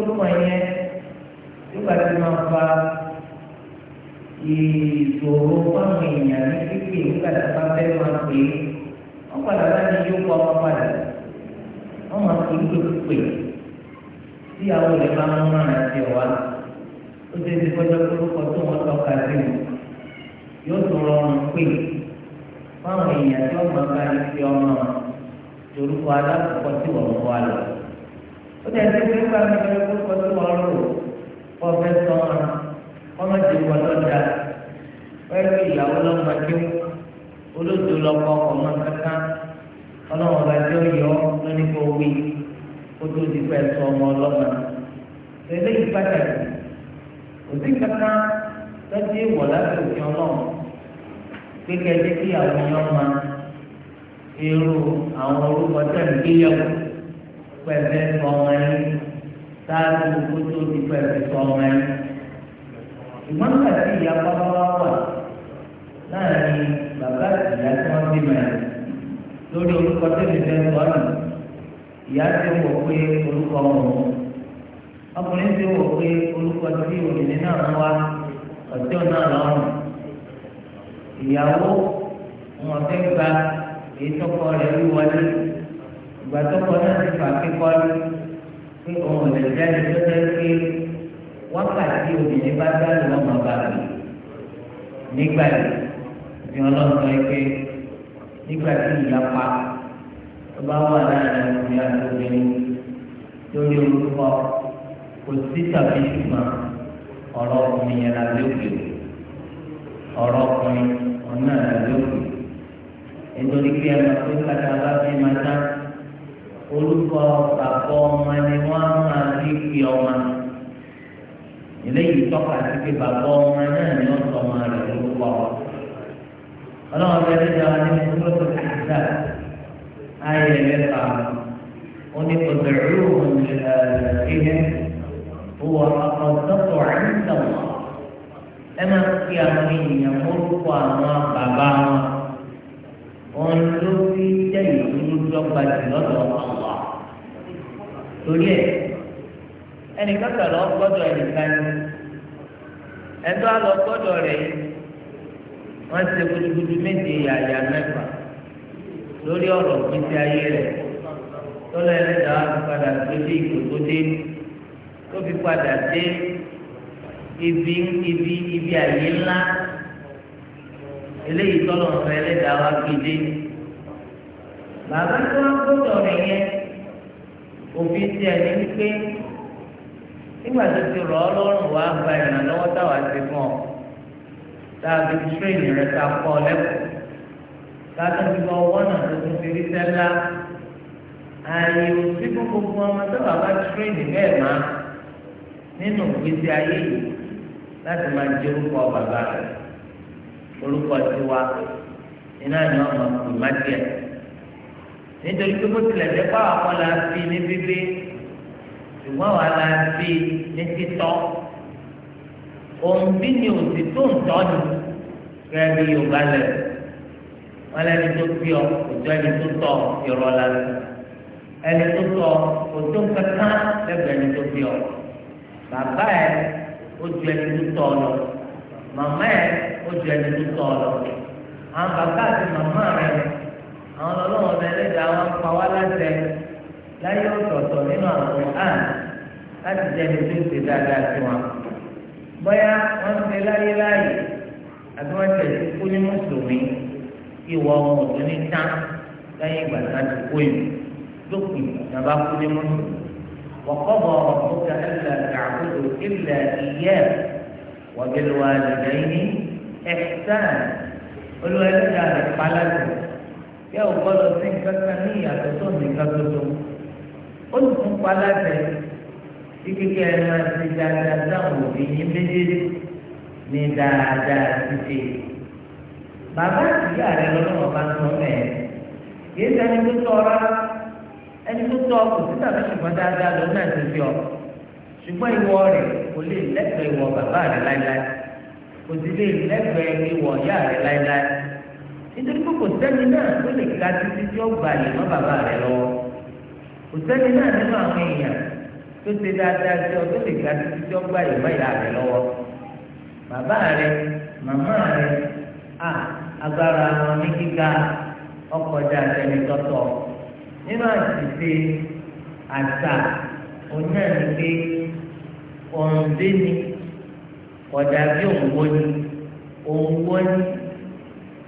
lórúkọ yẹn nígbà tí wọ́n fa ìṣòro fáwọn èèyàn ní kékeré nígbà tí wọ́n fẹ́ máa pè é wọ́n padà láti yóò kọ́ wọn padà wọ́n máa pè é pé tí àwọn olè bá ń rán àti ọ̀wá ó ṣe é ti lórúkọ tó wọ́n tọ́ka sí wọn yóò tún rọrùn pé fáwọn èèyàn tí wọ́n máa bá ní sí ọmọ torúkọ alákọ̀ọ́kọ́ tí wọ́n wọ́n wá lọ ó ti ẹsẹ̀ pé nípa mi lórí kó kọ́ tó wọ́n rò kó ọ̀fẹ́ sọ ọ̀ràn wọ́n má ti wọ́n lọ́dà pẹ́ẹ́lú ìyàwó lọ́mọdé olóòtú lọ́kọ́ ọmọ kankan ọlọ́wọ́n bá jẹ́ ọ̀yọ́ lóní kó wí kó tó ti pẹ́ sọ ọmọ ọlọ́mọ tẹ̀lé ìpàtàkì òsì kankan lọ́sí ìwọ̀ láti òfin ọlọ́run gbẹ́gẹ́ kí àwọn èèyàn irú àwọn orúkọ tẹ̀ ń pẹ̀lẹ́ sọmọ yín sáájú kó tó di pẹ̀lẹ́ sọmọ yín. ìgbọ́n nígbà tí ìyá pápá wá wà láàrin bàbá ìyá tí wọ́n bí mẹ́rin lórí orúkọ tẹ́lẹ̀ fẹ́ sọ́nà ìyá ti wọ̀ pé orúkọ mọ̀ ọkùnrin ti wọ̀ pé orúkọ tí òmìnir náà wá ọjọ́ náà lọ́rùn ìyàwó wọn fẹ́ gba èyí tọkọ rẹ̀ wíwọlé ìgbà tó kọ náà ti fà kíkọ́ ní pé òun ò lè jáde tó tẹ́ pé wákàtí obìnrin bá dá lọ́wọ́ máa bá mi nígbà yìí ni ọlọ́run sọ pé nígbà tí ìyapa tó bá wà láàrin ọkùnrin àti obìnrin lórí orúkọ kò sí tàbí ṣùgbọ́n ọ̀rọ̀ ọkùnrin yẹn la lókè ọ̀rọ̀ ọkùnrin ọ̀nà la lókè nítorí pé ẹnu tó kàtà bá fi máa dá orúkọ bàbá ọmọ ni wọ́n máa rí fi ọmọ eléyìí tọ́ka sí pé bàbá ọmọ náà ni wọ́n sọ ọmọ rẹ̀ lórúkọ ọlọ́run bẹ́ẹ̀ ní ìjọba ní ìdúrótò kàdá ayé ẹ̀fà oní ọ̀dẹ̀rú ìhẹ́ owó ọ̀dọ́tọ̀ àìsàn ẹ máa fi àwọn ènìyàn mórúkọ àwọn bàbá wọn òun ló fi jẹ́ ìlú lọ́gbàdì lọ́dọ̀ àwọn torí ẹ̀ ẹnìkan kan lọ gbọ́dọ̀ ẹnìkan ni ẹ̀dọ́ àlọ́ gbọ́dọ̀ rẹ̀ yìí wọ́n ṣe gudugudu méje yàyà mẹ́fà lórí ọ̀rọ̀ gbèsè ayé rẹ̀ tọ́lá ẹlẹ́dàá fi padà gbé dé ìgbòkódé tó fi padà dé ibi ibi ibi àyè ńlá eléyìí tọ́lọ̀ ọ̀fẹ́ ẹlẹ́dàá wa gbé dé bàbá tó wá gbọ́dọ̀ rẹ̀ yẹn. òfin tí ẹni wípé nígbà tó ti rọ̀ ọ́ lọ́rùn wá gba ìrànlọ́wọ́ táwa ti ọ rẹ ta kọ́ ọ lẹ́kọ̀ọ́ ti lọ wọ́nà tó ti fi rí sẹ́lá ààyè òsì fún ọmọ táwa bá bẹ́ẹ̀ má nínú ayé yìí láti máa jẹ orúkọ bàbá rẹ orúkọ tiwa iná ni wọn máa pè má nítorí pé bó tilẹ̀ jẹ́ pé àwọn kan la fi ní bíbí ṣùgbọ́n wa la fi ní títọ́ òǹbí ni òsì tó ń tọ́ ni gẹ́gẹ́ bí yorùbá lẹ̀ wọ́n lẹ́ni tó fi ọ òjò ẹni tó tọ̀ ìrọ̀ la lẹ̀ ẹni tó tọ̀ òjò kankan lẹ́gbẹ̀ẹ́ ẹni tó fi ọ bàbá ẹ ó ju ẹni tó tọ̀ lọ màmá ẹ ó ju ẹni tó tọ̀ lọ àwọn bàbá àti màmá rẹ àwọn ọlọ́wọ́ ọ̀dẹ ẹlẹ́dàá wọn pa wá láṣẹ láyé ọ̀tọ̀ọ̀tọ̀ nínú àwọn àn láti jẹ́ ní tó ṣe dáadáa sí wọn. bóyá wọ́n ṣe láyé láàyè àti wọ́n ṣe ti kú ní mùsùlùmí ìwọ ọmọ ọ̀dọ́ ní tán lẹ́yìn ìgbà tá a ti kú yìí lópin ìjọba kú ní mùsùlùmí. وقضى ربك ألا تعبدوا إلا إياه وبالوالدين إحسانا الوالدان قالت kí ẹ ò gbọ́dọ̀ sí nǹkan kan ní ìyàtọ̀ tó nìkan tuntun ó na tún pa láti ẹ máa ṣe dáadáa sáwọn òbí méjèèjì ní dáadáa títí bàbá àtìyá rẹ lọ́wọ́ bá ń sọ tó ẹni tó tọ́ kò sí tàbí ṣùgbọ́n dáadáa náà ti fi ṣùgbọ́n ìwọ nítorí pé kò sẹ́ni náà tó lè ga títí tí ó gbà lè mọ́ bàbá rẹ̀ lọ́wọ́ kò sẹ́ni náà nínú àwọn èèyàn tó ṣe dáadáa sí ọ lè ga títí tí ó gbà lè mọ́ ìyá rẹ̀ lọ́wọ́ bàbá rẹ̀ màmá rẹ̀ à agbára wọn ní kíkà ọkọ̀ dáadáa ní tọ́tọ̀ nínú àṣìṣe àṣà onáà pé ọ̀ǹdé ni ọ̀dà bí òǹwó ni òǹwó ni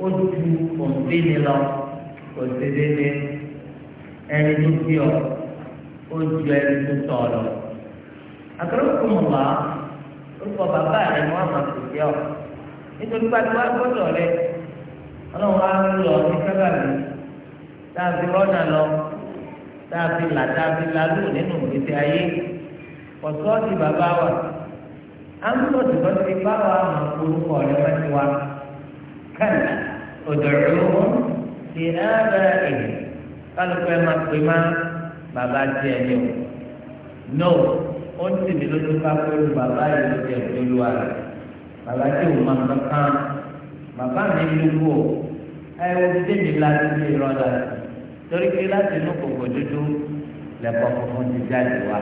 ó ju òǹdíni lọ òṣèlédé ẹni tó bí ọ ó ju ẹni tó tọ̀ lọ. àkàrà kò mọ̀ wá ó kọ bàbá rẹ̀ wọ́n àmà kò sí ọ nítorí pàtó wá gbọ́dọ̀ rẹ̀ ọlọ́run á lọ ní kábàlì táàbí rọ́nà lọ táàbí là táàbí lálù nínú ìgbésí ayé ọ̀sọ́ ti bàbá wa á ń ti bá wa àmà orúkọ rẹ̀ wá sí wa kẹ́lẹ́ ọ̀dọ̀rún ti ẹ̀ẹ́dà èyí kálukú ẹ̀ máa pè má bàbá tiẹ̀ ní o no ó ń tì mí lójú ká pé bàbá yìí ló jẹ́ olúwa rẹ̀ bàbá tí òun máa kankan bàbá mi lúgbò ẹ wo ti tẹ̀mí láti ní ìrọ̀lá torí pé láti inú kòkò dúdú lẹ́kọ̀ọ́ funfun ti jáde wá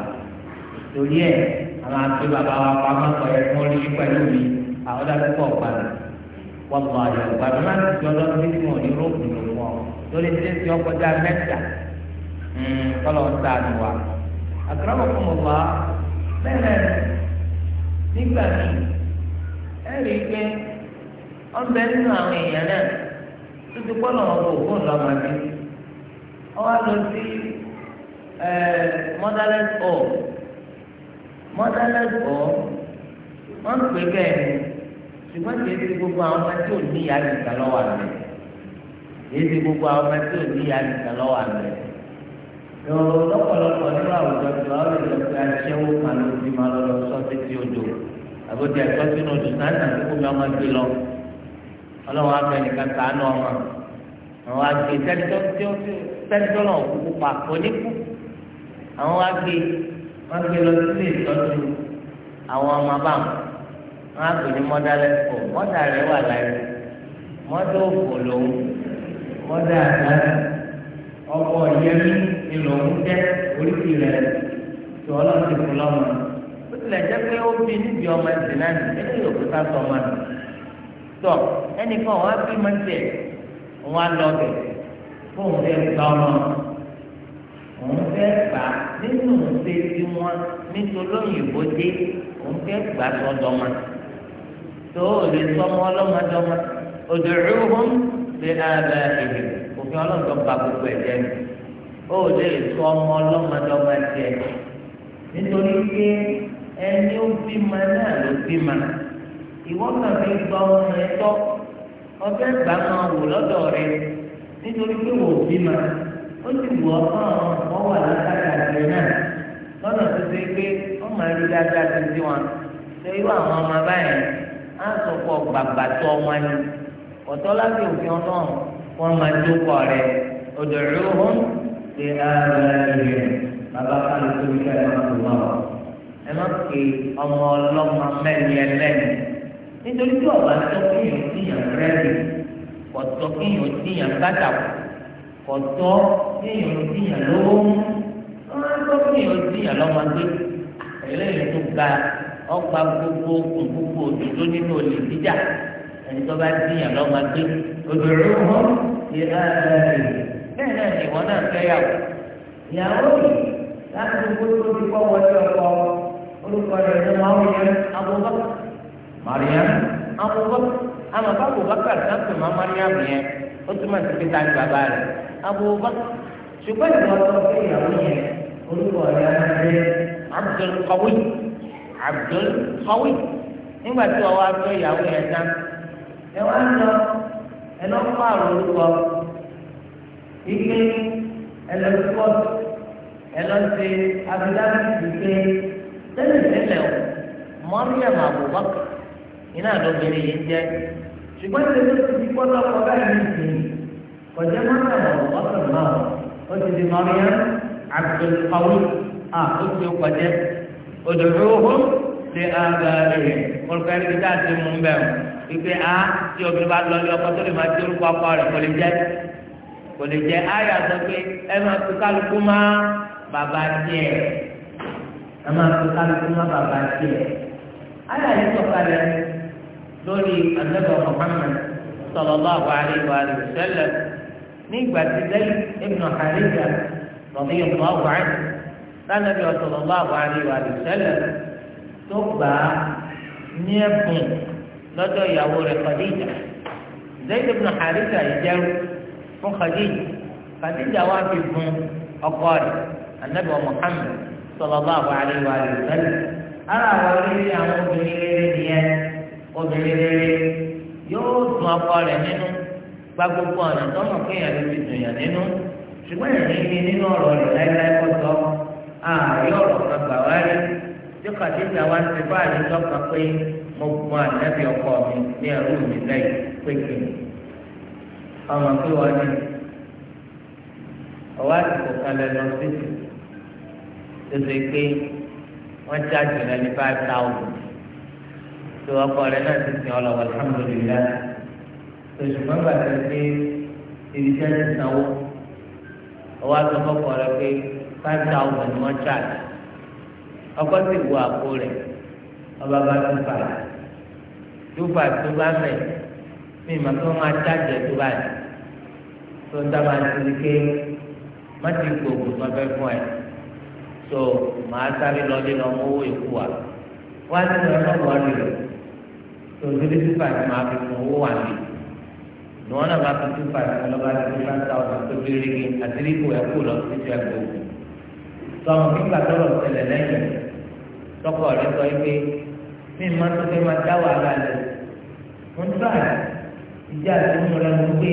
torí ẹ̀ àwọn àti bàbá wa pamọ́ pẹ̀lú pẹ̀lú mi àwọn dàbí pọ̀ padà. wọ́n mọ àyọ̀ máa ń ti ọlọ́run bí mo ní ọ mọ́ lórí tí ti ọkọ̀ dá mẹ́ta hmm, kọ́lọ̀ ń sàánù wa. àkàràmọ̀ fún mi bẹ́ẹ̀ nígbà míì ẹ rí i pé ọbẹ̀ nínú àwọn èèyàn náà fóun lọ sí motherless ṣùgbọ́n kì í ṣe gbogbo àwọn ọmọ tí ò ní ìyá nìkan lọ́wọ́ àgbẹ̀ kì í ṣe gbogbo àwọn ọmọ tí ò ní ìyá nìkan lọ́wọ́ àgbẹ̀ lọ́pọ̀lọpọ̀ nínú àwùjọ tí wọ́n lè lọ pé aṣẹ́wó kan ló fi máa lọ lọ sọ títí odò àbójú ẹ̀tọ́ sínú odò sáńtà tó kó mi ọmọ gbé lọ ọlọ́wọ́n abẹ nìkan sàánú ọmọ àwọn àgbè tẹ́tọ́ náà kúkú pa oníkú àwọn àgbè wọ́n gbé lọ sílé ìtọ́jú àwọn ọmọ báwọn wọn á pè ní mọ́dà lẹ́kọ̀ọ́ mọ́dà rẹ̀ wà láyé mọ́dà òfò lòun mọ́dà àná ọkọ̀ yẹmí ni lòun jẹ́ oríṣi rẹ̀ tó ọlọ́run ti fún lọ́mọ ó tilẹ̀ jẹ́ pé ó bí níbi ọmọ ẹ̀sìn náà ní ẹni yòókù ká sọ ọmọ rẹ̀ tọ ẹnìkan wọn á bí mọ́ tiẹ̀ wọn á lọ bẹ̀ fóun fẹ́ gbá ọmọ òun fẹ́ gbà nínú ṣe tí wọn nítorí òyìnbó dé òun fẹ́ gbà sọ́dọ̀ ọmọ tó lè sọmọ ọlọ́mọdọ́mọ ud'uhum li aba'ihim òfin ọlọ́dọ̀ ba gbogbo ẹ̀jẹ̀ mi ó lè sọmọ ọlọ́mọdọ́mọ tiẹ̀ nítorí pé ẹni ó bímọ náà ló bímọ ìwọ kàn fi gba ọmọ ẹ tọ́ ọbẹ̀ gbà máa wò lọ́dọ̀ rẹ nítorí pé wò bímọ ó sì wù ọ́ fún àwọn ọmọ wà látàkàtì náà lọ́nà tó ṣe pé ọmọ ẹ rí dáadáa ti sí wọn ṣé irú àwọn ọmọ báyìí á sọ pọ̀ gbàgbàtọ́ wọn ni ọ̀tọ́ láti òfin ọlọ́run wọn máa ń dúkọ̀ rẹ̀ odò ìrúhùn ṣe ara rẹ̀ bàbá kálukú ní ẹ̀ máa tó wà. ẹ má pe ọmọ ọlọ́mọ mẹ́rin ẹlẹ́yìn nítorí tí ọ̀bà tó kéèyàn tíyàn rẹ́rì kọ̀tọ́ kéèyàn tíyàn gbàdàpọ̀ kọ̀tọ́ kéèyàn tíyàn lówó ń wọ́n á gbọ́ kéèyàn tíyàn lọ́mọdé ẹlẹ́yìn tó ga ọgbà gbogbo gbogbo òdòdó nínú olè jíjà ẹni tó bá díyàn lọ́mọ gbé òdòdó wọn ti ààrẹ bẹ́ẹ̀ náà ni ìwọ náà fẹ́yàwó ìyàwó yìí láti gbogbo tó ti kọ́ wọlé ọkọ orúkọ rẹ̀ ní Mariam Abubakar Mariam Abubakar amaba Abubakar sáfù má Mariam yẹn ó túmọ̀ sí pété àti bàbá rẹ̀ Abubakar ṣùgbọ́n ìwọ ọkọ fẹ́yàwó yẹn orúkọ rẹ̀ á Abdul Qawi nígbà tí ọwọ́ afẹ́ ìyàwó yẹn tán ẹ wá ń lọ ẹ lọ fún àrùn orúkọ ike ẹ lọ sí kọ́ọ̀tù ẹ lọ sí abidájú ike tẹ́lẹ̀ tẹ́lẹ̀ o Mariam Abubakar iná lóbìnrin yìí jẹ́ ṣùgbọ́n ṣe ló ti di kọ́tà kọ́tà yìí sí kọjá Mariam Abubakar náà ó ti di Mariam Abdul Qawi à ó ti kọjá ud'uuhum li aabaa'ihim olùkọ́ni kí táà ti mú un bẹ́ẹ̀ wípé a tí obìnrin bá lọ ilé ọkọ tó lè máa ti orúkọ ọkọ rẹ̀ kò lè jẹ́ kò lè jẹ́ àyà sọ pé ẹ máa fi kálukú má bàbá tiẹ̀ ẹ máa fi kálukú má bàbá tiẹ̀ àyà yìí sọ̀kalẹ̀ lórí ànábì Muhammad sallallahu alaihi wa sallam nígbà tí lẹ́yìn ibn Haritha radiyallahu anhu lánàbí sallallahu alaihi wa sallam tó gbà á ní ẹ̀bùn lọ́dọ̀ ìyàwó rẹ̀ Khadija Zayd ibn Haritha ìjẹun fún Khadija Khadija wá fi gun ọkọ rẹ̀ anabi wa Muhammad sallallahu alaihi wa sallam ara àwọn oríṣi àwọn obìnrin rere nìyẹn obìnrin rere yóò dùn ọkọ rẹ̀ nínú gba gbogbo ọ̀nà tọ́nà kéèyàn ló ti dùn yàn nínú ṣùgbọ́n ìrìn ní nínú ọ̀rọ̀ rẹ̀ láíláí kọ́tọ́ ààrẹ ọ̀rọ̀ kan gbà wá rí tí kàdíjà wá ti bá àyè tọ́ka pé mo gun ànábì ọkọ mi ní ẹrú mi lẹ́yìn pékin ọmọ pé wọ́n ní ọwọ́ àsìkò kan lẹ lọ títì tètè pé wọ́n jáde rẹ ní five thousand tó ọkọ rẹ náà ti sìn ọlọ́wọ́ alhamdulilayi tó gbàgbé pé ibi tí ti sanwó ọwọ́ àtọ́kọ́kọ́ rẹ pé five thousand ni wọ́n charge ọkọ sì wọ àpò rẹ̀ ọba bá two five two five tó bá mẹ̀ mí ma kí wọ́n máa charge tó báyìí tó ń dábàá ní ké má ti gbòògùn tó fẹ́ fún ẹ̀ so màá sáré lọlé lọ mọ owó ìkú wa wá sí ọlọ́run ọ̀rẹ́ rẹ̀ tó ń délé two five máa fi fún owó wà ní ni náà bá fi two five lọ́ba two five thousand tó fi rí ní àtìríkù ẹ̀kú lọ sí ti ẹ̀kú sọmọ nígbà tọrọ ìṣẹ̀lẹ̀ lẹ́yìn tọkọ rẹ sọ pé mí máa tó fẹ́ máa dá wàhálà lẹ wọn tó àná ìjà àtúnú rẹ ń gbé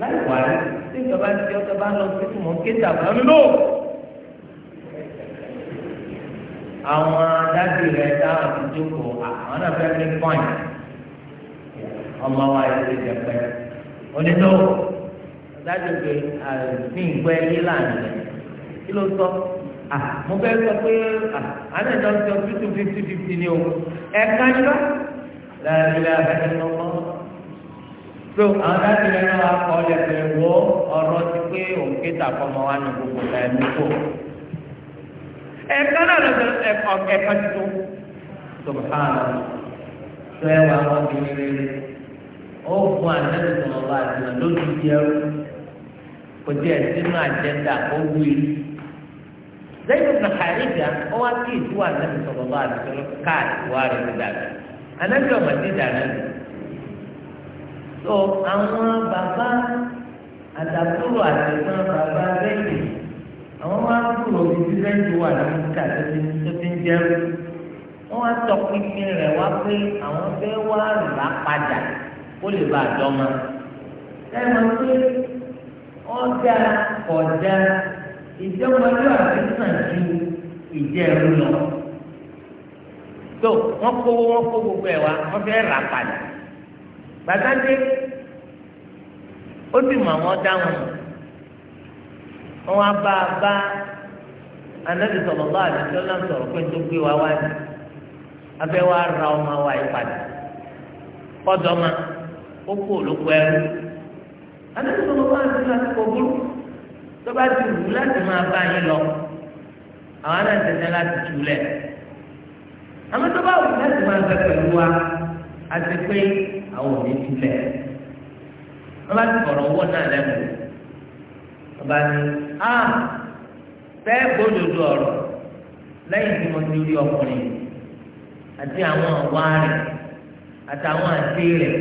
láì wá rí tí ìjọba ń ti ọjọ́ bá ń lọ sí tùmọ̀ ń ké tàbá ń lò. àwọn adájú rẹ dáhùn ti jókòó àwọn náà fẹ́ ní pọ́ìn ọmọ wa yìí ti jẹpẹ onídó adájú pé àìsí ìgbẹ́ yìí lànà rẹ kí ló sọ mo fẹ́ sọ pé ànájọ ń sọ two fifty fifty ni o ẹ̀ka ní bá láàrin abẹ́rẹ́ lọ́wọ́ so àwọn láti rẹ náà akọ ọlẹ pé wọ ọ̀rọ̀ ti pé òun ké tàkọmọ wa ní gbogbo ẹ ní kò ẹ̀ka náà lọ́sọ ẹ̀ka tuntun subhana sọ ẹ wà wọn bí rere ó fún ànájọ sọ̀rọ̀ wa àti lójú jẹun kò tí ẹ̀ sínú àjẹndà kó wí zayd ibn Haritha ó wá kí ìtú ànábì sallallahu alaihi wasallam káàdì wá rẹ̀ ló dàbí ànábì ọmọ ti dàná lò tó àwọn bàbá àdàkúrò àtẹ̀sán bàbá lẹ́yìn àwọn wá kúrò títí lẹ́yìn wà ní kàtó tó ti ń jẹun wọ́n wá tọ pínpín rẹ̀ wá pé àwọn fẹ́ wá rà padà kó lè bá àjọ ma. sẹ́wọ̀n pé ọ̀dà kọ̀dà ìjọmọlú àfihàn ju ìjẹrù lọ tó wọn kówó wọn kó gbogbo ẹ wa wọn fẹẹ rà padà bàtà dé ó sì mọ àwọn dáhùn wọn wá bá a bá anabi sọlọ bá àdìsọ náà sọ̀rọ̀ pé tó gbé wa wá ní abẹ wa ra ọmọ wa yìí padà kọdọ ma ó kó olóko ẹrú anabi sọlọ bá àdìsọ náà kò burú tó bá ti wù láti máa bá yín lọ àwọn náà tẹ̀sán láti tù lẹ̀ àmọ́ tó bá wù láti máa bẹ pẹ̀lú wa àti pé àwọn òní ti lẹ̀ wọ́n bá ti kọ̀rọ̀ owó náà lẹ́nu wọ́n ní a fẹ́ gbódòdó ọ̀rọ̀ lẹ́yìn tí mo ti rí ọkùnrin àti àwọn ọ̀wá rẹ̀ àtàwọn àti rẹ̀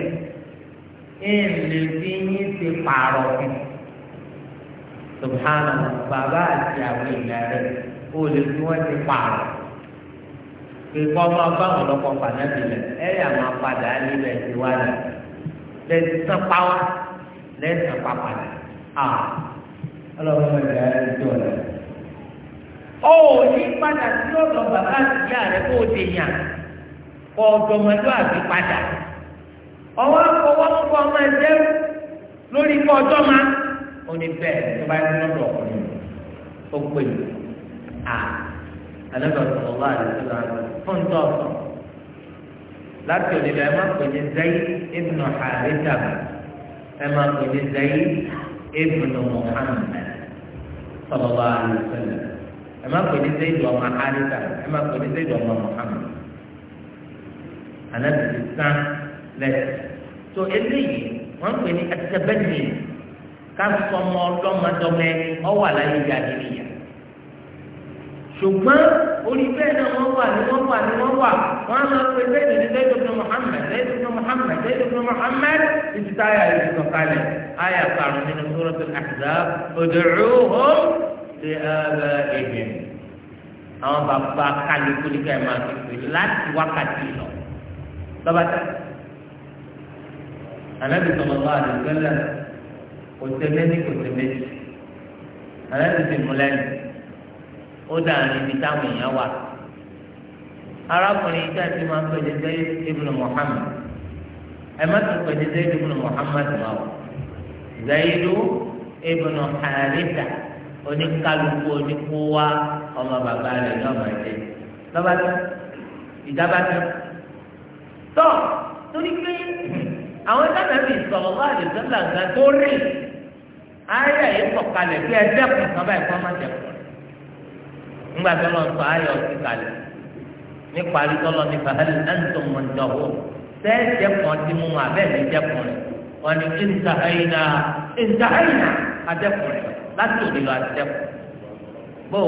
ẹ̀ lè fi yín ti pààrọ̀ fún subhana bàbá àti àwọn èèyàn rẹ ó lè fi wọn ti pààrọ̀ kíkọ máa bá wọn lọkọ pàdánù lẹ ẹ yà máa padà nílẹ̀ ìwádìí lẹsí sàn pàwá lẹsàn pàpàdà à ọlọ́run mẹ́ta ẹ tó lẹ. ó ní padà sí ọ̀dọ̀ bàbá àti ìyá rẹ kó o ti yàn kọ ọdọmọdé àti padà ọwọ́ akọwọ́ ń kọ́ ọmọ ẹ̀jẹ̀ lórí kọ́ ọjọ́ máa ó ní bẹ́ẹ̀ tó bá yẹ lọ́dọ̀ ọkùnrin ó pè mí à alábàtà ọlá àdìsílá fún tọ́ láti òní lọ ẹ má pè ní zayi ibnu harita ẹ má pè ní zayi ibnu muhammed sọlọ́lá àdìsílá ẹ má pè ní zayi ọmọ harita ẹ má pè ní zayi ọmọ muhammed alábìsílá lẹ́sẹ̀ tó eléyìí wọ́n pè ní atẹ́bẹ́ni kásìkò ọmọ ọlọ́mọdọ́mẹ ọwà láyé ìyá nílé yá ṣùgbọ́n orí bẹ́ẹ̀ náà wọ́n wà ní wọ́n wà ní wọ́n wà wọ́n á máa pe bẹ́ẹ̀ ní lẹ́yìn ọ̀gbìn Muhammad lẹ́yìn ọ̀gbìn Muhammad lẹ́yìn ọ̀gbìn Muhammad títí táyà yìí sọ kalẹ̀ ayà karùn-ún nínú suratul Ahzab ud'uuhum li aabaa'ihim àwọn bàbá kálukú ní káyọ̀ máa fi pè láti wákàtí lọ lọ́ba tẹ́ ànábì sallallahu alaihi wasallam kò tẹ méjì kò tẹ méjì àlẹ́ ibi táwọn èèyàn wà arákùnrin máa ń pè ní ibn Muhammad ẹ má tún pè ní ibn Muhammad wà ibn ọmọ bàbá ní ọmọ lọ́ba ìjábá torí àwọn sábẹ́bí sọ̀rọ̀ wá àdìsọ́lá nǹkan tó rìn ayé yìí pọ̀ kalẹ̀ bí ẹ̀dẹ́kùn kan báyìí máa ńgbà tó lọ sọ ayé ọtí kalẹ̀ nípa àdìsọ́lọ́ nípa ẹ̀lẹ́ ẹ̀ńtọ́ mọ̀ntọ́wọ́ sẹ́ẹ̀dẹ́kùn ọtí mú wọn abẹ́ẹ̀lẹ́ rẹ̀ wọn ni ìntàhẹ́yìnà ìntàhẹ́yìnà adẹ́kùn rẹ̀ láti òde lati bó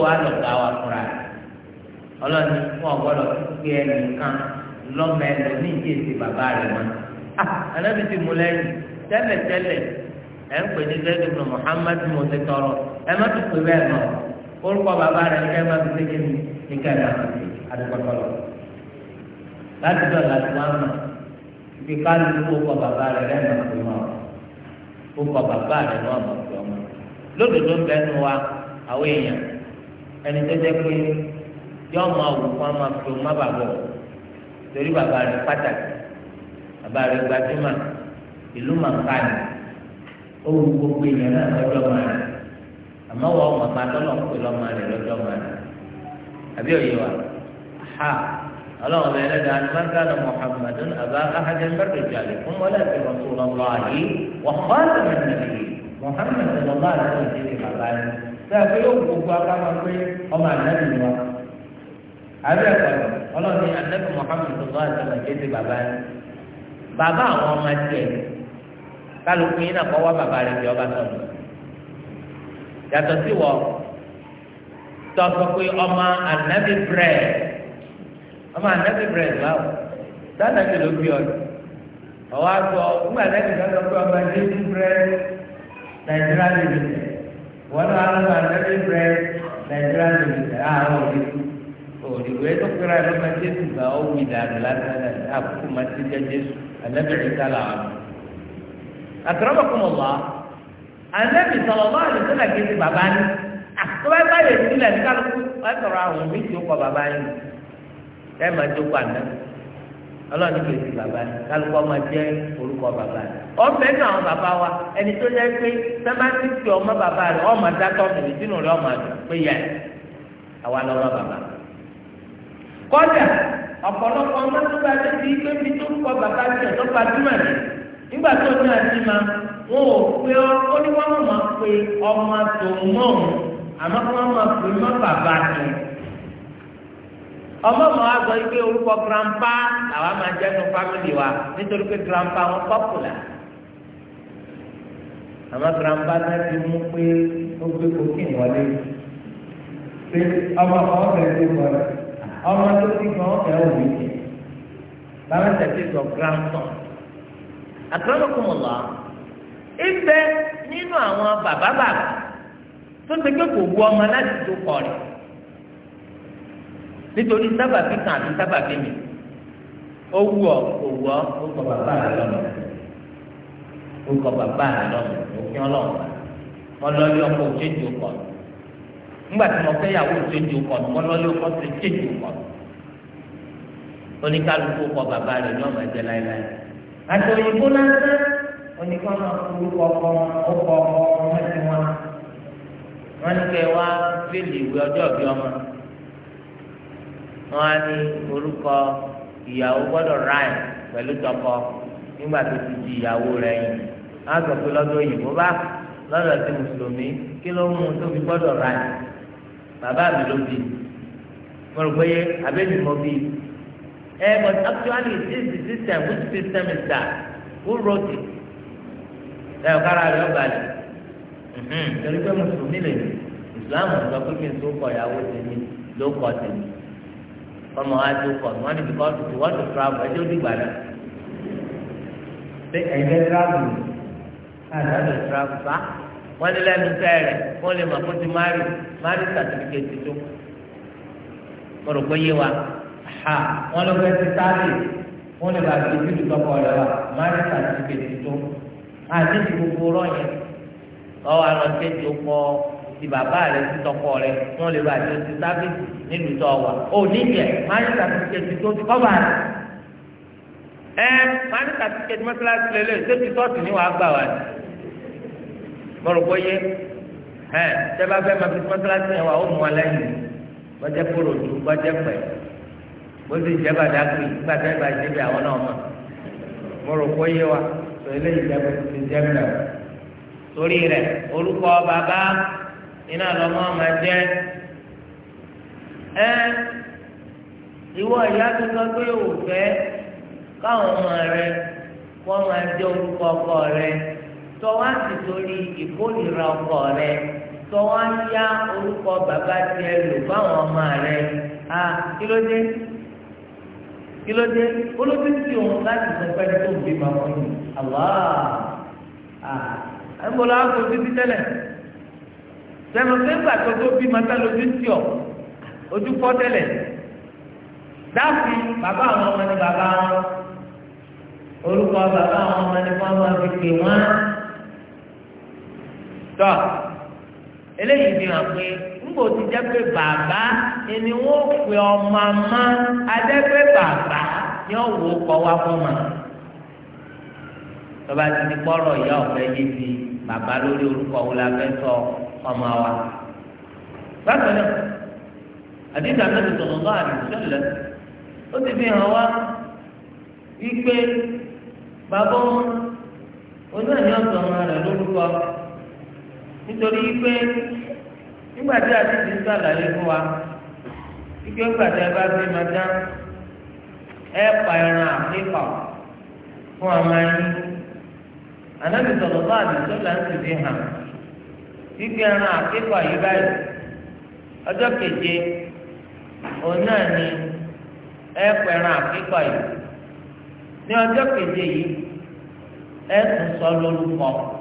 anabi ti mú lẹ́yìn tẹ́lẹ̀tẹ́lẹ̀ ẹ̀ ń pè ní muhammad ti tọrọ ẹ má ti pè bẹ́ẹ̀ orúkọ bàbá ní má ti ní adúgbò lọ. láti dọ̀ láti wá ibi ká ló kó kọ bàbá bàbá rẹ̀ gbajúmọ̀ ìlú màkà ni ó wu gbogbo èèyàn náà lọ́jọ́ máa rẹ̀ àmọ́ wọ́n màmá tọ́lọ̀ ń pè lọ́mọ rẹ̀ lọ́jọ́ máa rẹ̀ àbí òye wa ha ọlọ́run bẹ̀rẹ̀ lẹ́dàá ni máa ń gánà muhammadun abá ahadé mbẹ́rẹ̀ jàlè fún wọlé àti rasulullahi wà kọ́ọ̀tù mẹ́tẹ̀lẹ́ muhammad sọlọ́lá àti ìdílé bàbá rẹ̀ sẹ́yìn pé yóò gbogbo akáma pé ọmọ ànábì wa àbí ẹ̀kọ́ ọlọ́run ni ànábì muhammed sọlọ́lá àti ìdílé bàbá rẹ̀ bàbá àwọn ọmọ tiẹ̀ kálukú yín náà kọ́ wá bàbá rẹ̀ ọba sọ̀rọ̀ yàtọ̀ sí wọ tọ́sọ pé ọmọ anabi brẹ̀ ọmọ anabi brẹ̀ báwo sáà ti ló bí ọdún ọwọ́ àgbọ̀ ọgbà anabi sọ̀rọ̀ pé ọmọ ndị brẹ̀ nàìjíríà lè lè wọ́n náà lọ́wọ́ anabi brẹ̀ nàìjíríà lè lè Ànábì Ìsá làwọn. Akramakumullah Ànábì sallallahu alaihi wasallam kì í ti bàbá ní. àtúbà bá yẹ sílẹ̀ ní kálukú wọ́n sọ̀rọ̀ àwọn mi tó kọ bàbá yìí ẹ máa tó kọ àná ọlọ́ọ̀ni kò ọ̀pọ̀lọpọ̀ amátúgbà ti di pé bí tó ń kọ bàbá tiẹ̀ tó gbajúmọ̀ rẹ̀ nígbà tó ní àti ma wọn ò pé ọ ó ní wọn máa pe ọmọ tó mọ̀ ọ́n àmọ́ kí wọ́n máa pe mọ́ bàbá tó ọmọ mọ àgọ́ ike orúkọ grandpa làwọn máa jẹ́ nu family wa nítorí pé grandpa wọn popular àmọ́ grandpa náà ti mú pé ó gbé kókìn wọlé pé ọmọ kan bẹ̀rẹ̀ tó wọlé ọmọ tó ti gan ọ̀fẹ́ òwe jẹ bàbá tẹ̀sí sọ grandson àkàràmọ́kùnmọ̀lá ìfẹ́ nínú àwọn bàbá bàbá tó ti gbé kò wu ọmọ láti tó kọ rẹ̀ nítorí sábàbí kan àti sábàbí mi ó wù ọ kò wù ọ ó kọ bàbá rẹ lọ́nà ó kọ bàbá rẹ lọ́nà òfin ọlọ́run ọlọ́ọ̀lẹ́ ọkọ̀ òṣèjì ọkọ̀ rẹ ńgbà tí mo fẹ́ yàwó ìtẹ́jú kan mo lọ́lé ọkọ ti tẹ́jú kan oníkálukú kọ bàbá rẹ̀ ní ọmọ ẹgbẹ́ láéláé àti òyìnbó lásán oníkálukú orúkọ ọkọ ọkọ ọkọ ọmọ ẹsẹ̀ wọn wọn ní kẹ wá fílì ìwé ọjọ́ ìbí ọmọ wọn á ní orúkọ ìyàwó gbọ́dọ̀ ráì pẹ̀lú tọkọ nígbà tó ti di ìyàwó rẹ̀ yìí á sọ pé lọ́dọ̀ òyìnbó bá lọ́dọ̀ ti mùsùlùmí kí ló mú un tó ráì bàbá mi ló bí mo rò pé abẹ́mi mo bí ẹ but actually this is system which system is that who wrote it ẹ ọ̀ kára rẹ̀ ọ̀gbà rẹ̀ mm-hmm. torí pé mùsùlùmí lè ní islam sọ pé kí n tó kọ ìyàwó tèmi ló kọ tèmi ọmọ wa tó kọ wọn ni because you want to travel ẹjọ́ dìgbà náà ṣé ẹ̀yin fẹ́ travel ní àná lè travel fa wọ́n ní lẹ́nu tẹ́ rẹ̀ wọ́n lè mọ̀ fún mari mari sàtìfíkẹ́tì tó mo rò pé yé wa ha wọ́n ló fẹ́ ti táàlì wọ́n lè bàa fi bíbí tọkọ wa mari sàtìfíkẹ́tì tó àti ti gbogbo rọ̀yìn ọwọ́ àlọ́ tẹ́tì ó kọ́ ti bàbá rẹ̀ ti tọkọ rẹ̀ wọ́n lè bàa fi ti táàlì nínú tọ́ wa ò níyẹ mari sàtìfíkẹ́tì tó ti kọ́ bàa ẹ mari sàtìfíkẹ́tì mọ́tíláṣí lélẹ̀ ṣé ti tọ́ọ̀tì ni wàá gbà wá ni. mo rò pé yé ẹ tẹ́lá fẹ́ máa fi mọ́sálásí yẹn wà ó mú kúrò ju bó ti jẹ́ bàdá pé bá jẹ́ bí àwọn náà mọ̀ wa tó ti jẹ́ torí orúkọ bàbá iná jẹ́ ẹ ìwọ ìyá tó sọ pé òfẹ́ káwọn tọ́wá sì torí ìkórìíra ọkọ rẹ tọ́wá yá orúkọ bàbá tiẹ̀ lò fáwọn ọmọ rẹ a kí ló dé kí ló dé olóbi tí òun láti sọ pé tó ń bí bàbá yìí àwọ̀ a ẹ̀ ń bọ̀ lọ́wọ́ kó títí tẹ́lẹ̀ sẹ́nu pé gbàtọ́ tó bí màtá tí ọ̀ ojú fọ́ tẹ́lẹ̀ dáàbì bàbá àwọn ọmọ ni bàbá wọn orúkọ bàbá àwọn ọmọ ni wọn fi pè wọn. tọ́ eléyìí ni a pé ńgbò ti jẹ́ pé bàbá ẹni wọ́n pè ọmọ mọ́ bàbá ni wò kọ́ wá fún ma tọ́ba ti di ìyá ọ̀fẹ́ ti bàbá lórí orúkọ wo la fẹ́ sọ ọmọ wa bákan náà náà ó ti fi nítorí pé nígbà tí àdìsí ń sàlàyé fún wa ike gbàdé bá fi máa dá ẹ pa ẹran àfíkà fún ọmọ yín ànábì sọ̀rọ̀ bá àdìsí là ń sì fi hàn ike ẹran keje òun náà ni ẹ pa ẹran àfíkà yìí ní keje yìí ẹ tún sọ lórúkọ.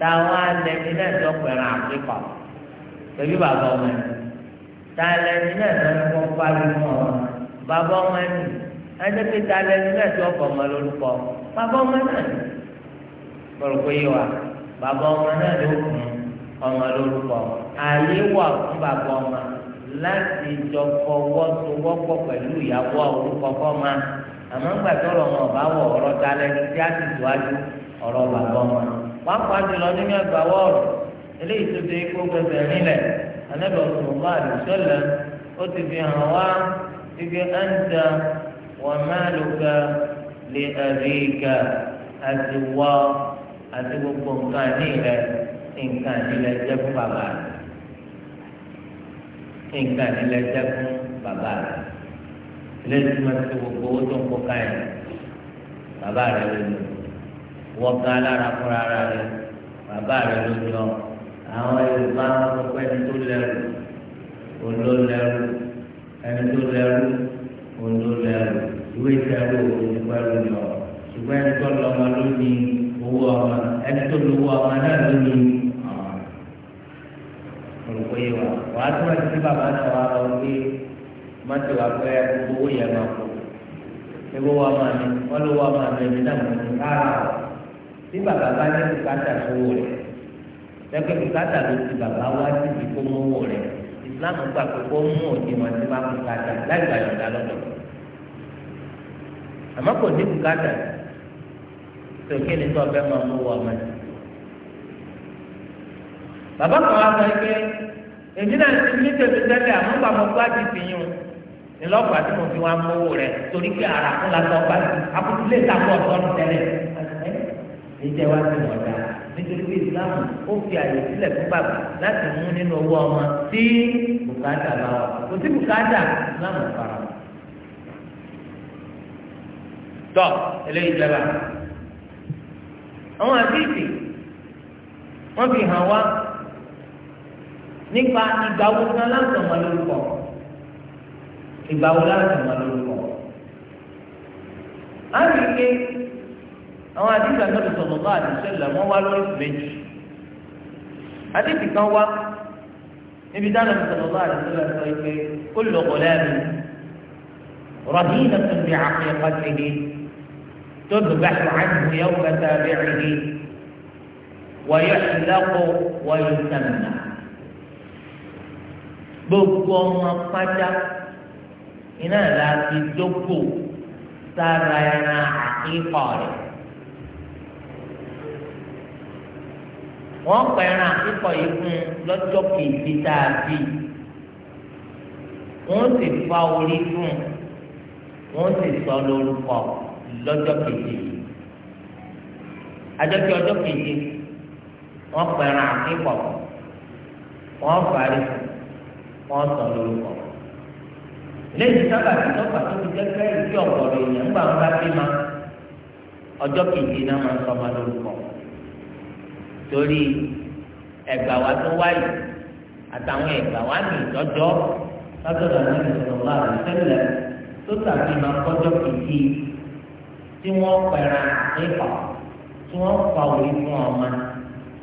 táwọn alẹ́ni náà tó pẹ̀rọ àpékọ̀ tẹ̀bí bàbá ọmọ ẹ̀ tá alẹ́ni náà tó ń kọ́ parí mọ́ ọ bàbá ọmọ ẹ̀ nì ẹjẹ́ pé tá alẹ́ni náà tó ọkọ̀ ọmọ lórúkọ bàbá ọmọ náà kọ̀rọ̀ pé yé wa bàbá ọmọ náà ló kùn ọmọ lórúkọ ààyè wà fún bàbá ọmọ láti jọ fọwọ́ tó wọ́pọ̀ pẹ̀lú ìyàwó orúkọ fọ́ọ̀mà àmọ́ ńgbà tọ́lọ̀ wọn ọ̀bá wọ̀ ọ̀rọ̀ pàápàá jùlọ nínú ẹgbàá wọ́ọ̀rù eléyìí tó ṣe kó gbẹgbẹ nílẹ̀ anábẹ́ ọ̀sùnmọ́ àdìsọ́lẹ̀ ó ti fi hàn wá ike ẹ̀ńtà wà máàlùkà lè àríkà àti wọ́ àti gbogbo nǹkan nílẹ̀ nǹkan nílẹ̀ jẹ́ fún bàbá rẹ̀ nǹkan nílẹ̀ jẹ́ fún bàbá rẹ̀ eléyìí tó máa ti gbogbo owó tó ń kó káyìn bàbá rẹ̀ lónìí wọ́n ga lára fúnra ara rẹ̀ bàbá rẹ̀ ló yọ àwọn yorùbá wọn pẹ́ ẹni tó lẹ́rù òǹdó lẹ́rù ẹni tó lẹ́rù òǹdó lẹ́rù ìwé ìtẹ́rù òǹdó lẹ́rù yọ ṣùgbọ́n ẹni tó lọ ọmọ lónìí owó ọmọ ẹni tó lọ owó ọmọ náà lónìí olùkọ́ yìí wàá tó ẹni tí bàbá náà wà lọ gbé mọ́tò wà pé owó yẹn máa kó ewó wà máa mi wọ́n lówó máa mi ẹni náà mọ̀ ní tí bàbá bá ní bùkátà sówó rẹ̀ lẹ́gbẹ́ bùkátà ló ti bàbá wá síbi kó mówó rẹ̀ islam gbà pé kó mú òdiwọ̀n tí máa bùkátà láì gbà yọ̀ǹda lọ́dọ̀ àmọ́ kò ní bùkátà tó kí ni tó ọbẹ̀ máa mú wọ ọmọ yìí. bàbá kan wá sọ pé èmi náà ti ní tèmi tẹ́lẹ̀ àmọ́ bàbá gbá ti fi yún ní lọ́pàá tí mo fi wá mówó rẹ̀ torí pé àràkúnlá tó gbà níjẹ́ wá sí ọ̀dà nítorí pé islam ó fi àyè sílẹ̀ fún bàbá láti mú nínú owó ọmọ tí bùkátà bá wà kò sí bùkátà islam ò fara mọ́. tọ́ eléyìí jẹba àwọn àdìsí wọ́n fi hàn wá nípa ìgbà wo kan láti ọmọ lórúkọ ìgbà láti ọmọ lórúkọ. á rí i pé. àwọn àdìsí àtọ́jú sọ̀rọ̀ bá àdìsẹ́lẹ̀ wọ́n wá lórí méjì àdìsí kan wá níbi dáná sọ̀rọ̀ bá àdìsẹ́lẹ̀ sọ pé ó lọ kọ̀ lẹ́nu tó rọ̀hìn nàkùnrin àkùnrin kàkiri tó dùgbà ṣùgbọ́n yóò kẹta bẹ́ẹ̀rẹ̀ wọ́yọ̀ ìlẹ́kọ̀ wọ́yọ̀ sẹ́mìnà gbogbo ọmọ pátá iná ìlà ti dọ́kọ̀ sára ẹran àkíkọ̀ rẹ̀. wọ́n pẹ̀ràn àkíkọ̀ yìí fún lọ́jọ́ kejì tá bí wọ́n sì fa orí fún wọ́n sì sọ lórúkọ lọ́jọ́ kejì adọ́kẹ́ ọjọ́ kejì wọ́n pẹ̀ràn àkíkọ̀ wọ́n fàárí fún wọ́n sọ lórúkọ lẹ́yìn sábà tí wọ́n fà tó fi jẹ́kẹ́ ìdí ọ̀pọ̀ lóyún nígbà wọn bá bí ma ọjọ́ kejì náà máa ń sọ ma lórúkọ. torí ẹgbà wa tó wáyé àtàwọn ẹgbà wa ní ìtọjọ lọ́dọ̀ àwọn ìṣòro wa rẹ tẹ́lẹ̀ tó tàbí máa kọjọ kìkì tí wọ́n pẹ̀ra àpéfà tí wọ́n fa òwe fún ọmọ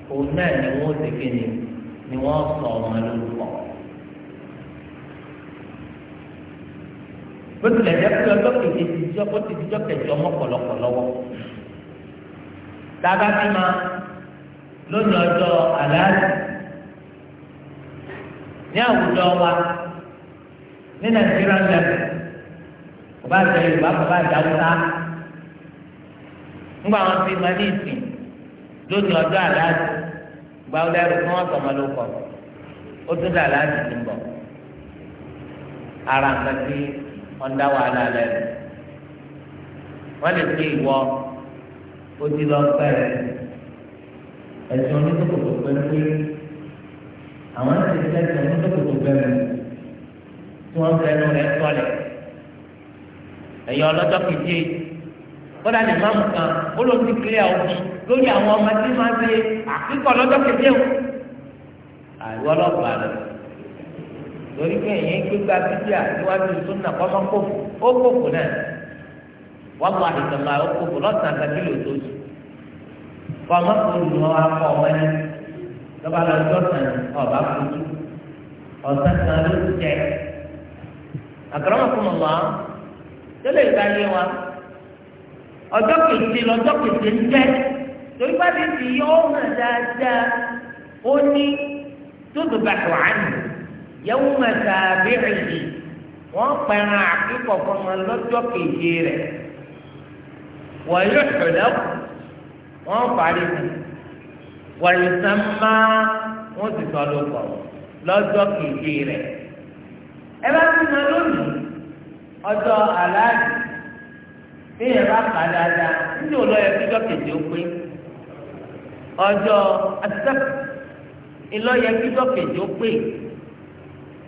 òun náà ni wọ́n ti kéde ni wọ́n sọ ọmọ lórúkọ. bó tilẹ̀ jẹ́ pé ọjọ́ kejì ti jọ́ kó ti jọ́ kẹjọ mọ́ pọ̀lọpọ̀ lọ́wọ́. dábàá bí máa. lónìí ọjọ́ àlàáfíà ní àwùjọ wa ní nàìjíríà lẹ́nu ọba àjọ yorùbá bàbá àjọ ńgbà wọn fi máa ní ìsìn lónìí ọjọ́ gba ọlẹ́ rẹ̀ kí wọ́n ló dà ara nǹkan tí wọ́n dá wọ́n ẹ̀sùn onídókòtò pẹ́ńpé àwọn ti ti ẹ̀sùn onídókòtò pẹ́ńpé tí wọ́n fẹ́ nu rẹ̀ sọ̀lẹ̀ ẹ̀yọ́ ọlọ́jọ́ kejì kódà ní máàmù kan ó ló ti kílẹ̀ òbí lórí àwọn ọmọ tí máa ṣe àkíkọ̀ ọlọ́jọ́ kejì o àìwọ́ ọlọ́pàá rẹ̀ lórí pé èyí gbégbá bíbí àtiwájú súnà kọ́mọ́kòfò ó kòfò náà wọ́n mú àdìsàn máa ó kòfò lọ́sàn-án kan kọ́mọ́ kúrú ni wọ́n á kọ́ ọmọ ẹni lọ́ba lọ sí ọ̀sán ọ̀bá fojú ọ̀sán kan ló ti jẹ. àkàràmọ̀kùnmọ̀ wá tẹ́lẹ̀ ìgbàlẹ̀ wa ọjọ́ kejì lọ́jọ́ kejì ń jẹ́ torí pàdé ti yọ ọ́ hàn dáadáa ó ní tó dùgbà tó àná yẹ́wò máa tàbí rìn yìí wọ́n pẹ̀ràn àkíkọ̀ fún wọn lọ́jọ́ kejì rẹ̀ wọ́n yóò ṣẹlẹ̀ kù wọ́n parí mi wọ̀lùsàn máa wọ́n ti sọ ló pọ̀ lọ́jọ́ kejì rẹ̀ ẹ bá ti mọ lónìí ọjọ́ aláàdì bí ẹ bá kà dáadáa nínú olóyè kíjọ́ kejì ó pé ọjọ́ asẹ́pù ìlọ́yẹ kíjọ́ kejì ó pé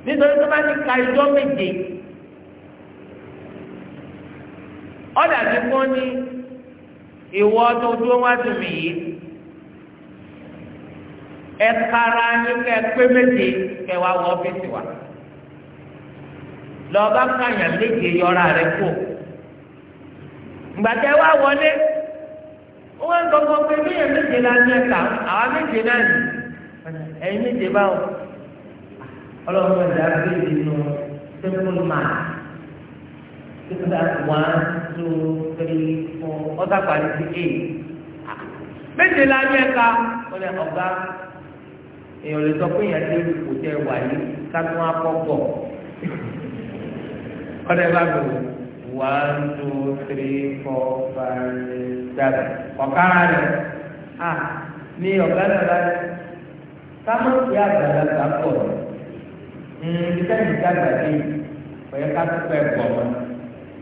nítorí tó bá ti ka ìjọ méje ọ̀dà tí wọ́n ní. ìwọ tó dúró wá sí mi yìí ẹ kára ní kẹ pé méje kẹ wá wọ wa méje yọra rẹ kú gbàtẹ́ wá wọlé wọ́n ń pé méjèèjì méje la ní ẹ̀ka àwa méje náà nì ẹ̀yin méje méje nù two three four ọ̀sà parí sí eight méje la ní ẹ̀ka wọ́n lẹ ọ̀gá èèyàn lè sọ pé èèyàn lè rí kò tẹ wà yìí kátó wọn kọ́ bọ̀ ọ̀dẹ bá lò one two three four five six seven ọ̀kára rẹ̀ à ní ọ̀gá náà láti ká mọ̀ sí àgbàlagbà pọ̀ ní ìdíkẹ́ ìdíkẹ́ àgbàdì ọ̀yẹ́ká tó fẹ́ pọ̀ mọ́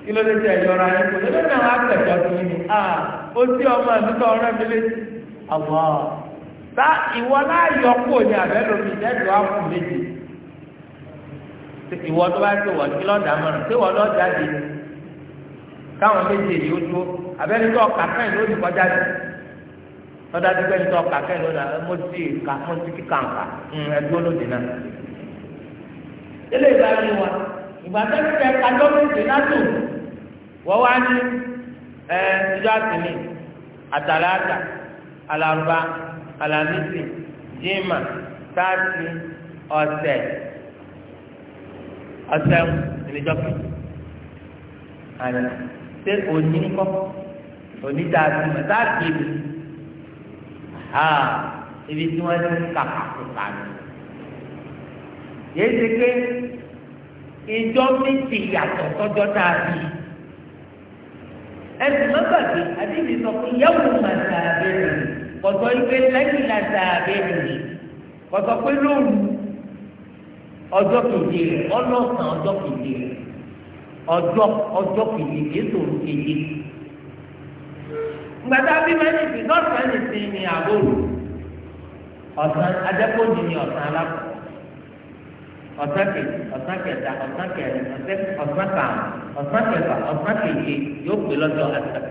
kí ló dé tẹ ìyọra yẹn kò lóde náà wá gbẹ̀jọ́ sí i ni a ó sí ọmọ àdúgbò ọ̀rẹ́ mi létí àwọ̀ tá ìwọ náà yọ kúrò ní abẹ́ lómi ìdẹ́dùn ápù méje ìwọ tó bá ti wọ̀ kí lọ́dà mọ̀ràn tí wọ́n lọ́dà dé káwọn méje yìí ó tó abẹ́ni tó ọ̀kà kẹ́hìn ló ní kọjá dé lọ́dà tó bẹ́ni tó ọ̀kà kẹ́hìn ló ní mo ti kà mo ti kíkà nkà ẹ̀dúró lóde náà. ilé ìgbà mi wà ìgbà tó ti tẹ kájọ́ méje látò wọ́n wá ní ẹ ìjọ àtìní àtàlàtà alárúbá alámísì jímà táàtì ọ̀sẹ̀ ọ̀sẹ̀ ìníjọ́pẹ̀ àná ṣé òní kọ́ òní táàtì mọ̀ táàtì mi ha ibi tí wọ́n ti ń kàkà kó kàní. yéé ṣe pé ìjọ méjì yàtọ̀ tọ́jọ́ tá a bí i. ẹsùn mọ́gbàgbé àdébí sọ pé yẹ́wò mà sàbẹ̀ rẹ̀ kọ̀tọ́ lẹ́yìn la sàbẹ̀ rẹ̀ pé lóru ọjọ́ kejì rẹ̀ ọlọ́sàn ọjọ́ kejì rẹ̀ ọjọ́ ọjọ́ kejì kejì. gbàtà bí ọ̀sán kejì ọ̀sán kẹta ọ̀sán kẹrin ọ̀sán kàrún ọ̀sán kẹfà ọ̀sán keje yóò pè lọ́jọ́ àtà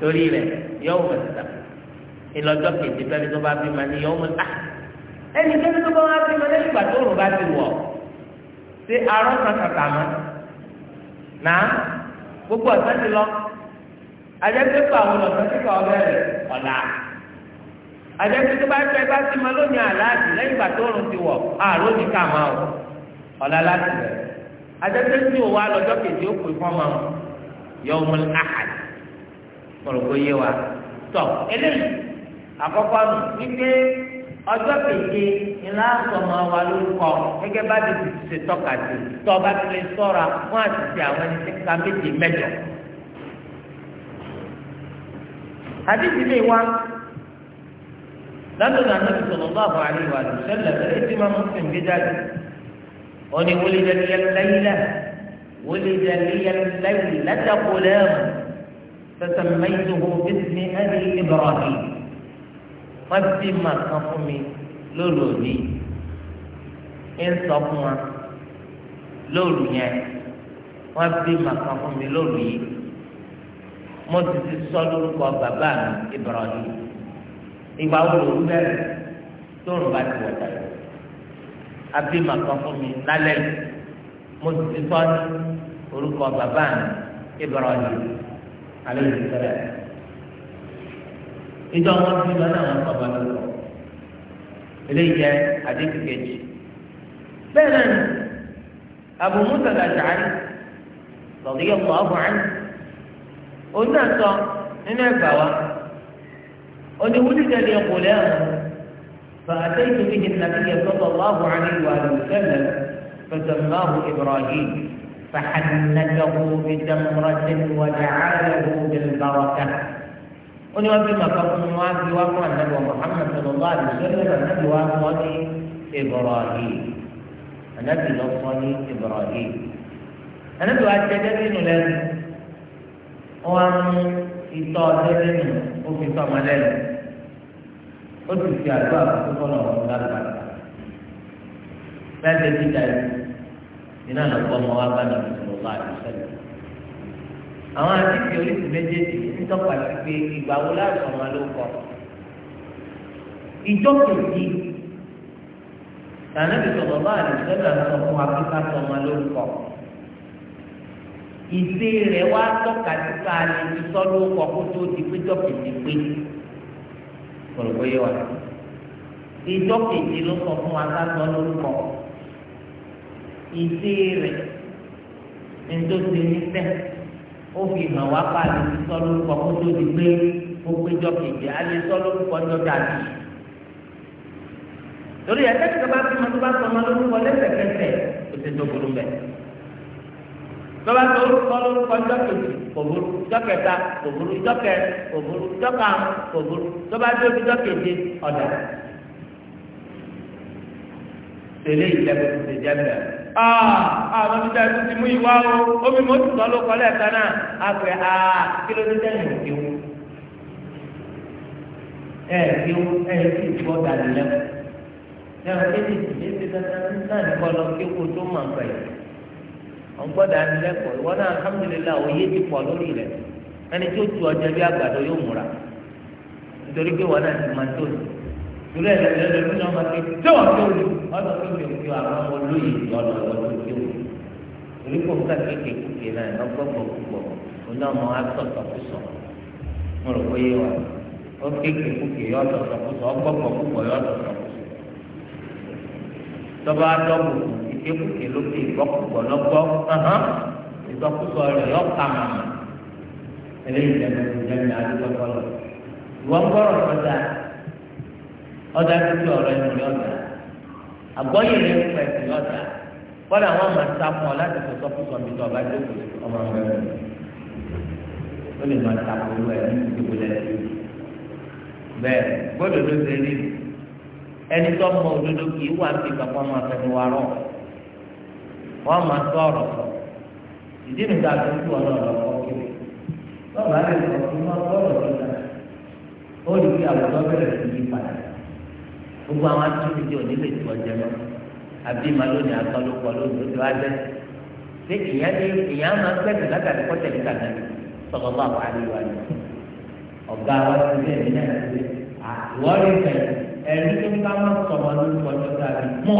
torí rẹ̀ yọ̀wò mẹ́ta ìlọ́jọ́ keje bẹ́ẹ̀ ni tó bá bímọ ní yọ̀wò mẹ́ta ẹni tó ní tó bá wá bímọ lẹ́yìn ìgbà tó rò bá ti wọ̀ ṣé arọ́ kan kàkà mọ́ náà gbogbo ọ̀sán ti lọ ajẹ́ pé pàwọn ọ̀sán ti àjẹsí tó bá fẹ́ bá sí ma lónìí àláàdì lẹ́yìn ìgbà tó rùn ti wọ̀ àrò ní ká máa wọ̀ ọ̀la láti rẹ̀ tí ò wá lọ́jọ́ kejì ó pè fún ọmọ yé wa tọ̀ eléyìí àkọ́kọ́ nù wípé ọjọ́ kejì ńlá sọmọ wa lórúkọ gẹ́gẹ́ bá ti ṣe tọ́ka sí tọ́ bá ti lè sọ́ra fún àti àwọn ẹni tí لأن النبي صلى الله عليه وآله وسلم الإمام مسلم بذلك وني ولد لي الليلة ولد لي الليلة غلام فسميته باسم أبي إبراهيم قدم قفمي لولودي إن صفوا لولي قدم قفمي لولي mo ti ti sọ lórúkọ bàbá mi ibrahim ìgbà wo ló ń bẹ̀rẹ̀ tóun bá ti wọ̀ tàyè abima kan fún mi lálẹ́ mo sì ti tọ́ orúkọ bàbá mi Ibrahim aleyhi sẹlẹ ìjọ wọn fi lọ náà wọn kọ bá lọ eléyìí jẹ adékun bẹ́ẹ̀ náà Abu Musa gàdáyé lọ́dún yẹ kọ́ ọ̀bùn ẹ̀ onídàtọ̀ nínú ẹgbàá wa. أن ولد لي غلام فأتيت به النبي صلى الله عليه وآله وسلم فسماه إبراهيم فحنكه بتمرة وجعله بالبركة wọ́n ní wọ́n fi màkà fún wa fi wá fún anabi wa muhammed sallallahu alayhi wa sallam anabi wa sọ ibrahim anabi lọ sọ ibrahim anabi wa jẹ dẹbi nù lẹ́nu wọ́n á mú nù ó fi sọ lẹ́nu ó sì fi àdó àkókò kọ́ náà wọn lágbàdo láti ẹbí dá yìí iná lọ kọ́ ọmọ wa bá ní ìṣòro bá àti sẹ́lẹ̀ àwọn àtìkì oríṣi méjèèjì ń tọ́ka sí pé ìgbà wo láti ọmọ ló kọ ìjọ kejì tànàbì sọ̀rọ̀ bá àti sẹ́lẹ̀ sọ fún wa pé ká sọ ọmọ ló kọ ìṣe rẹ̀ wá tọ́ka sí ká lè fi sọ́ kọ kó tó di pé jọ́kejì pé kọlọpọ yẹ wa ìjọ kejì ló sọ fún wa sátọ lórúkọ ìdí rẹ ntòsí níbẹ̀ ó fi hàn wá pa àlè sọ lórúkọ kó tó di pé ó péjọ kejì àlè sọ lórúkọ ńjọ dàbí torí ẹgbẹ́ tí a bá fi bá sọ ọmọ lórúkọ lẹ́sẹ̀kẹsẹ̀ ó ti tó burú bẹ́ẹ̀ tọ́ba tó orúkọ lórúkọ jọ́ kejì kòbóró jọ́ kẹta kòbóró jọ́ kẹ kòbóró jọ́ karùn kòbóró tọ́ba tó orúkọ jọ́ kejì ọ̀dà. tẹ̀lé ìlẹ́kùn ti jẹ́ mẹ́rin. àwọn ọmọdé ẹni ti mú ìwá o omi mo tù lọ́lọ́ kọ́lẹ̀ kan náà a pè á kí ló dé tẹ́lẹ̀ òkè wọn. ẹ ẹ kí wọn ẹ ẹ kí ìfọ́ dàdí lẹ́kùn. ẹ ẹ kí ní kọ́ ọgbọ́dọ̀ àdìlẹ́kọ̀ọ́ ìwọ náà alhamdulillah òye ti pọ̀ lórí rẹ̀ ẹni tó tu ọjà bí àgbàdo yóò múra nítorí pé wọn náà ti máa tó lù torí ẹ̀ lẹ́yìn lẹ́yìn lọ́wọ́ máa ké tó wọ́n tó lù ọ̀dọ̀ tó lù kí àwọn ọmọ olóyè ọ̀dọ̀ ọ̀dọ̀ tó lù torí kò ká kéèké kúkè náà lọ́gbọ́gbọ́ púpọ̀ oní ọmọ asọ̀tọ̀ kúsọ̀ mo rò pé yé wa ó kéèké kúkè yọ ọ̀dọ̀ sọ̀kúsọ̀ ọgbọ́gbọ́ púpọ̀ yọ ọ̀dọ̀ sọ̀kúsọ̀ tọ́ba adọ́gbò kù ìkékùké lókè ìgbọ́kùgbọ́ lọ́gbọ́ ìgbọ́kùgbọ́ rẹ̀ yọ ká màmá eléyìí lẹ́nu ìjẹ́mi àdúgbò kọlọ̀ ìwọ́n gbọ́rọ̀ kọjá ọ̀dà títí ọ̀rọ̀ ẹnu ní ọ̀dà àgbọ́yé rẹ̀ ń pẹ̀ sí ọ̀dà kọ́lá àwọn ọmọ ta fún ọ láti sọ sọ́kùsọ̀ mi tó ọba jókòó ọmọ rẹ̀ ó lè máa ta pẹ̀lú ẹ̀ ní ìdìbò lẹ́yìn bẹ́ẹ̀ gbọ́dọ̀ ló ṣe rí ẹni tó mọ òdodo kì í wà sí ìgbà kan máa fẹ́ mi wá rọ̀ wọ́n máa tọ́ ọ̀rọ̀ sọ ìdí mi ta tó ń tù ọ̀nà ọ̀rọ̀ kọ́ kiri lọ́ọ̀bù alẹ́ sọ fún wọn tọ́ ọ̀rọ̀ sọ náà ó lè fi àwùjọ bẹ̀rẹ̀ sí yí padà gbogbo àwọn atúndì tí òní lè tù ọjẹ lọ àbí ma lónìí atọ́lùkọ lónìí ojú adé ṣé ìyẹn ní ìyẹn máa gbẹ̀dẹ̀ látàrí kọ́tẹ̀ níta náà sọ̀rọ̀ bá wà á lè wà wa ti lé ẹ̀mí náà ti lé àwọ̀ rí tó ń bá wọn sọ̀rọ̀ lórúkọ tó dáa mú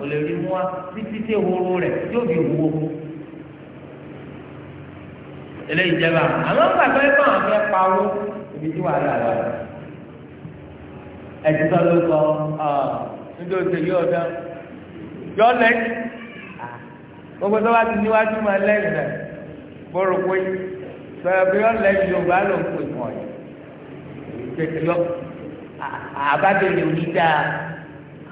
kò lè rí mú wa títí tí ehoro rẹ̀ yóò fi wo eléyìí jẹba àmọ́ gbàgbọ́ ẹgbẹ́ àwọn fẹ́ pawó ibi tí wàá rà wá ẹtì sọ ló sọ ọ níbi òsè yóò dán yọ lẹ́yìn gbogbo tó bá ti níwájú máa lẹ́yìn rẹ̀ bọrọ pé sọyọ pé yọ lẹ́yìn yorùbá ló ń pè fún ọ yìí àbádé lè wí dáa.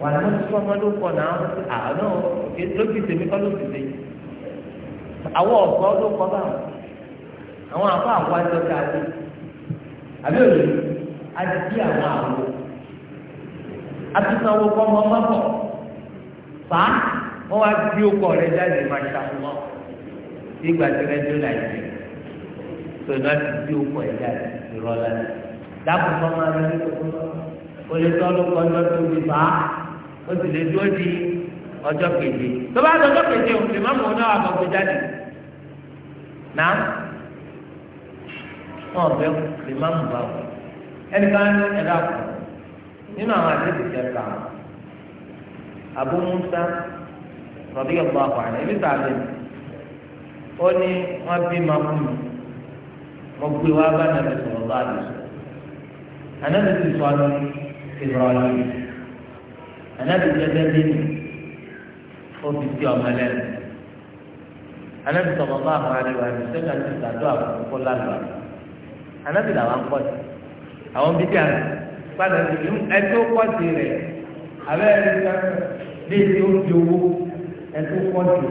wà á lọ́sí fún ọmọdé kọ náà àánú lókì tèmi kọ́ lókì tèmi àwọn ọ̀gá ló kọ́ bá àwọn àbá àwọn àjọta àti àbí òye àti bí àwọn àwọ àtúnṣàwọ kọ́ ọmọ ọmọ bọ̀ fà á wọ́n wá bí okọ̀ rẹ̀ jáde máa ṣàfihàn ìgbà tí rẹ̀ dó láì jẹ́ pẹ̀lú àti bí okọ̀ rẹ̀ jáde ìrọ̀lẹ́ dáàbò fọ́ máa ń rí o lè tọ́ ló fà á ó sì lè dúró di ọjọ́ keje tó bá dọjọ́ keje o lè má mú un náà àmọ́ gbé jáde náà wọn bẹ lè má mú bá wọn ẹnì kan ẹ̀dá kù nínú àwọn àdébì kẹta Abu Musa rọ̀bí ọ̀pọ̀ àpàrẹ̀ ẹ̀mí sàlẹ̀ ó ní wọ́n bí ma fún mi mo gbé wá bá nàbẹ̀ sọ̀rọ̀ bá a lè sọ ànábẹ̀ sì sọ ní ìrọ̀lẹ́ yìí anabi gẹ́gẹ́ bí mi ó fi sí ọmọ lẹ́nu anabi sọmọ bá àwọn àríwá rẹ sẹgbà ti sàdó àwọn kókó lálùbà anabi làwọn kọ sí àwọn bíbí àná padà sí ẹtí ó kọ sí rẹ abẹ ẹni ká bí ẹtí ó di owó ẹtí ó kọ sí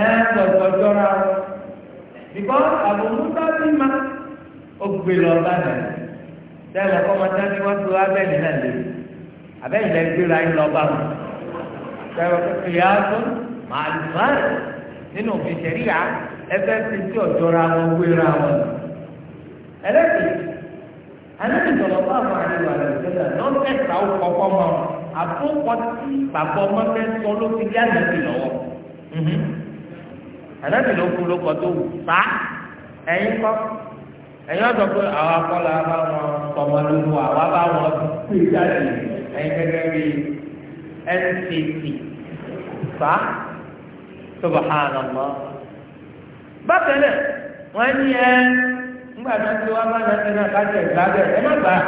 ẹ tọ̀tọ̀ jọra because àbòmú sábì má ó gbé lọ bá nàá sẹ́yìn lọ́kọ́ máa dání wá sí abẹ́ nínú àlejò abẹ́yìn lẹ́yìn gbéra yín lọ bá wọn sẹ́wọ́n kìlá tó màá lù má rẹ̀ nínú òfin ṣẹ̀ríyà ẹgbẹ́ ti tí ọ̀jọ́ra wọn wéra wọn. ẹlẹ́sìn alẹ́sìntọ̀lọ́ bá àwọn àríwá rẹ̀ sẹ́lẹ̀ lọ́sẹ̀ta ó kọ́kọ́ mọ́ àtúnkọ́ tí bàbá ọmọ fẹ́ sọ ló ti dí ànábì lọ́wọ́ mhm. ànábì ló kú ló kọ́ tó wù sá ẹ̀yin kọ́ ẹ̀yin ọ̀dọ́ pé àwa kọ́ bá wọn tọmọ lóko àwa bá wọn pè ẹ̀yìn NCC fa subhanallah bákan náà wọ́n ní ẹ ńgbà náà tí wọ́n bá náà ti náà kájọ ìgbàgbẹ́ ẹ má bàa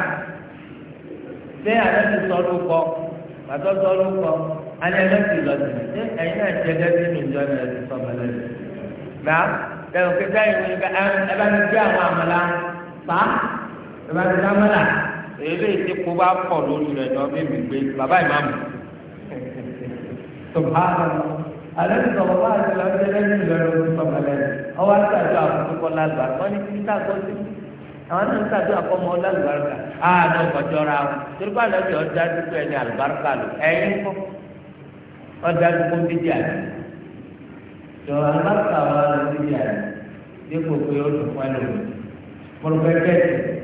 bẹ́ẹ̀ alẹ́ ti sọ ló kọ́ pàtó sọ ló kọ́ alẹ́ alẹ́ ti lọ sí ẹ ẹ̀yin náà jẹ́ gẹ́gẹ́ bí ìjọ ni ẹ ti gbà bẹ́ẹ̀ òkè sẹ́yìn ẹ bá ti gbé àwọn àmàlà fa ẹ bá ti gbé àmàlà èlé ìdíkù bá pọ̀ lórí rẹ̀ ní ọbẹ̀ mi gbé bàbá ìmáàmù. sọ̀bàbà alẹ́ ti sọ̀rọ̀ bá àti ìlànà ẹgbẹ́ ní ìlọrin oṣù sọ̀bàlẹ̀ ọwọ́ àtàjọ àkókò lágbà wọ́n ní kí sáà kọ́ sí àwọn náà ń sàdó àkọ́mọ ọlọ́lùbáràkà àá ní ọ̀gbọ́jọ́ra wọn torí pé àná ti ọjà dúpọ̀ ẹni àlùbáràkà lò ẹ̀yìn kọ́ ọjà dúpọ̀ bíjì àná tọ́ àlùbáràkà wọn lọ bíjì àná dípò pé ó dùn fún ẹlòmíràn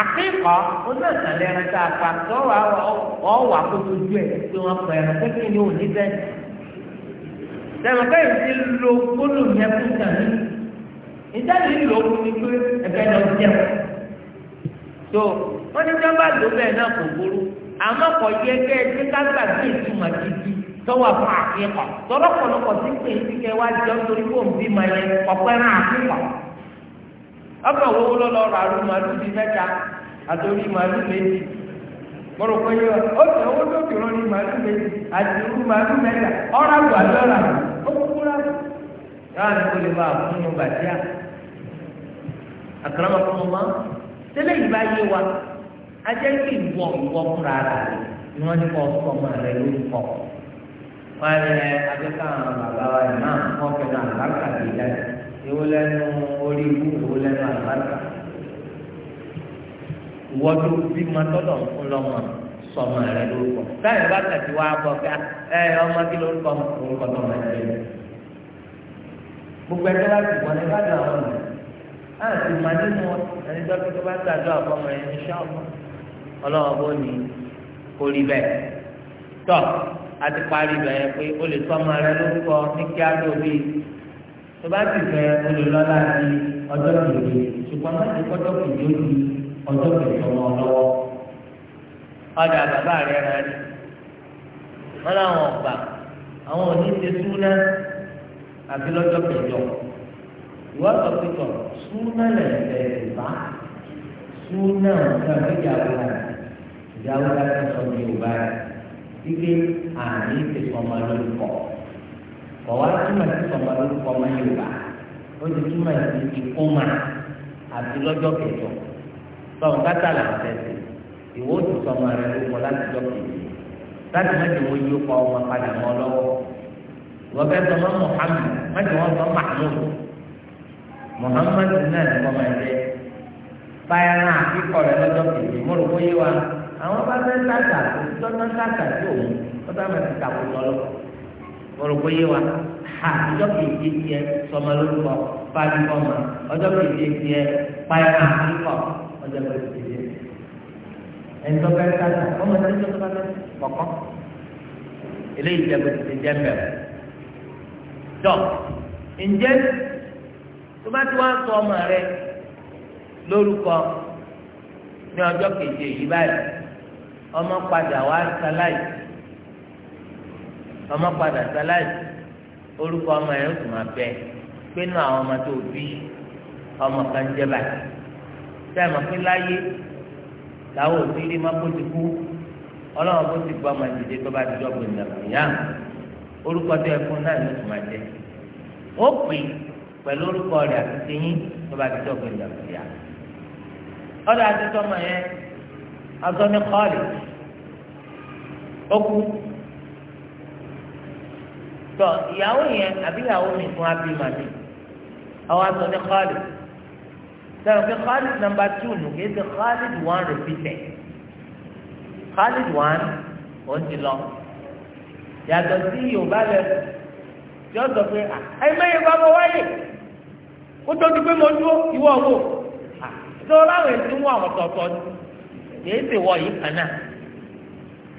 àkíkọ onísàlẹ̀ ẹran tá a pa tó wà ọ̀wà kó dojú ẹ̀ pé wọ́n pa ẹran pé kí ni ò ní bẹ́ẹ̀. sẹ́wọ̀n ti lo gbólò yẹn fún ìtàní ìtàní lò ó pé ẹ̀fẹ́ tó wọ́n ní sábà bẹ́ẹ̀ náà kò burú àmọ́ kò yẹ kẹ́ ẹ ti ma yẹ ọkọ̀ owó lọ́lọ́ rà lù màálù bíi mẹ́ta àtòrí màálù Malu mọ̀rọ̀ pé ó ti owó tó ti rán ní màálù méjì àti irú màálù mẹ́ta ọ̀rá lù àlọ́ra ó kúkú rà lù. yàrá ni kò lè bá fún un bàtíà àkàràmọ̀ fún un mọ́ tẹ́lẹ̀ yìí wa ajẹ́ kí ìwọ ìwọ fúnra rà ni wọ́n ti kọ́ ọkọ̀ mọ́ rẹ̀ lórúkọ wọ́n á yẹ abẹ́ká bàbá wa náà kọ́ fẹ́ náà lákàtúndínlẹ́sẹ̀ èwo lẹ́nu orí ikú èwo lẹ́nu àgbàdà wọ́dọ̀ bímọ tọ́lọ̀ ń fún lọ́mọ sọmọ rẹ lórúkọ táyà bá tàbí wá bọ̀ ká ẹ ọmọ kí lórúkọ orúkọ tó máa ń lé gbogbo ẹgbẹ́ láti wọ́n ní bá dùn àwọn ọ̀nà àti màá nínú ẹni tó kí tó bá tàdó àbọ̀mọ ẹni ní sọ́ọ̀bù ọlọ́wọ́ bó ní orí bẹ́ẹ̀ tọ́ àti parí bẹ́ẹ̀ pé o lè sọmọ rẹ lórúkọ ní kí á tó bá ti fẹ́ olùlọ́lá di ọjọ́ kejì ṣùgbọ́n láti kọ́jọ́ kejì ó di ọjọ́ kejì ọmọ lọ́wọ́ ọ̀dà bàbá rẹ̀ rẹ̀ ni wọ́n láwọn ọ̀gbà àwọn òní ti súná àti lọ́jọ́ kẹjọ ìwọ́sọ̀ pípọ̀ súná lẹ̀sẹ̀ ìbá súná ọ̀sẹ̀ ìyàwó rẹ̀ ìyàwó rẹ̀ sọ ní yorùbá rẹ̀ ike àní ti sọmọ lórúkọ ọ̀wá túmọ̀ sí sọ̀mọ́ lórúkọ ọmọ yorùbá ó ti túmọ̀ sí ìkómà àti lọ́jọ́ kẹjọ sọ̀rọ̀ kátàlà ọ̀tẹ̀sì ìwọ ó ti sọ̀mọ́ rẹ lórúkọ láti jọ kejì láti mẹ́jọ wọ́n yí ọkọ̀ ọmọ padà mọ́ lọ́wọ́ wọ́n fẹ́ sọmọ́ Muhammad mẹ́jọ wọ́n sọ Mahmud Muhammad náà ní ọmọ ẹ̀jẹ̀ báyà náà akíkọ̀ rẹ lọ́jọ́ kejì mo rò bóyá wa àwọn bá fẹ́ sáàtà tó tọ́ná sáàtà tó òun mọ̀rọ̀kọ yé wa ha ọjọ́ kejì tiẹ̀ sọmọ lórúkọ fáàbí kọ́mọ ọjọ́ kejì tiẹ̀ páyà kíkọ ọjọ́ kejì tiẹ̀ ẹ̀ńtọ́ bẹ́ẹ̀ sáà ọmọ ẹ̀ńtọ́ bẹ́ẹ̀ sáà kọ̀kọ́ eléyìí jẹ́ bẹ́ẹ̀ ti jẹ́ bẹ́ẹ̀ tọ́ ǹjẹ́ tó bá ti wá sọ ọmọ rẹ lórúkọ ní ọjọ́ kejì yìí báyìí ọmọ padà wá sáláì ọmọ padà sáláì orúkọ ọmọ yẹn kò máa bẹ pé nù àwọn ọmọ tó bí ọmọ kan jẹ báyìí sẹ́yìn mọ̀ pé láyé làwọn òbí rí má kó ti kú ọlọ́run kó ti gba ọmọ ìdíje tó bá ti jọ gbòǹda ìyá orúkọ tó yẹ fún náà ló ti máa jẹ ó pè pẹ̀lú orúkọ rẹ̀ àti tẹ̀yìn tó bá ti jọ gbòǹda ìyá ọ̀dọ̀ àti tọ́mọ yẹn azọ́ni kọ́ọ̀lì ó kú tọ ìyàwó yẹn àbí ìyàwó mi fún abí màmí àwọn aṣọ ní Khalid sọ̀rọ̀ pé Khalid nàmbà tù nù kí ẹsẹ̀ Khalid one repeated Khalid one òun ti lọ yàtọ̀ sí Yorùbá lẹ́nu tí ó sọ pé ẹ mẹ́yìn bá bọ̀ wáyé ó tó ti pé mo dúró ìwọ wò tó láwọn èsì ń wọ àwọn tọ̀tọ̀ kìí sì wọ yìí kan náà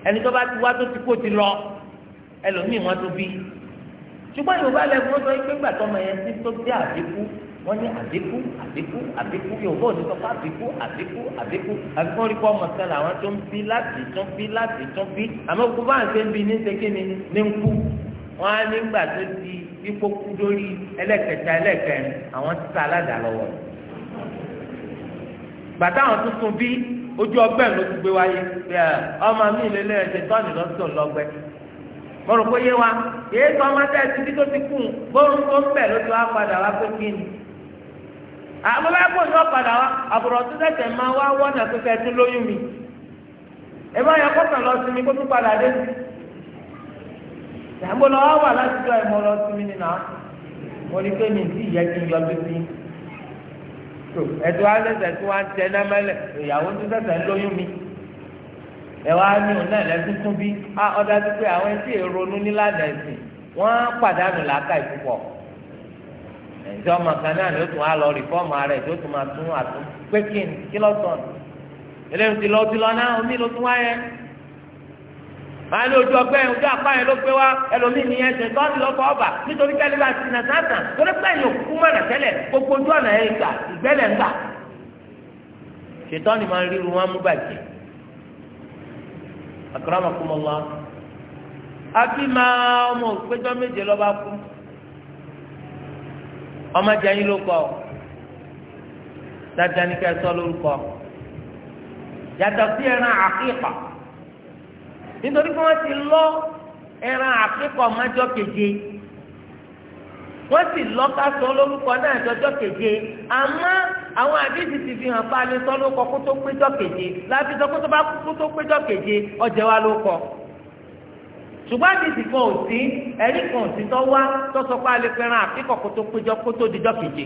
ẹni tó bá ti wá tó ti kó ti lọ ẹlòmíì wọn tó bí ṣùgbọ́n yorùbá lẹ́gbọ́n ó sọ pé ńgbà tọmọ yẹn ti tó dé àdínkù wọ́n ní àdínkù àdínkù àdínkù yorùbá ò ní sọ pé àdínkù àdínkù àdínkù àdínkù rí pọ́ mọ̀ọ́sẹ́ làwọn tó ń bí láti tó ń bí láti tó ń bí àmọ́ kó bá ń ṣe ń bí ní ṣe kí ni ní ń kú wọ́n á nígbà tó di pípọ́ kú lórí ẹlẹ́kẹta ẹlẹ́kẹrin àwọn ti ta aládàá lọ́wọ́ bàtà àwọn tuntun bí ojú ọgbẹ́ ló ti gbé wáyé ọmọ mi lélẹ́yìn ṣe tọ́ni lọ́sọ̀ lọ́gbẹ́ mọ̀rọ̀ kó yé wa yéé tó ọmọ tẹ́ títí tó ti kùn bóun tó ń bẹ̀ ló ti padà wá pé kí ni. àmọ́ bá kò ní wá àbùrọ̀ tó tẹ̀sẹ̀ máa wá wọ́nà tó lóyún mi. ẹ bá yẹ kọ́sàn lọ sí mi kó padà dé. lọ wà láti jọ lọ sí mi mo ní pé mi ti ẹ wá ní òun náà lẹ́sìn tún bí ọ̀dà ti pé àwọn ẹtí ìrònú nílànà padanu wọ́n pàdánù làákà ìpúpọ̀ ẹ̀jọ́ ọmọ náà ló tún á lọ rìfọ́ọ̀mù ara ẹ̀ tún máa tún àtún pé kí kí eléyìí ti omi ló tún màá ní ojú ọgbẹ́ ojú apá ló gbé wá ẹlòmíì ní ẹsẹ̀ lọ́kọ̀ ọba nítorí bá ti nà gbogbo ojú ọ̀nà ẹ̀ gbà ìgbẹ́lẹ̀ ń gbà ni máa ń ríru akramakumullah àbí máa ọmọ òpéjọ méje lọ́ba kú ọmọ jẹyìn ló kọ dáadáa ní ká sọ lórúkọ yàtọ̀ sí ẹran àkíkà nítorí pé wọ́n ti lọ ẹran àkíkà ọmọjọ́ keje wọ́n sì lọ́ka sọ lórúkọ náà dọ́jọ́ keje àmọ́ àwọn àdéhùn ti fi hàn pa lè sọ lórúkọ kó tó péjọ keje láti sọ kó tó bá kó tó péjọ keje ọjẹ́ wa ló kọ. ṣùgbọ́n àdéhùn kan ò sí ẹ̀rí kan ò sí tó wá tó sọ pé a lè fẹ́ràn kó tó péjọ kó tó dijọ́ keje.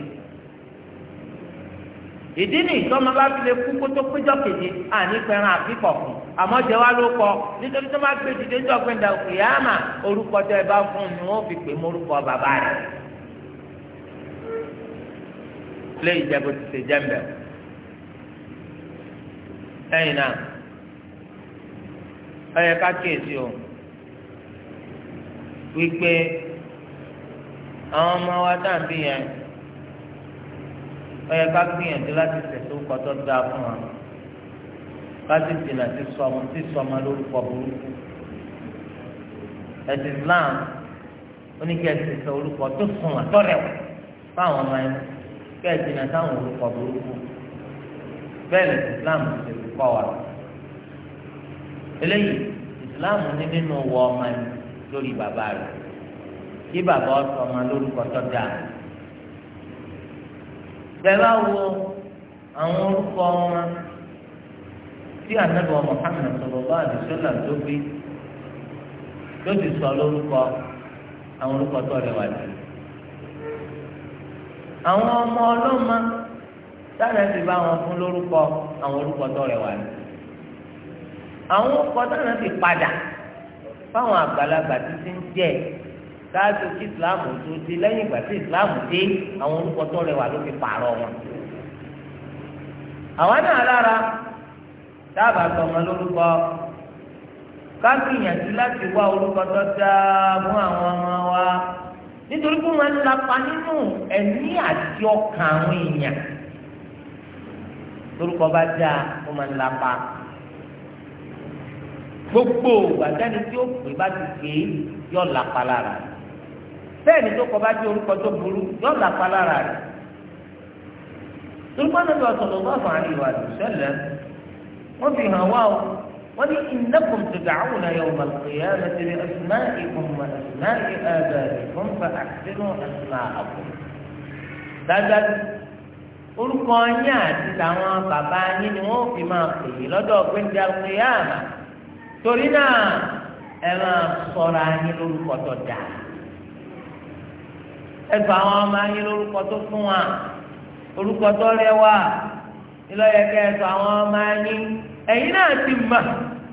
ìdí ni ìtọ́mọ bá fi lè kú kó tó péjọ keje àní fẹ́ràn àkíkọ̀ fún àmọ́ jẹ́ wa ló kọ nítorí tó bá gbé dìde jọ̀gbìn dàgbìn yàrá orúkọ tó ẹ fún un ni wọ́n fi pè mórúkọ bàbá rẹ̀ lé ìjẹ́bù ti ṣe jẹ́mbẹ̀. lẹ́yìn náà ẹ yẹ ká kíyèsí o wípé àwọn ọmọ wa dàbí yẹn ó yẹ ká gbìyànjú láti tẹ̀sí orúkọ tó dáa fún wa láti dènà sí sọmọ sí sọmọ lórúkọ burúkú ẹ̀sìn Islam oníkẹ́ ẹ̀sìn sọ orúkọ tó sùn àtọ́rẹ̀wò fáwọn ọmọ ẹni bẹ́ẹ̀ jìnnà táwọn olùkọ́ burúkú bẹ́ẹ̀ ni islam ti fi kọ́ wa eléyìí islam ní nínú wọ ọmọ yìí lórí bàbá rẹ̀ kí bàbá ọsọmọ lórúkọ tó dáa bẹ́ẹ̀ bá wo àwọn orúkọ wọn tí anabi muhammed sallallahu alaihi wasallam tó bí ló lórúkọ àwọn orúkọ tó rẹwà jù àwọn ọmọ ọlọ́mọ sára ti bá wọn fún lórúkọ àwọn orúkọ tó rẹwà ni àwọn ọkọ sára ti padà fáwọn àgbàlagbà títí ń jẹ sáájú kí islam tó dé lẹ́yìn ìgbà tí islam dé àwọn orúkọ tó rẹwà ló fi pààrọ̀ wọn. àwa náà lára dábàá sọmọ lórúkọ ká gbìyànjú láti wá orúkọ tó dáa fún àwọn ọmọ wa nítorí pé wọ́n ń lapa nínú ẹ̀mí àti ọkàn àwọn èèyàn torúkọ bá dáa wọ́n máa ń lapa gbogbo àdáni tí ó pè bá ti pè é yọ lapa lára rẹ̀ bẹ́ẹ̀ ni tó kọ bá dé orúkọ tó burú yọ lapa lára rẹ̀ torúkọ náà bí wọ́n sọ̀rọ̀ wọ́n fà ìwà àdùsẹ́lẹ̀ wọ́n fi hàn wá o. ولي إنكم تدعون يوم القيامة لأسمائكم وأسماء آبائكم فأحسنوا أسماءكم dáadáa orúkọ yín àti tàwọn bàbá yín ni wọn fi máa pè é lọ́dọ̀ gbẹndé àlùkìyàmà torí náà ẹ máa sọra yín lórúkọ tó dáa ẹ fà àwọn ọmọ yín lórúkọ tó fún wa orúkọ tó rẹwà ìlọyẹkẹ ẹ fà àwọn ọmọ yín ẹ̀yin náà ti mọ̀.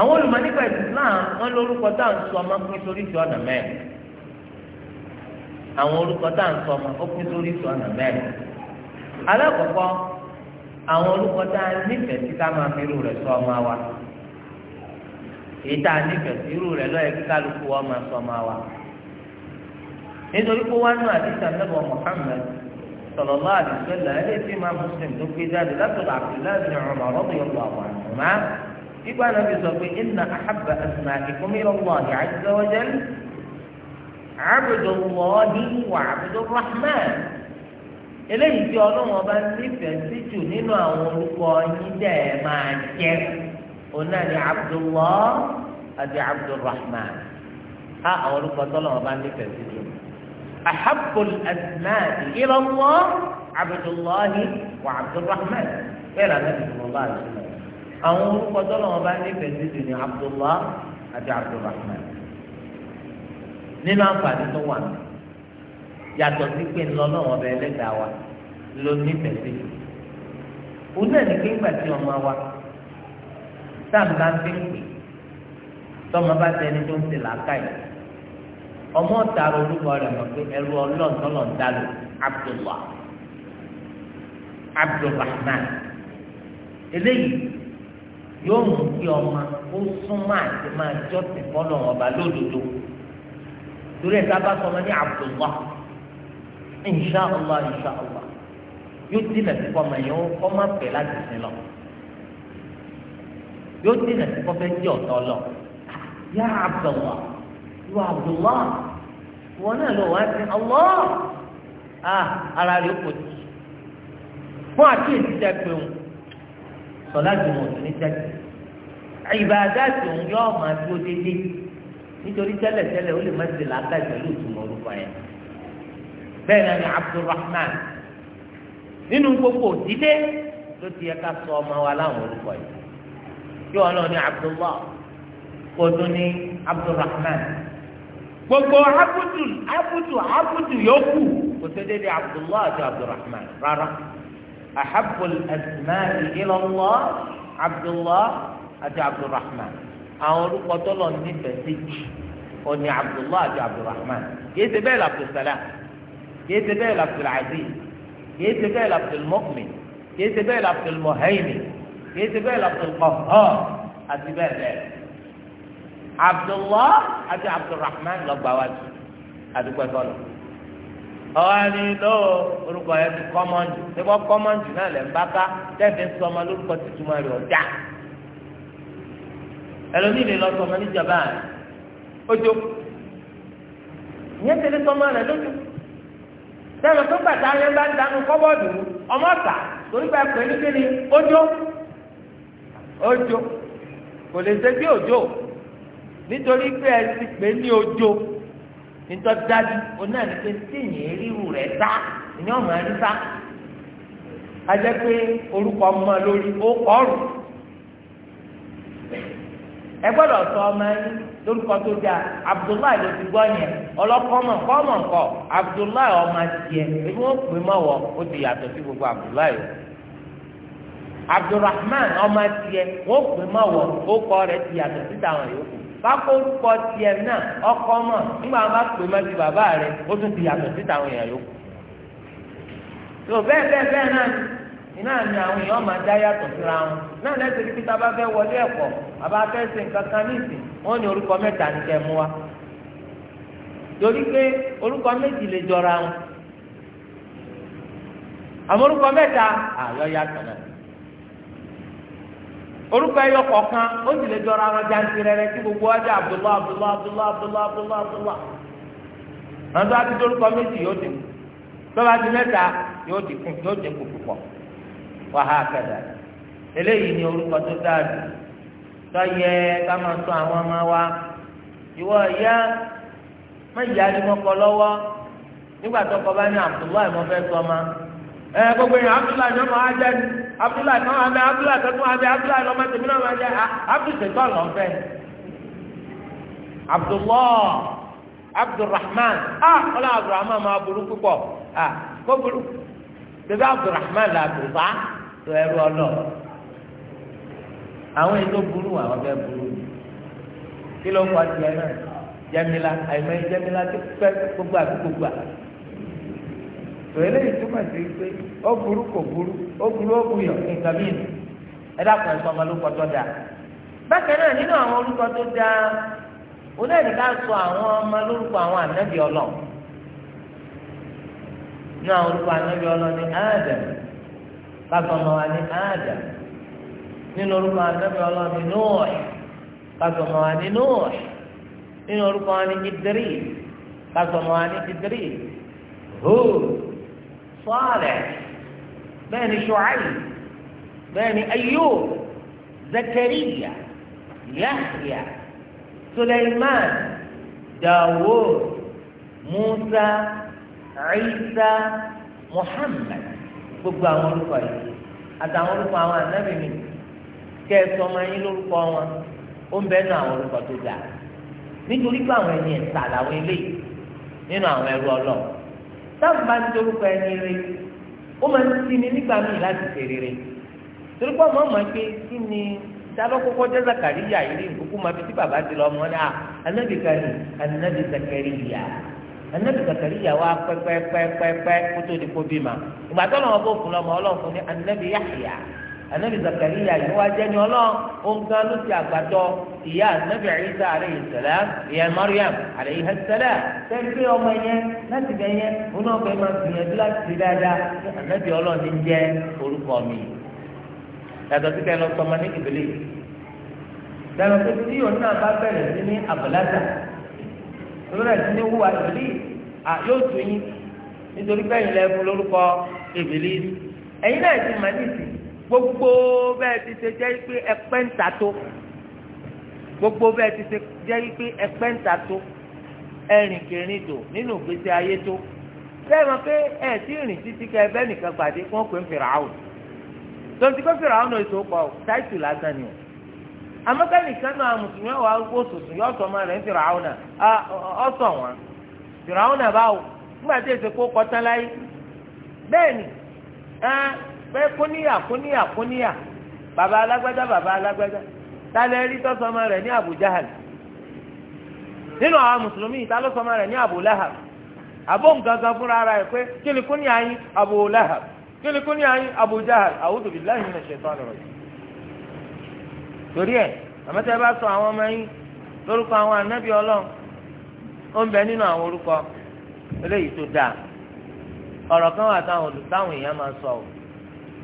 àwọn olùmọ̀ nípa Islam wọn lórúkọ tá à ń sọ ọmọ pín sórí ìtọ́ ọ̀nà mẹ́rin àwọn tá à ń sọ ọmọ ó pín sórí orúkọ tá nífẹ̀ẹ́ sí ká máa sọ ọmọ wa nífẹ̀ẹ́ sí irú rẹ̀ lọ́yẹ̀ wa máa sọ ọmọ wa nítorí pé nú àdìsá máa tó gbé jáde nígbà náà fi sọ pé inna ahabba asma'ikum ila Allahi azza wa jalla abdullahi wa abdurrahman eléyìí tí ọlọ́run ọba nífẹ̀ẹ́ sí jù nínú àwọn orúkọ yín dẹ̀ máa jẹ́ òun náà ni abdullah àti abdulrahman á àwọn orúkọ tọ́lọ́run ọba nífẹ̀ẹ́ sí jù ahabul asmaati ilallah abdullahi wa abdulrahman bẹ́ẹ̀ ni àná ti sọ̀rọ̀ báyìí àwọn orúkọ tọ́lọ̀ wọn bá nífẹ̀ẹ́ sí jù ní Abdullah àti Abdulrahman nínú àǹfààní tó wà yàtọ̀ sí pé ńlọ́nà wọn bẹ ẹlẹ́dàá wa ló nífẹ̀ẹ́ sí òun náà ní kéńgbà tí ọmọ wa sáàmbá ń fi ń pè tọ́mọ bá tẹni tó ń ti làákàyè ọmọ ọ̀tàrà orúkọ rẹ̀ mọ̀ pé ẹrú ọlọ́ọ̀tọ́lọ̀ ń dálò Abdullah Abdulrahman eléyìí yóò mú kí ọmọ ó súnmọ́ àti máa jọ́sìn fọ́lọ̀ ọba lódodo torí ẹ̀ sábà sọmọ ní Abdullah insha Allah insha Allah yóò dínà sí kọ́mọ yẹn kọ́ má pẹ́ láti sin lọ yóò dínà sí kọ́fẹ́ jẹ́ ọ̀tọ̀ lọ yá Abdullah yóò Abdullah wọn náà lọ wá sí Allah ah ara rẹ̀ kò tì fún àkíyèsí tẹ́ pé òun sọlá jùmọ̀ ní tẹ́tẹ́ ìbàdà tí òun yọ ọmọ dúró déédéé nítorí tẹ́lẹ̀tẹ́lẹ̀ ó lè má ti làákà ìtẹ̀lú ìtumọ̀ orúkọ yẹn bẹ́ẹ̀ náà ni Abdulrahman nínú gbogbo òdìdé ló ti yẹ ká sọ ọmọ wa láwọn orúkọ yìí kí wọn náà ní Abdullah kó tún ní Abdulrahman gbogbo abudu abudu abudu yòókù kò tó déédéé Abdullah àti Abdulrahman rárá ahabbu al-asma'i ila Allah abdullah àti abdulrahman àwọn orúkọ tó lọ nífẹ̀ẹ́ sí òní abdullah àti abdulrahman kìí ṣe bẹ́ẹ̀ l'abdulsalam kìí ṣe bẹ́ẹ̀ l'abdulaziz kìí ṣe bẹ́ẹ̀ l'abdulmuqmin kìí ṣe bẹ́ẹ̀ l'abdulmuhaymin kìí ṣe bẹ́ẹ̀ l'abdulqahhar àti bẹ́ẹ̀ bẹ́ẹ̀ abdullah àti abdulrahman lọ́gbàwájú àdúgbò ẹ̀fọ́ lọ́wọ́ ọ̀hún àní lọ́wọ́ orúkọ yẹn ti kọ́mọ́ǹdù nígbà kọ́mọ́ǹdù náà lẹ̀ ń bá ká tẹ́ẹ̀fì sọmọ lórúkọ tìtúmọ̀ rẹ̀ ọ̀dà ẹlòmíì lè lọ sọmọ ní Japan ojo ìyẹn tẹ̀lé sọmọ rẹ̀ lójú sẹ́yìn tó gbàtà yẹn bá ń dànù kọ́bọ́ọ̀dù ọmọ ọ̀tà torí bá pẹ̀lú kí ni ojo ojo kò lè ṣe bí ojo nítorí pé ẹ ti pè ní ojo nítorí dájú oní àná pé téèyàn ríru rẹ̀ sá ìyẹn ọ̀mọ̀ rí sá ajẹ́ pé orúkọ ọmọ lórí ó kọ́ọ̀rù ẹ gbọ́dọ̀ sọ ọmọ yín lórúkọ tó dáa Abdullahi ló ti gbọ́ yẹn ọlọ́kọ́mọ̀ kọ́mọ̀ kọ Abdullahi ọmọ tiẹ̀ ebi wọ́n pè mọ́ wọ ó ti yàtọ̀ sí gbogbo Abdullahi o Abdulrahman ọmọ tiẹ̀ wọ́n pè mọ́ wọ ó kọ́ rẹ̀ ti yàtọ̀ sí táwọn yòókù. kákórúkọ tiẹ̀ náà ọkọ mọ̀ nígbà wọn bá pè má ti bàbá rẹ̀ ó tún ti yàtọ̀ síta àwọn èèyàn yòókù. tó bẹ́ẹ̀ bẹ́ẹ̀ bẹ́ẹ̀ náà iná ni àwọn èèyàn máa yàtọ̀ síra wọn náà lẹ́sẹ̀ bá wọlé ẹ̀kọ́ bàbá fẹ́ ṣe nǹkan kan orúkọ méjì lè jọra wọn àmọ́ orúkọ mẹ́ta àyọ̀ orúkọ ẹyọ kọ̀ọ̀kan ó sì lè jọra wọn jáde rẹrẹ tí gbogbo ọjà abdullah abdullah abdullah abdullah abdullah abdullah àwọn tó ti dórúkọ méjì yóò dín tó bá ti mẹ́ta yóò dín kù yóò dín kù púpọ̀ wàhálà eléyìí ni orúkọ tó dáàbò wa ìwọ ìyá má yára mọ́kọ lọ́wọ́ nígbà ma. ẹ gbogbo yẹn abdullahi náà máa jẹ ni abdullahi náà máa bẹ abdullahi tó tún máa bẹ abdullahi lọ́mọ tèmi náà máa jẹ abdullahi tó lọ fẹ abdullahi abdulrahman ah ọlọ abdulrahman máa burú púpọ̀ ah kó burú bébí abdulrahman là bùbá tó ẹrú ọlọ àwọn ètò burú àwọn bẹ burú kí ló ń kọ tiẹ̀ náà jẹmíla àyìnbáyé jẹmíla tó pẹ gbogbo àti gbogbo àti. tòlẹ́ ìtumọ̀ sí pé ó burú kò burú ó burú ó buyọ̀ nǹkan mí nù ẹ dákun ọmọ ló kọjọ́ da bákan náà nínú àwọn tó da àwọn ọmọ lórúkọ àwọn ànábì ọlọ nínú àwọn ànábì ọlọ ní ọmọ wa Salih bẹ́ẹ̀ ni Shu'aib bẹ́ẹ̀ ni Ayyub Zakariya Yahya Sulaiman Dawud Musa Isa Muhammad gbogbo àwọn orúkọ yìí àtàwọn orúkọ àwọn ànábì mi kẹsàn táwọn bá ń dorúkọ ẹni rẹ ó máa ń sinmi nígbà míì láti fèrè rẹ torí pé ọmọ ọmọ pé kí ni sábà kókó jẹ́ Zakariya yìí kúkú máa fi tí bàbá ti lọ ọmọ ah, náà anabi kari anabi Zakariya anabi Zakariya wa pẹ́pẹ́pẹ́pẹ́pẹ́ kótó di kó bímọ ìgbà tó lọ́wọ́ bó fún lọ́mọ ọlọ́run fún ni anabi Yahya anabi zakariya yìí wá jẹ́ ní ọlọ́run òǹkà ló ti àgbàjọ ìyá anabi isa aleyhi salam ìyá mariam aleyhi salam sẹ́ńtẹ́ ọmọ yẹn láti bẹ̀ yẹn òun náà fẹ́ máa gbìyànjú láti ṣe dáadáa ní anabi ọlọ́run ní jẹ́ orúkọ mi. yàtọ̀ sí kẹ́ lọ sọmọ ní ìbílẹ̀ dàgbà pé tí òun náà bá bẹ̀rẹ̀ sí ní àbùládà lọ́rẹ̀ sí ní wúwa ìbílẹ̀ yóò tún yín nítorí bẹ́ẹ̀ ni lẹ́ẹ̀fún lórúkọ ìbílẹ̀ gbogbo bẹ́ẹ̀ ti ṣe jẹ́ pé ẹpẹ́ ń ta tó gbogbo bẹ́ẹ̀ ti ṣe jẹ́ pé ẹpẹ́ ń ta tó ẹ̀rìn kìrìn dò nínú ìgbésí ayé tó bẹ́ẹ̀ mọ̀ pé ẹ̀ tí ìrìn títí kẹ ẹbẹ́ nìkan pàdé kí wọ́n pè ń fèrè àwọn tonti pé fèrè àwọn èso pọ̀ táìtù lásán ni o amọ́kẹ́nìkan náà mùsùlùmí wà ó sòsùn yọ ọ̀sọ̀ ọmọ rẹ̀ ń fèrè àwọn náà ọ̀sọ̀ wọn fèrè àwọn náà báwo nígbà tí èsè kó kọtán láyé bẹ́ẹ̀ ni pé kúníyà kúníyà kúníyà bàbá alágbádá bàbá alágbádá tálẹ̀ rí tọ́sọmọ rẹ̀ ní Abu Jahal nínú àwọn mùsùlùmí ìta ló rẹ̀ ní Abu Lahab àbọ̀ gangan fúnra ara ẹ̀ pé kí ni kúníyà yín Abu Lahab kí ni kúníyà yín Abu Jahal a'udhu billahi minash torí àmọ́tẹ́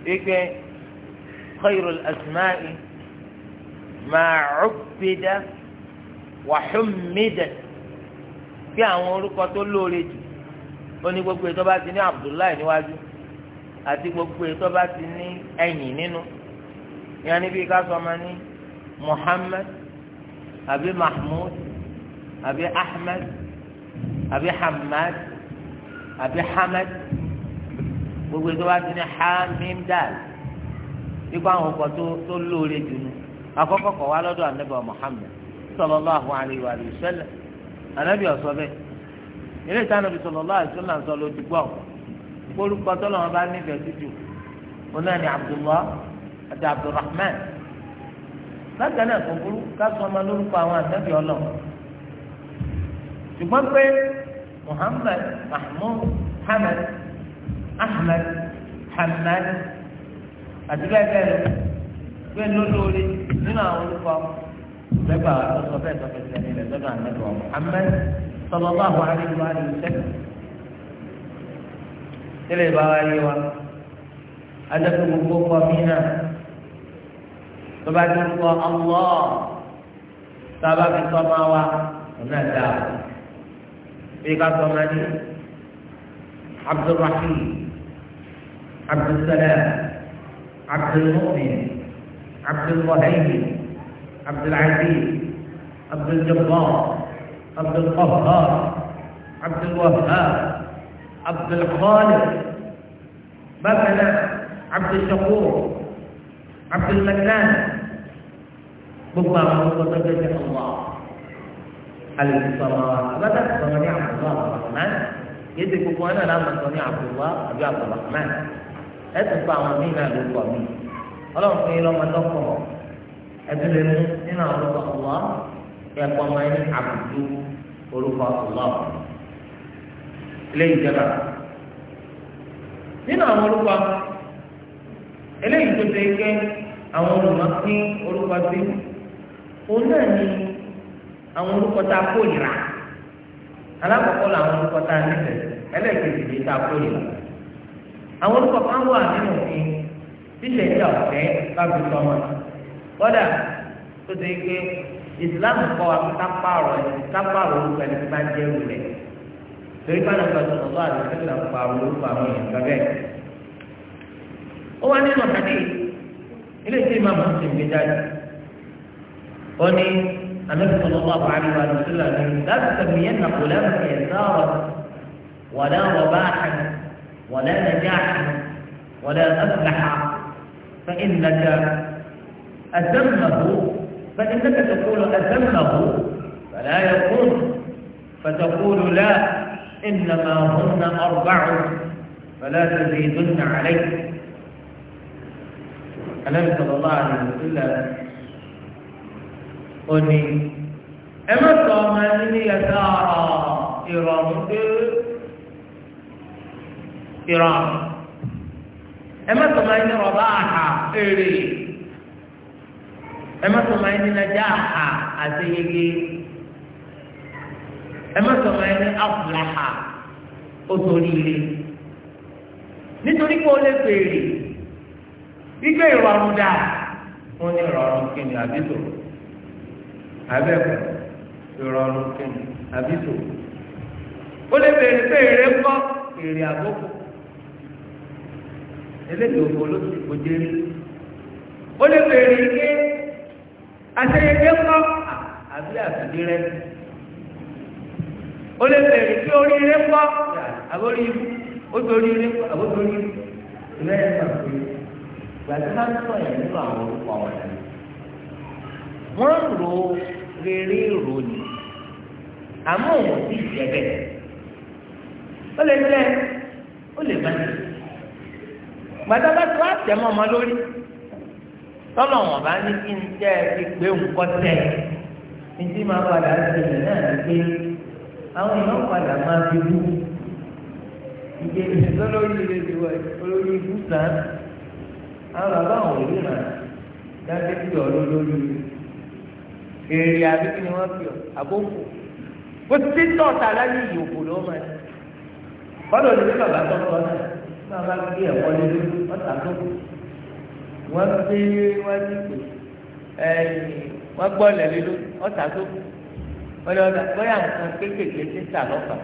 wípé khayrul asma'i máa cúbidá wàhùnmídà kí àwọn orúkọ tó lóore jù ó ní gbogbo ètò bá ti ní abdullahi níwájú àti gbogbo ètò bá ti ní ẹ̀yìn nínú ìyá níbi ká sọ ma ní muhammad àbí mahmud àbí ahmed àbí hamad àbí hamad gbogbo ètò wa ti ní hamimdal ikú àwọn ọkọ tó lóore jù nù àkọ́kọ́ kọ̀ wá lọ́dọ̀ anabi muhammed sallallahu alayhi wa sallam anabi ọ̀sọ́ bẹ́ẹ̀ ilé ìtàn anabi sallallahu alayhi wa sallam sọ ló kórúkọ tó lọ́wọ́ bá nífẹ̀ẹ́ tútù onáà ní abdullah àti abdulrahman bákan náà kò sọ ọmọ lórúkọ àwọn anabi ọlọ́wọ́ ṣùgbọ́n pé muhammed mahmud hamad. Ahmed Hamad àti bẹ́ẹ̀ bẹ́ẹ̀ lọ pé lólórí nínú àwọn olùkọ́ lẹ́gbàá wa tó sọ bẹ́ẹ̀ tó fi sẹ́ni rẹ̀ lọ́dọ̀ àmẹ́lò wa Muhammad sallallahu alaihi wa alihi wasallam. tẹ́lẹ̀ bá wa yé wa adẹ́kun gbogbo kọ́ mí náà tó ń kọ́ Allah sábà fi sọ ma wa ọ̀nà dáa bí ká sọ ma ní Abdulrahim. عبد السلام عبد المؤمن عبد الرهيب عبد العزيز عبد الجبار عبد القهار عبد الوهاب عبد الخالق بابنا عبد الشكور عبد المنان بما هو تجد الله الصلاة بدأ صنع عبد الله الرحمن يدرك أنا لما صنع عبد الله أبي عبد الرحمن ẹtùn pa àwọn míì náà ló kọ mí ọlọ́run fún yín lọ́mọ tọkọ ẹtùn lè mú nínú àwọn orúkọ ọlọ́ ẹ̀kọ́ ọmọ yín àbùdú orúkọ ọlọ́ eléyìí jẹba nínú àwọn orúkọ eléyìí tó ṣe kẹ àwọn olùmọ orúkọ sí òun náà ní àwọn orúkọ tá a alákọ̀ọ́kọ́ làwọn orúkọ tá a nífẹ̀ẹ́ ẹlẹ́ẹ̀kejì tá a àwọn orúkọ kan wà nínú òfin ṣíṣe ìjà ọ̀fẹ́ lábẹ́ sọmọ kódà tó ti gbé ìsìláàmù kọ́ wa kí kápárọ̀ ẹni kápárọ̀ orúkọ ẹni tí máa jẹ́ ewu rẹ̀ torí bá nàbà tó lọ́wọ́ àti sílẹ̀ ń pa orúkọ àwọn èèyàn gbẹ́gbẹ́. ó wá nínú àdé ilé tí màmá ti gbé jáde ó ní àmẹ́fẹ́ lọ́wọ́ àbárí wa ti sílẹ̀ ní láti sẹ̀mìyẹ́ nàkó lẹ́mìí ẹ̀ sáà wọ̀dà ولا نجاح ولا أفلح فإنك أذمه فإنك تقول أذمه فلا يقول فتقول لا إنما هن أربع فلا تزيدن عليه كلام صلى الله عليه وسلم قل لي أما الطعمان يسارى إرادته ìrọ̀ ẹ máa ń ní rọ̀bá àhà èrè ẹ máa ń ní nàjà àhà àṣeyege ẹ máa ń ní àfúláhà ó nítorí pé ó lè béèrè gbígbé ìrọ̀rùn dà wọ́n ní ìrọ̀rùn kìnnì àbísò abẹ́kọ̀ ìrọ̀rùn ó lè eléyìí òfò ló ti kò jẹ́ ó lè bèèrè ike aṣeyege kọ́ àbí àbílẹ̀ rẹ ó lè bèèrè ike oríire kọ́ àbórí oríire kọ́ àbórí ilé ẹ̀ kọ́ pé gbàdúrà ń sọ yẹn nínú àwọn orúkọ wọn ni wọ́n rò rere rò ní àmọ́ òun ti jẹ́ bẹ́ẹ̀ ó lè lẹ́ ó lè má ti gbàdá bá ti wá tẹ̀ mọ́ ọmọ lórí tọ́lọ̀ wọn bá ní kí n tẹ́ ẹ ti gbé nǹkan tẹ̀ ní tí máa padà ṣẹlẹ̀ náà ní pé àwọn èèyàn padà máa fi wú ìgbé lọ́lọ́rí ilé ti wọ̀ olórí ibú sàn àwọn bàbá àwọn òbí mà dáké tí ọ̀ lólórí èrè àbí kí ni wọ́n fi àbókù ó ti tọ̀ láyé ìyókù lọ́mọ ẹ̀ bọ́dọ̀ ní bàbá tó ń náà. náà bá gbé ẹ̀ lórí ọ̀tà tó kù wọ́n gbé wájú pé wọ́n gbọ́ ọ̀lẹ̀ lórí ọ̀tà tó kù wọ́n lé ọ̀tà ti tà lọ́fà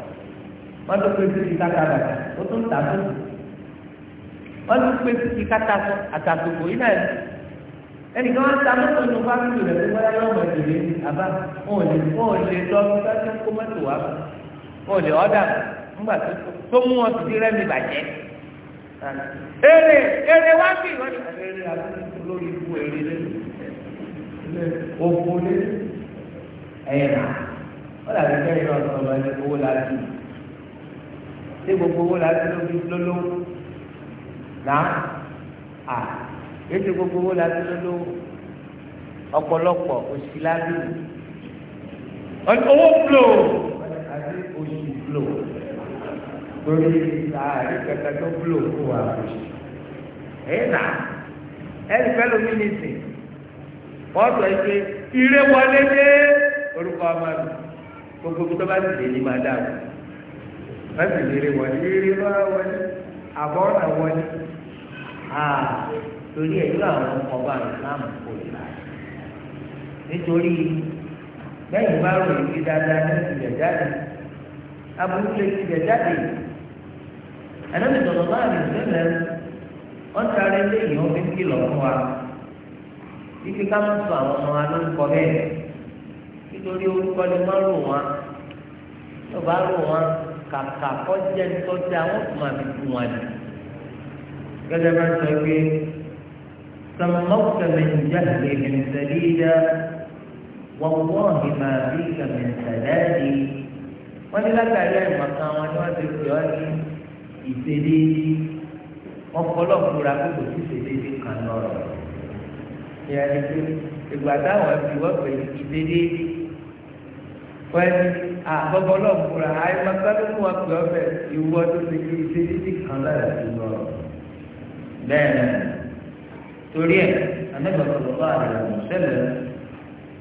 wọ́n tó pé títí bàtà ó tó ń tà tó kù wọ́n tó pé títí fún àtàkùkù yìí náà ẹnì kan ta èrè èrè wá sí ìwọ́n ni èrè àbúrò lórí ikú èrè lẹ́nu òkú lé ẹ̀yìn náà wọ́n dàbí kẹ́yìn náà sọ̀rọ̀ ẹni owó láti ṣé gbogbo owó láti lólówó náà à ètò gbogbo owó láti lólówó ọ̀pọ̀lọpọ̀ òṣì láti owó flow àti òṣì flow torí láàrí kẹta tó búlò kó wa ẹ̀yìnà ẹ̀yìn pẹ́lú mínísì wọ́n sọ pé ire wọlé dé orúkọ ọmọ mi gbogbo tó bá ti lè ní máa dà o wọ́n sì lè rí wọlé rí lọ́wọ́ wọlé àbọ̀ ọ̀nà wọlé torí ẹ̀yìn àwọn ọba ìsìlámù kò lè láàyè nítorí lẹ́yìn bá rò ìdí dáadáa ní ìjẹ̀jáde abúlé ìjẹ̀jáde ẹlẹ́bi tọ̀tọ̀ láàrin ìṣẹ̀lẹ̀ ọ̀tá rẹ lé ìyọ́n fi kìlọ̀ fún wa ike ká má sọ àwọn ọmọ alórúkọ bẹ́ẹ̀ nítorí orúkọ ni wọ́n rò wọn tó bá rò wọn kàkà kọjá nítorí àwọn tó máa fi kú wọn ni gẹ́gẹ́ bá ń sọ pé sọmọ́kùtà ń jáde mi dá wọ́n wọ́n mi máa bí kàmi sẹ́lẹ̀ dé wọ́n ní látàrí àìmọ̀kan wọn ni wọ́n ti pè ọ́ ní ìṣedéédé ọ̀pọ̀lọpọ̀ ra kókò sí ìṣedéédé kan lọ́rọ̀ ìyá ni pé ìgbà táwọn ẹbí wọ́n pè ìṣedéédé pẹ́ẹ́ni àbọ̀bọ̀lọpọ̀ ra àìmọ̀tálógún wọn pè ọ́fẹ́ ìwọ́ tó ti fi ìṣedéédé kan lára sí lọ́rọ̀ bẹ́ẹ̀ náà torí ẹ̀ anábàtọ̀ bá àdàlù sẹ́lẹ̀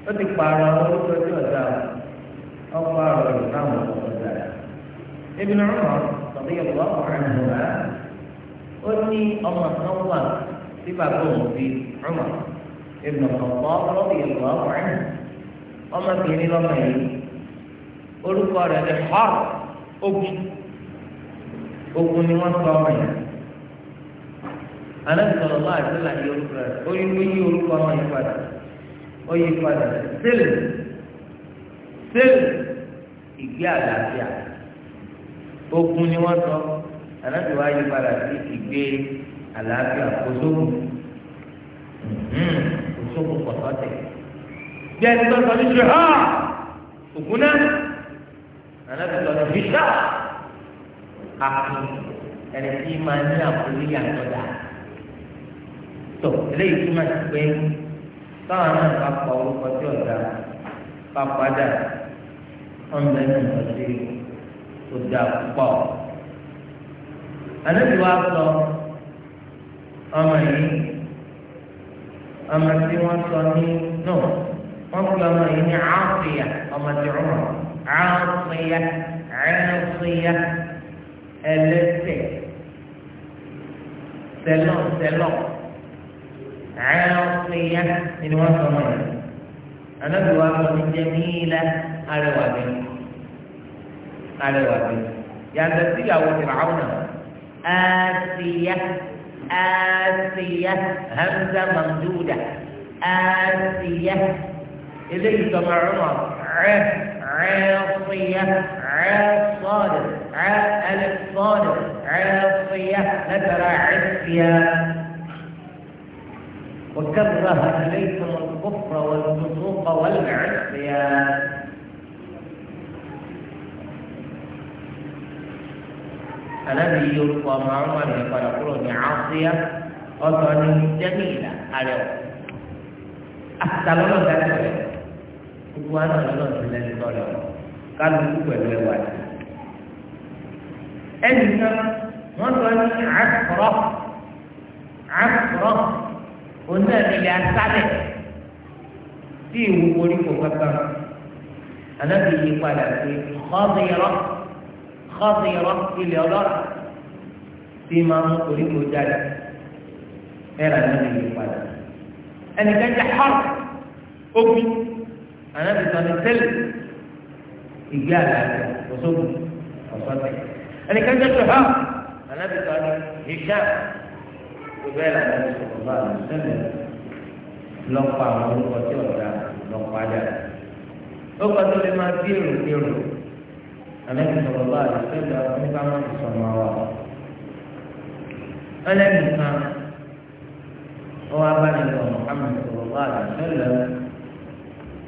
ó ti pààrọ̀ àwọn olùtọ́jú ọ̀dà ọ̀pọ̀ àrọ̀ ìtàwọn ọ̀dà ẹ̀bí náà رضي الله عنهما ó ní ọmọ kan wà tí bàbá òun fi Umar ibn Khattab radiyallahu anhu ọmọbìnrin lọ́mọ yìí orúkọ rẹ̀ ní xọ́ọ̀ ogun ogun ni wọ́n sọ ọmọ yìí alẹ́sọ̀rọ̀ máa ti là yí orúkọ rẹ̀ ó yí orúkọ ọmọ yìí padà ó padà sílẹ̀ sílẹ̀ ìgbé àlàáfíà ogun ni wọ́n sọ ànábì wa yí padà sí ìgbé àlàáfíà kòsókùn kòsókùn pọ̀tọ́ tẹ̀. bí ẹni tó sọ ní ṣe hà ògùn náà ànábì sọ ní fìṣà àpò ẹni tí máa ní àpòlí àtọ́jà tó eléyìí túmọ̀ sí pé táwọn náà bá pa orúkọ tí ọ̀dà bá padà ọ̀nbẹ́ni ọ̀sẹ̀ yìí tó da púpọ̀. Ànábì wa sọ ọmọ yìí ọmọ tí wọ́n sọ ní nù wọ́n fi ọmọ yìí ní àáfíà ọmọ tí ó rọ̀ àáfíà àáfíà ẹlẹ́sẹ̀ sẹlọ̀ sẹlọ̀ àáfíà ni wọ́n sọ ọmọ yìí. Ànábì wa sọ ní jẹ́ ní ilẹ̀ arẹwà bẹ́ẹ̀. arẹwà bí yàtọ̀ sí ìyàwó fìràwọn náà àṣìyá àṣìyá hamza mamduda àṣìyá eléyìí tọmọ ọmọ rẹ rẹ ṣìyá rẹ sọọdẹ rẹ ẹlẹ sọọdẹ rẹ ṣìyá lẹtara rẹ ṣìyá. وكره عليكم الكفر والفسوق والعصيان alábi yìí orúkọ ọmọ àwọn ọmọ rẹ̀ padà kúrò ní àásíyá ọ̀tọ̀ ní jẹ́míìlà àrẹ̀ ọ̀ àtàlọ́lọ́ dáadáa rẹ̀ gbogbo àná lọ́nà ti lẹ́nu lọ́lọ́ kálukú pẹ̀lú ẹwà rẹ̀ ẹnì kan wọ́n sọ ní àkùrọ̀ àkùrọ̀ onáàlẹ́ asálẹ̀ tí ìwúwo orí kò kankan alábi yìí padà pé ọ̀bẹ̀rọ̀. xọ́sìyọ̀rọ̀ ilẹ̀ ọlọ́rọ̀ tí máa mú koríko jáde ẹ̀rọ anábì yìí padà ẹnìkan jẹ xọ́ọ̀ ogun anábì sọ̀rọ̀ tẹ́lẹ̀ ìgbé àlàyé ọ̀ṣọ́gun ọ̀ṣọ́tẹ̀ ẹnìkan jẹ tọ́há anábì sọ̀rọ̀ ìṣá gbogbo ẹ̀rọ anábì sọ̀rọ̀ bá àlọ́ sẹ́lẹ̀ lọ́pọ̀ àwọn orúkọ tí ọ̀dà lọ́pọ̀ adà ó kọ́ tó lè máa bí èrò èrò. النبي صلى الله عليه وسلم قال في السماوات الم كان هو بني محمد صلى الله عليه وسلم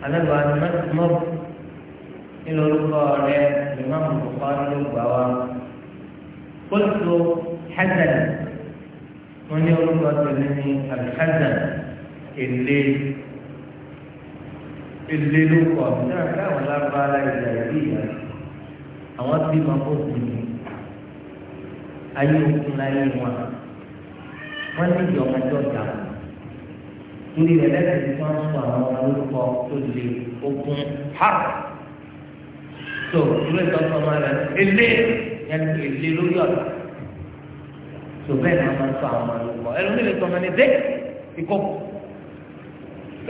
أنا بعد ما تمر إلى رقى الإمام البخاري وبوا قلت حسن من يرقى تلني الحسن اللي اللي لقى بتاعك ولا قال إلا يبيه àwọn bí wọn kò sí ní ayé òkun láyé wọn wọn ní ìjọ ọmọdé ọjà torí rẹ lẹsẹ tí wọn sọ àwọn ọmọ lórúkọ tó lè ogun ha tó ìwé ìtọ́sọ máa rẹ ele yẹnu ele lórí ọ̀la tó bẹ́ẹ̀ ni wọn máa sọ àwọn ọmọ lórúkọ ẹlòmíì lè sọ ọmọ ní dé ìkókò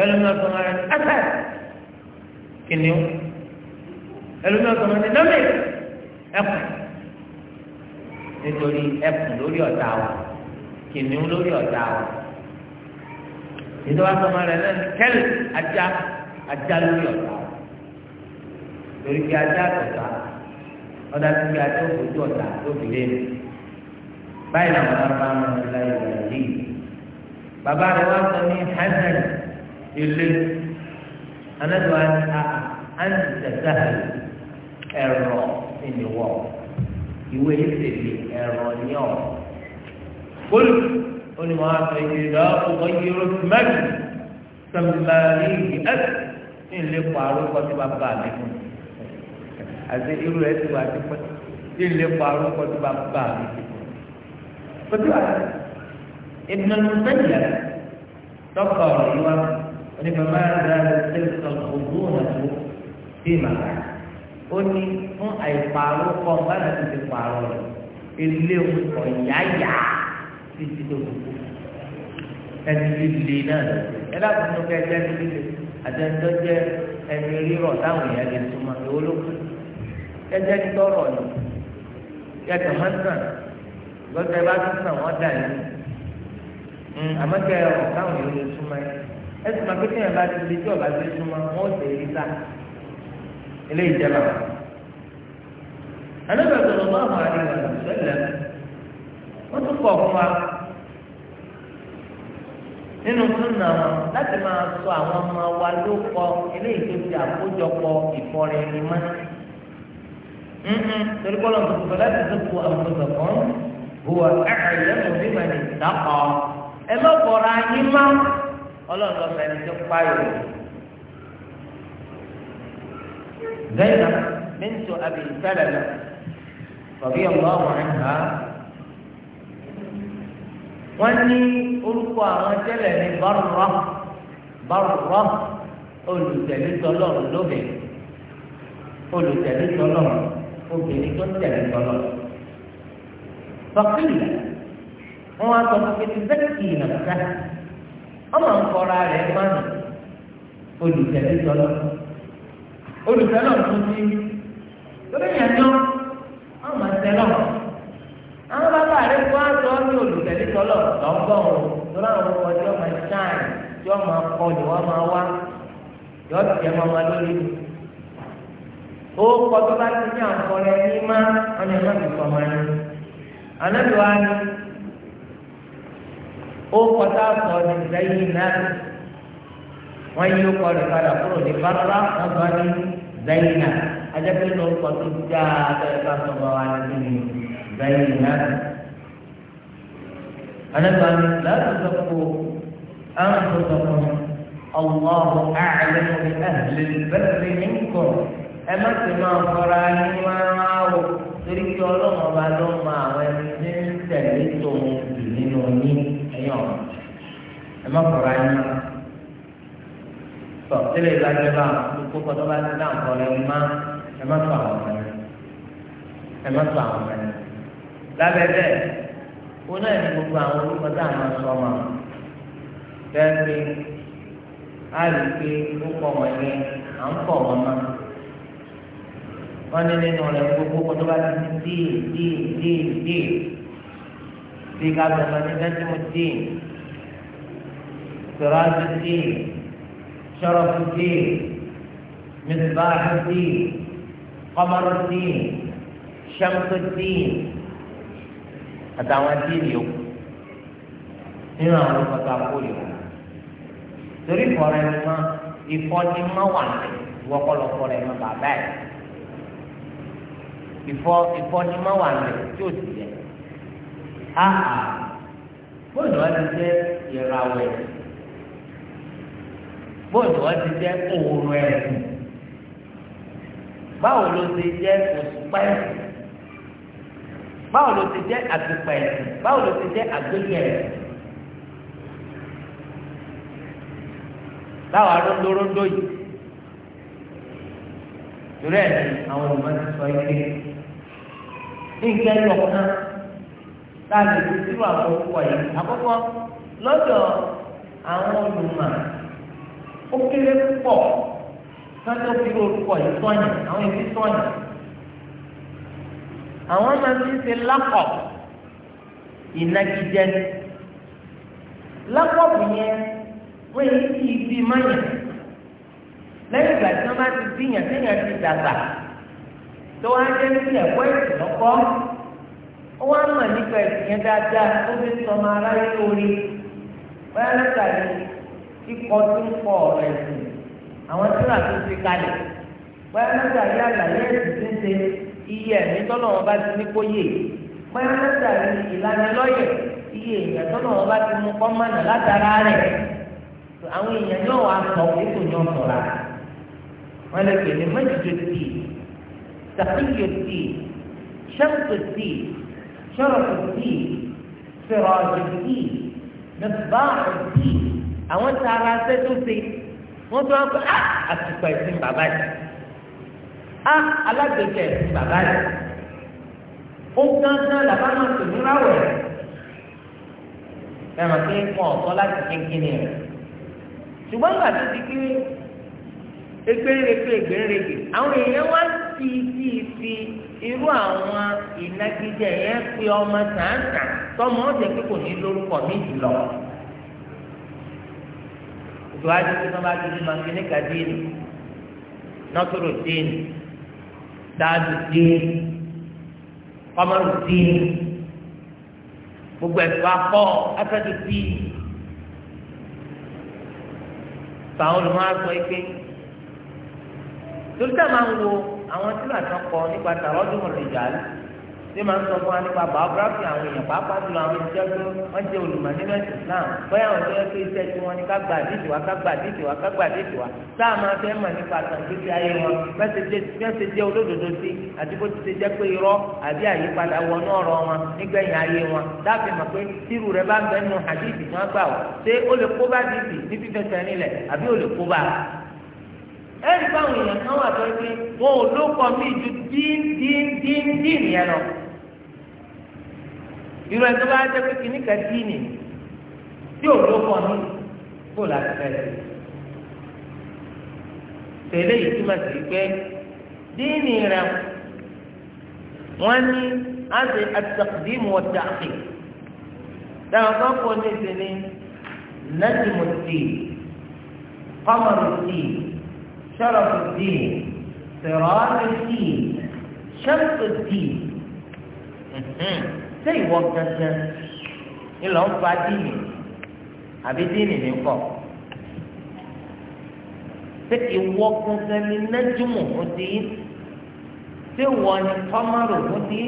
ẹlòmíì lè sọ ọmọ rẹ ẹsẹ kìnìún ẹlòmíì lè sọ ọmọ ní dọ́lẹ̀ ẹkùn nítorí ẹkùn lórí ọ̀tá wa kìnìún lórí ọ̀tá wa ìjọba sọmọ rẹ náà kẹlẹ ajá ajá lórí ọ̀tá wa torí pé ajá àtọ̀tá ọ̀dà tó fi ajá òkòtò ọ̀tá tó fi lé báyìí làwọn bàbá wọn ti láyé wọn yìí bàbá rẹ wá sọ ní hasan ilé anadu wa ni a anzẹsẹ ẹrọ. sí ni wọ̀ ìwé ìsèlè ẹ̀rọ ní ọ̀ kólú kúlù wọn àtọ ìdílé ọgbọ́n yìí ìdá mẹ́rin sọmọlẹ́ yìí ti ní ilé pààrọ̀ kọ́ tí bàbá mi fún àti irú ẹ̀ ti pọ arúgbó tí wọn bá mi fún kótó àti ìdùnnú sẹ́yìn tọkọ̀ ti ba yìí wá onífẹ̀mẹ́ rẹ̀ ṣe sọ̀kọ̀ ṣe é gbóòrò tó bí màá. ó ní fún àìpààrọ̀ kọ́ bára ti ti pààrọ̀ rẹ̀ eléwu ọ̀yáyà títí tó dùkú ẹni líle náà ẹ dákun tó kẹ́ ẹjẹ́ líle àtẹnudọ́ jẹ́ ẹni rírọ̀ táwọn èèyàn lè túmọ̀ èwo ló kù ẹjẹ́ tọrọ ni yàtọ̀ máa sàn lọ́tẹ̀ bá tún sàn wọ́n dà yín hmm, àmọ́kẹ́ ọ̀rọ̀ táwọn èèyàn lè túmọ̀ ẹ ẹ̀sùn máa pé kí ẹ̀ bá ti lè tí ọ̀bá ti lè túmọ̀ wọ́n ó sì rí sáà. ilé ìjẹba anábẹ́ sọ̀rọ̀ bá àwọn àdìgbà sẹ́lẹ̀ nínú súnà láti máa sọ àwọn ọmọ wa ló kọ ilé ìtòsí àkójọpọ̀ ìfọ̀rẹ́ ẹni mọ́ torí kọ́lọ̀ tó láti tó àwọn bí ní ẹ yín tó زينب بنت أبي سلمة رضي الله عنها واني ألقى رجلا برة برة olùtẹ̀lé tọlọ́run lóbìnrin olùtẹ̀lé tọlọ́run obìnrin tó ń tẹ̀lé tọlọ́run. Fọ́kìlì wọn wá sọ pé ti bẹ́ẹ̀kì ìnàkúta ọmọ nǹkọ́ra rẹ̀ máa nù olùtẹ̀lé tọlọ́run olùsẹ́lọ̀ tún ti lórí yẹn yọ wọ́n máa sẹ́lọ̀ àwọn bàbá rẹ̀ kó àtọ́ ní olùsẹ́lẹ̀ tọ́lọ̀ lọ́gbọ̀n o lọ́la àwọn ọmọ tí wọ́n máa ṣáàyè tí wọ́n máa kọ́ ni wọ́n máa wá yọ ti jẹ́ máa lórí mi. ó kọ́ tó bá ti ní àkọlẹ̀ ní má ọ̀nà ẹ̀fọ́ mi kọ́ máa ní. ànábìwá ni ó kọ́ tá a ní ìdáyé náà wọ́n yí ó kọ́ rẹ̀ padà kúrò ní bàbá wọn ní. Zainab ajẹ́pẹ́ ló ń kọ́ tó dáa bẹ́ẹ̀ bá sọ bá wa ní kí ni Zainab. Àlẹ́bàá ni láti sọ́kò àwọn tó sọ́kò الله أعلم بأهل البر منكم أما كما فراني ما معه torí kí ọlọ́run ọba ló mọ àwọn ẹni tí ń tẹ̀lé tòun jù nínú ní ẹ̀yìn ọ̀rọ̀ ẹ má kọ̀ra yín lọ. tọ́ sílẹ̀ ìbájẹ́ báwọn kókò tó bá ti dá nǹkan rẹ má ẹ má sọ àwọn ọmọ rẹ ẹ má sọ àwọn ọmọ rẹ lábẹ́ bẹ́ẹ̀ ó náà ní gbogbo àwọn orúkọ tá a máa sọ ọmọ bẹ́ẹ̀ pé a lè pe kókò wọn yẹn à ń kọ̀ wọn má wọ́n ní nínú rẹ̀ gbogbo kókò tó bá ti di di di di di ká bẹ̀rẹ̀ ní bẹ́ẹ̀ tí mo di sọ̀rọ̀ àti di sọ̀rọ̀ fún di. مصباح الدين قمر الدين شمس الدين àtàwọn dín yòókù nínú àwọn ọ̀pọ̀ta kó yòókù torí ìfọ̀rọ̀ ẹni mọ́ ìfọ̀ni má wà ní wọ́pọ̀lọpọ̀ rẹ̀ mọ́ bàbá ẹ̀ ìfọ̀ ìfọ̀ni má wà ní tí ò sì yẹ áhà bóyá wọ́n ti jẹ́ ìràwẹ̀ bóyá wọ́n ti jẹ́ òwúrọ̀ ẹ̀sìn báwo ló ti jẹ́ òṣùpá ẹ̀sìn báwo ló ti jẹ́ àgbèpà ẹ̀sìn báwo ló ti jẹ́ àgbélé ẹ̀sìn láwọn aróńdóróńdó yìí torí ẹ̀ ní àwọn olùmọ̀ ti sọ ike nǹkan ẹ̀yọ̀ kan láti fi sírò àwọn orúkọ yìí àkọ́kọ́ lọ́dọ̀ àwọn olùmọ̀ ó kéré púpọ̀ sọ́jọ́ fi orúkọ yìí sọ́yìn àwọn èyí sọ́yìn àwọn máa ń ṣe lápọ̀ ìnagijẹ lápọ̀pù yẹn wọ́n yìí ti ibi mọ́yìn lẹ́yìn ìgbà tí wọ́n bá ti bíyàn téèyàn ti dàgbà tó wá jẹ́ sí ẹ̀kọ́ ẹ̀sìn lọ́kọ́ ó wá mọ̀ nípa ẹ̀sìn yẹn dáadáa tó fi sọmọ aráyé lórí báyọ̀ látàrí kíkọ tó ń kọ ọ̀rọ̀ ẹ̀sìn àwọn tíra tó ti kalẹ̀ bóyá mẹ́ta yá àlàyé ẹ̀sìn ti ń ṣe iye ẹ̀mí tọ́nà wọn bá ti ní kó yè bóyá mẹ́ta ní ìlanilọ́yẹ̀ iye èèyàn tọ́nà wọn bá ti mú kọ́ mọ́nà látara rẹ̀ àwọn èèyàn yóò wá sọ ètò yóò sọ̀ra wọn lè pè ní mẹ́jọ tì sàkíyò tì ṣẹ́kù tì ṣọ́rọ̀kù tì fẹ̀rọ̀jù tì mẹ́fà tì àwọn tààrà sẹ́tù tì wọ́n tún á pé á ah, àtìpà ìsìn bàbá yìí á ah, alágbèjà ìsìn bàbá yìí ó gángan làbá máa tò ní ráwẹ̀ ẹ̀rọ pé wọn ọ̀tọ́ láti kínkínni rẹ̀ ṣùgbọ́n ìgbà tó ti pé egbèrègbè egbèrègbè àwọn èèyàn wá ti ti fi irú àwọn ìnagijẹ yẹn pé ọmọ tàǹtà tọmọ ọ̀jẹ̀ pé kò ní lórúkọ méjì lọ tó a ti fi tó bá ti di máa kíní ka dín nọ́tòrò dín dáàdù dín kọ́mọ́rù dín gbogbo ẹ̀tọ́ akọ́ afẹ́tò dín fàwọn olùmọ̀ àgbọ̀ ẹgbẹ́ torí táwọn máa ń wo àwọn tí wàá tán nípa tàwọn ọdún rẹ̀. ní máa ń sọ fún wa nípa biography àwọn èèyàn pàápàá jùlọ àwọn ìjọ tó wọ́n olùmọ̀ nínú ẹ̀sìn Islam bóyá àwọn ìjọ iṣẹ́ tí wọ́n ní ká gbà dídì wá ká gbà dídì wá ká gbà dídì wá máa fẹ́ mọ̀ nípa ayé wọn ṣe jẹ́ olódodo sí àti bó ti ṣe jẹ́ pé irọ́ àbí àyípadà wọn nígbẹ̀yìn ayé wọn mọ̀ pé rẹ bá irú ẹ̀ tó bá jẹ́ pé kìíní kan dín ní tí ò ló kàn ní kó láti fẹ́ sí tẹ̀lé yìí túmọ̀ sí pé díìnì rẹ̀ wọ́n ní àti àtàkùdìmù ọ̀tà àkè dáhùn kan kọ́ ní ìsinmi nàdìmù tì kọ́mọ̀rù tì sọ̀rọ̀fù tì sọ̀rọ̀ọ̀rù tì sọ̀rọ̀fù tì ṣé ìwọ gẹ́gẹ́ ńlọ ń fa díìnì àbí díìnì ní kọ ṣé ìwọ gẹ́gẹ́ ní nẹjúmọ fún ti ṣé ìwọ ní kọmọrò fún ti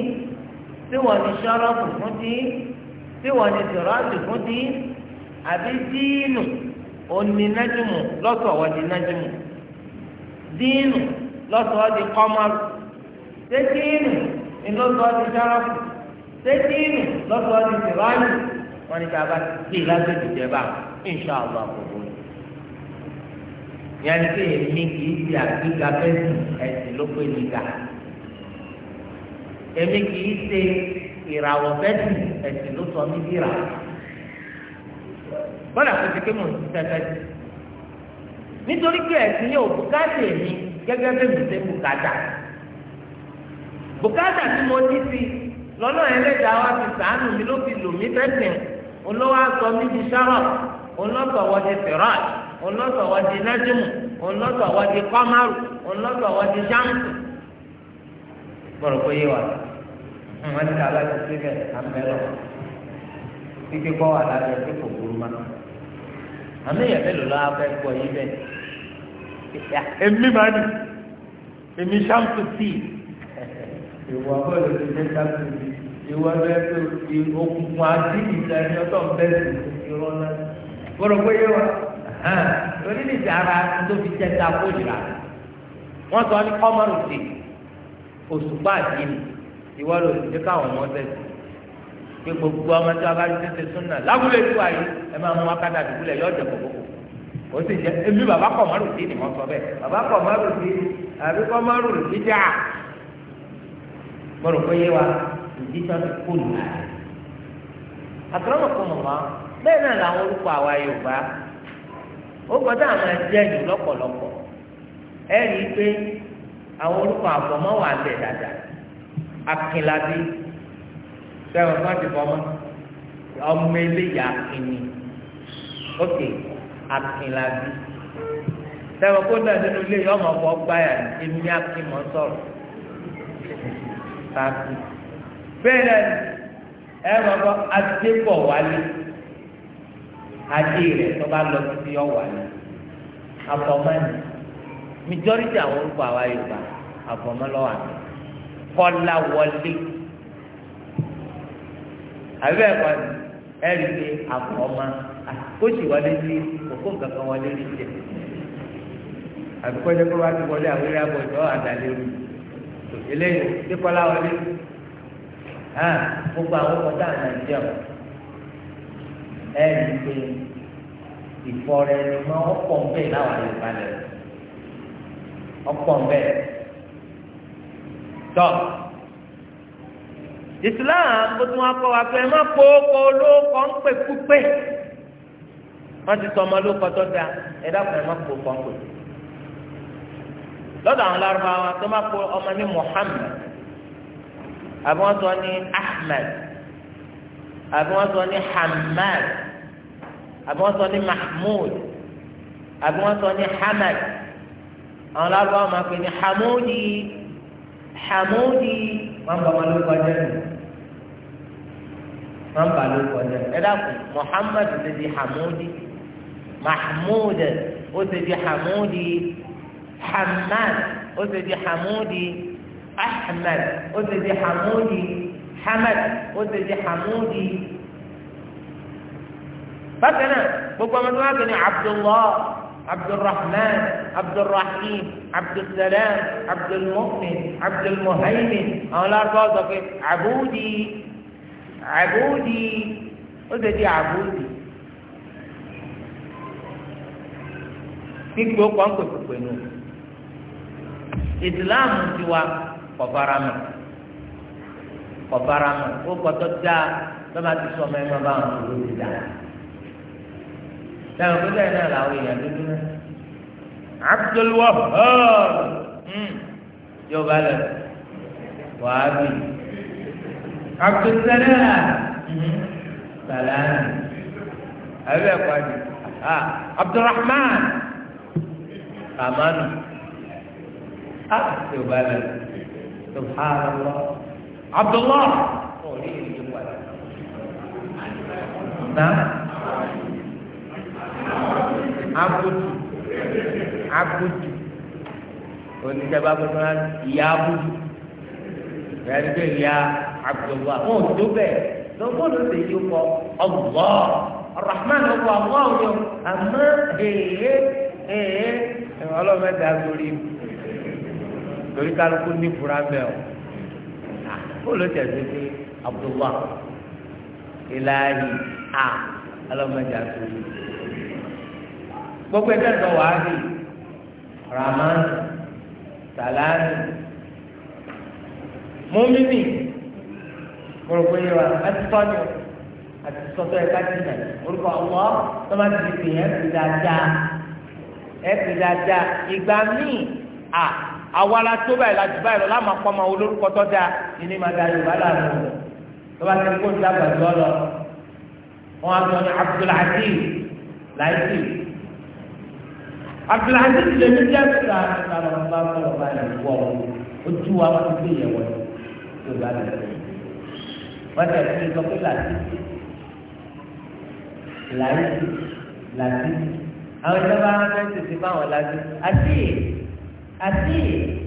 ṣé ìwọ ní ṣọrọbù fún ti ṣé ìwọ ní tòrọdù fún ti àbí díìnù òní nẹjúmọ lọsọwọ di nẹjúmọ díìnù lọsọwọ di kọmọrò ṣé díìnù ìlọsọwọ di ṣọrọbù sẹ́kìnì lọ́sọ̀ọ́ ti tẹ̀ wáyé wọ́n ní ká bá ti gbé lágbègbè jẹba ìṣọ́ àwọn àkókò ni. ìyáni pé èmi kì í ti àgbéga fẹ́sìn ẹ̀sìn ló pé nígbà. èmi kì í ṣe ìràwọ̀ fẹ́sìn ẹ̀sìn ló sọ mí dìrà. bọ́dà kò ti ké mò ń ṣiṣẹ́ fẹ́sìn. nítorí pé ẹ̀sìn yóò bùkátà èmi gẹ́gẹ́ bẹ́ẹ̀ mi ṣe bùkátà. bùkátà tí mo ní sí i lọ́nà ẹlẹ́dàá wa ti sàánù mi ló fi lò mí tẹ́sìn olówó aṣọ mi di sárọ̀ olóòtọ̀ wọ́n di fìrọ́ọ̀t olóòtọ̀ wọ́n di nájúmù olóòtọ̀ wọ́n di kọ́márù olóòtọ̀ wọ́n di jáǹtù. gbọ́dọ̀ pé yé wa wọ́n ti dàgbà ti sí bẹ́ẹ̀ abẹ́rẹ́ títí kọ́ wà lábẹ́ tí kò burú ma. àmì ìyá mélòó la fẹ́ gbọ́ yí bẹ́ẹ̀. èmi máa ní èmi ṣáàmù tíì ìwọ abọ́lẹ̀ ti dé sábẹ́ni ìwọ bẹ́ẹ̀ tó fi okùnkùn àti ìtàn ọtọ̀ bẹ́ẹ̀ sì irọ́ náà gbọ́dọ̀ pé yé wa onídìjà ara tó fi jẹ́ ta kó jìlá wọ́n sọ ní kọ́mọ́rù sí òṣùpá àti ìwọ lò sí káwọn ọmọ tẹ̀sí pé gbogbo ọmọ tí wọn bá ti tètè súnà láwùlẹ̀ tó ayé ẹ máa mú akádà dùkúlẹ̀ yọ ọ̀jẹ̀ kọ̀kọ̀kọ̀ ó sì jẹ́ èmi bàbá kọ̀mọ́rù sí ni wọ́n sọ bẹ́ẹ̀ bàbá kọ̀mọ́rù sí àbí kọ̀mọ́rù sí dáa. mo rò pé yé wa ìdí tí wọn fi kó nù ààrẹ àtúrọ̀mọ̀ kò mọ̀ wọ́n bẹ́ẹ̀ náà làwọn orúkọ àwa Yorùbá ó gbọ́dọ̀ àwọn yìí lọ́pọ̀lọpọ̀ ẹ rí i pé àwọn orúkọ àfọ̀mọ́ wà dáadáa sẹ́wọ̀n fún àtìfọ́mọ́ ọmọ eléyà Akínni sẹ́wọ̀n kó nínú ilé pàtì bẹ́ẹ̀ náà ẹ máa bọ́ adébọ̀ wálé adé rẹ̀ tó bá lọ sí ọ̀wálé àfọ̀mọ́ni majority àwọn orúkọ àwa yorùbá àfọ̀mọ́lọ́wà mi kọ́lá wọlé àbí ẹ̀kọ́ ni ẹ̀rí pé àfọ̀mọ́ àkóṣì wọlé sí òkú nǹkan kan wọlé rí jẹ àbíkọ́jọ́ pé wá ti wọlé àwọn eré abọ́jọ́ àdàlérú yìí eléyìí dípọ́lá wọlé hàn gbogbo àwọn ọkọ̀tà nàìjíríà ẹ̀ ń pè ìfọ̀rẹ́ ni mọ́ ọ̀pọ̀ ń bẹ̀ láwọn àyè balẹ̀ ọ̀pọ̀ ń bẹ̀ islam bó tún wá kọ́ wa pé ẹ má kó kó lóko ń pè kú pé wọ́n ti sọ ọmọ lóko tó da ẹ dákun ẹ má kó ń pè kú lọ́dọ̀ àwọn lárúbáwá tó máa kó ọmọ ní Muhammad àbí wọ́n sọ ní Ahmed àbí wọ́n sọ ní Hamad àbí wọ́n sọ ní Mahmud àbí wọ́n sọ ní Hamad àwọn lárúbáwá máa pè ní Hamudi Hamudi wọ́n bá wọn ló kọjá nù wọ́n bá ló kọjá nù ẹ dákun Muhammad ti di Hamudi Mahmud ó ti di Hamudi hamad ó ti di hamudi ahmed ó ti di hamudi hamad ó ti di hamudi bákan náà gbogbo ọmọ tó wá kí ni abdullah abdulrahman abdulrahim abdulsalam abdulmumin abdulmuhaimin àwọn lárúbá ọ̀sọ̀ pé abudi abudi ó ti di abudi. nígbà ó kọ́ ń pèpè pẹ̀lú ìsìláàmù tiwa kọ̀farama kọ̀farama ó kọ́tọ́ dáa lọ́ba ti sọ ọmọ ẹ̀ máa bá wọn lò lóde dáa. náà làwọn èèyàn dúdú náà. Abdul Wahab hmm. yóò bá lẹ̀ wàhábì. Abdulsalam hmm. Salam àbí ẹ̀kọ́ àdì. Ah, Abdulrahman Kamanu àti ọba rẹ̀ subhanallah abdullah ọ̀rẹ́ ìlú padà náà akutu akutu onídàbà gbogbo náà ìyá abudu ìyá ìyá abdullah wọn ò tó bẹ́ẹ̀ lọ́wọ́ ló lè yí kọ ọ̀gbọ́ rahman ọ̀gbọ́ àwọn ọ̀yọ́ àmọ́ èèyàn èèyàn ọlọ́mọdé agbórí mi torí kálukú ní fura mẹ́ o kó ló tẹ̀sí pé abdulwa ilahi a ọlọ́mọdé àti omi gbogbo ẹgbẹ́ ìtọ́ wàá rí rahman salami mọ́mímì kúròkó yìí wa àti tọ́jú àti sọ́tọ́ ẹ̀ka ti nà orúkọ ọ̀wọ́ tó bá ti di pè é ìgbà míì a awara tó báyìí la jù báyìí lọ láàmú akpọ́mọ olórúkọ tó dáa ìní máa da yorùbá lànà tó bá ti kó níta gbàdúrà lọ wọn á sọ ní abdulhadi láìsí abdulhadi lè ní jẹ́ ẹ̀ka ẹ̀ka lọ́wọ́ bá sọ̀rọ̀ báyìí wọ̀ ó tú wa wọ́n ti gbé yẹ̀ wọ̀ yorùbá lẹ̀ wọ́n ti ẹ̀sìn ìsọ̀kú làtí láìsí làtí àwọn ìjọba wọn fẹ́ẹ́ tètè báwọn làtí àti àti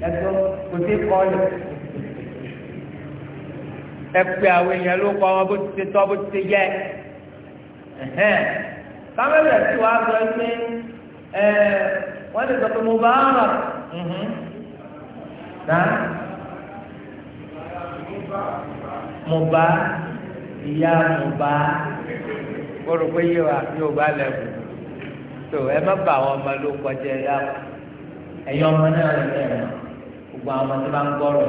ẹ̀tọ́ kò sí kọlù ẹ̀pẹ́ àwọn èèyàn ló kọ́ wọn bó ti ṣe tọ́ bó ti ṣe yẹ kámẹ́rà tí wàá sọ pé wọ́n lè sọ pé mo bá ń rà náà mo bá ìyá mo bá kó rò pé yóò bá lẹ́kùn tó ẹ má bà wọn ọmọ ló kọjá yá wọn ẹ̀yin ọmọ náà rẹ̀ bẹ́ẹ̀ mọ̀ gbogbo àwọn ọmọ tí wọ́n ń gbọ́rọ̀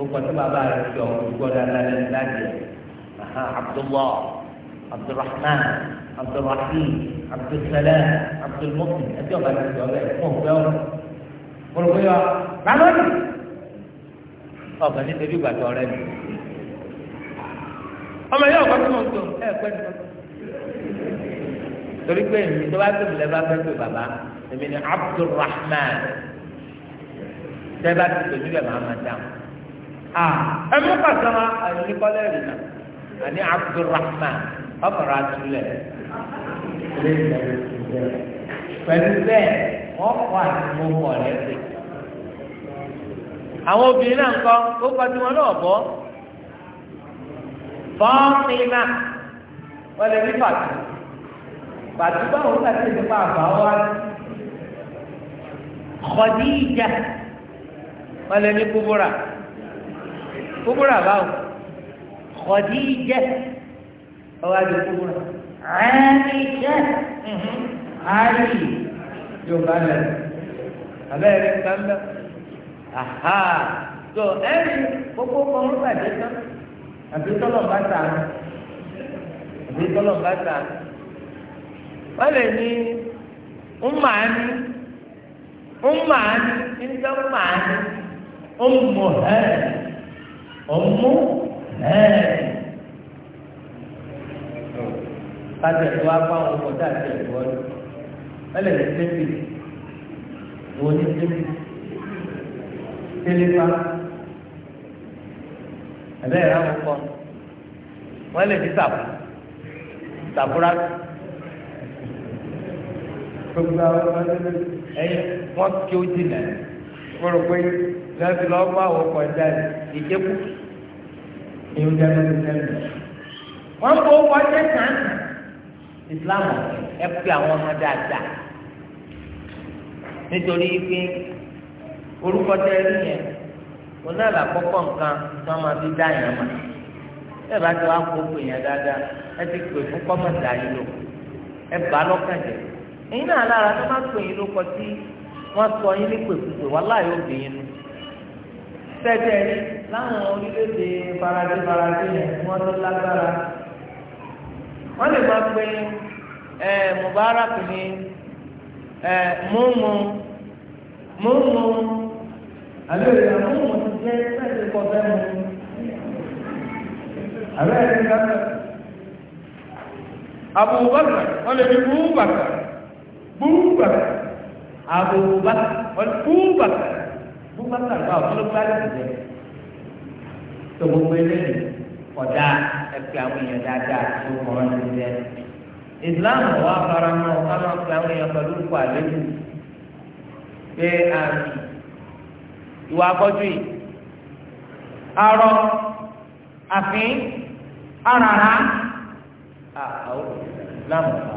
gbogbo tí bàbá rẹ̀ fi ọ̀hún gbọ́ dáadáa lẹ́nu láti abdullah abdulrahman abdulrahim abdulsalam abdulmukin ẹbí ọba ti sọ bẹ́ẹ̀ fún òfẹ́ ọ̀hún kúròkó yọ bàlọ́ọ̀nì ọba ní tẹ́bí gbàtọ́ rẹ̀ mi ọmọ yóò kọ́ tí mo tó ẹ̀ pẹ́ torí pé èmi tó bá bá fẹ́ pé bàbá èmi ni abdulrahman tẹ́lá ti tòjú bẹ́ẹ̀ máa máa dáhùn a ẹ̀mú pàṣẹwà ẹ̀mí kọ́lẹ́ rì nà àní abdulrahman ọkọ̀rọ̀ àtúlẹ̀ pẹ̀lú bẹ́ẹ̀ wọ́n kọ́ àtúmọ̀ lẹ́sẹ̀ àwọn obìnrin náà ń kọ́ ó kọ́ tí wọ́n náà bọ́ fọ́ọ̀mìnà wọ́n lè pàtó pàtó báwo ń gbà tẹ̀lé pàtó àwọn wá Khadija wọn lè ní kúbúrà kúbúrà báwo Khadija ọwọ́ àti kúbúrà Aisha àárí mhm. yóò bá lẹ̀ abẹ́rẹ́ nǹkan bẹ́ẹ̀ aha tó ẹ̀rí gbogbo kan ló bàjẹ́ tán àbí tọ́lọ̀ bá ta àbí tọ́lọ̀ bá ta wọ́n lè ní أمان أنت أمان أم هاني أم هاني kájọ ìwà fáwọn ọkọjá àti ẹ̀kọ́ rẹ̀ ẹlẹ́ni tẹ́lẹ̀ wọ́n ní tẹ́lẹ̀ tẹ́lẹ̀ fa ẹ̀bẹ́ ìrà wọn kọ́ wọ́n lè fi tàbú tàbúrà gbogbo àwọn ọmọdé lórí. ẹ̀yìn wọ́n kí ó dìnà kúrò pé lọ́sí lọ́wọ́ bá àwọn ọkọ̀ ẹ̀dá ní Islam ẹ pé àwọn ọmọ dáadáa nítorí pé orúkọ tẹ ẹ nǹkan tí máa fi dá yẹn ẹ bá ti wá kó pè yẹn dáadáa ẹ ti ẹ̀yin náà lára tó máa pè yín lóko tí wọ́n sọ yín ní pèkúpè wà láàyè obìnrin nu tẹ́tẹ́ láwọn orílẹ̀-èdè Faransé Faransé yẹn wọ́n tó lágbára wọ́n lè máa pè ẹ Mubarak ní ẹ múmu múmu àlọ́ ìyá múmu ti jẹ́ ẹ̀sìn kọfẹ́ mu Bubakar Abubakar wọ́n Bubakar Bubakar báwo kí ló bá lè jẹ tó gbogbo eléyìí ọ̀dà ẹ̀pẹ̀ àwọn èèyàn dáadáa tó kọ́ ọ́n ti jẹ. Ìsìláàmù wa fara mọ́ ká máa pe àwọn èèyàn pẹ̀lú orúkọ àlejò pé àmì ìwà akọ́jú yìí arọ àfin arara àwọn ìsìláàmù wa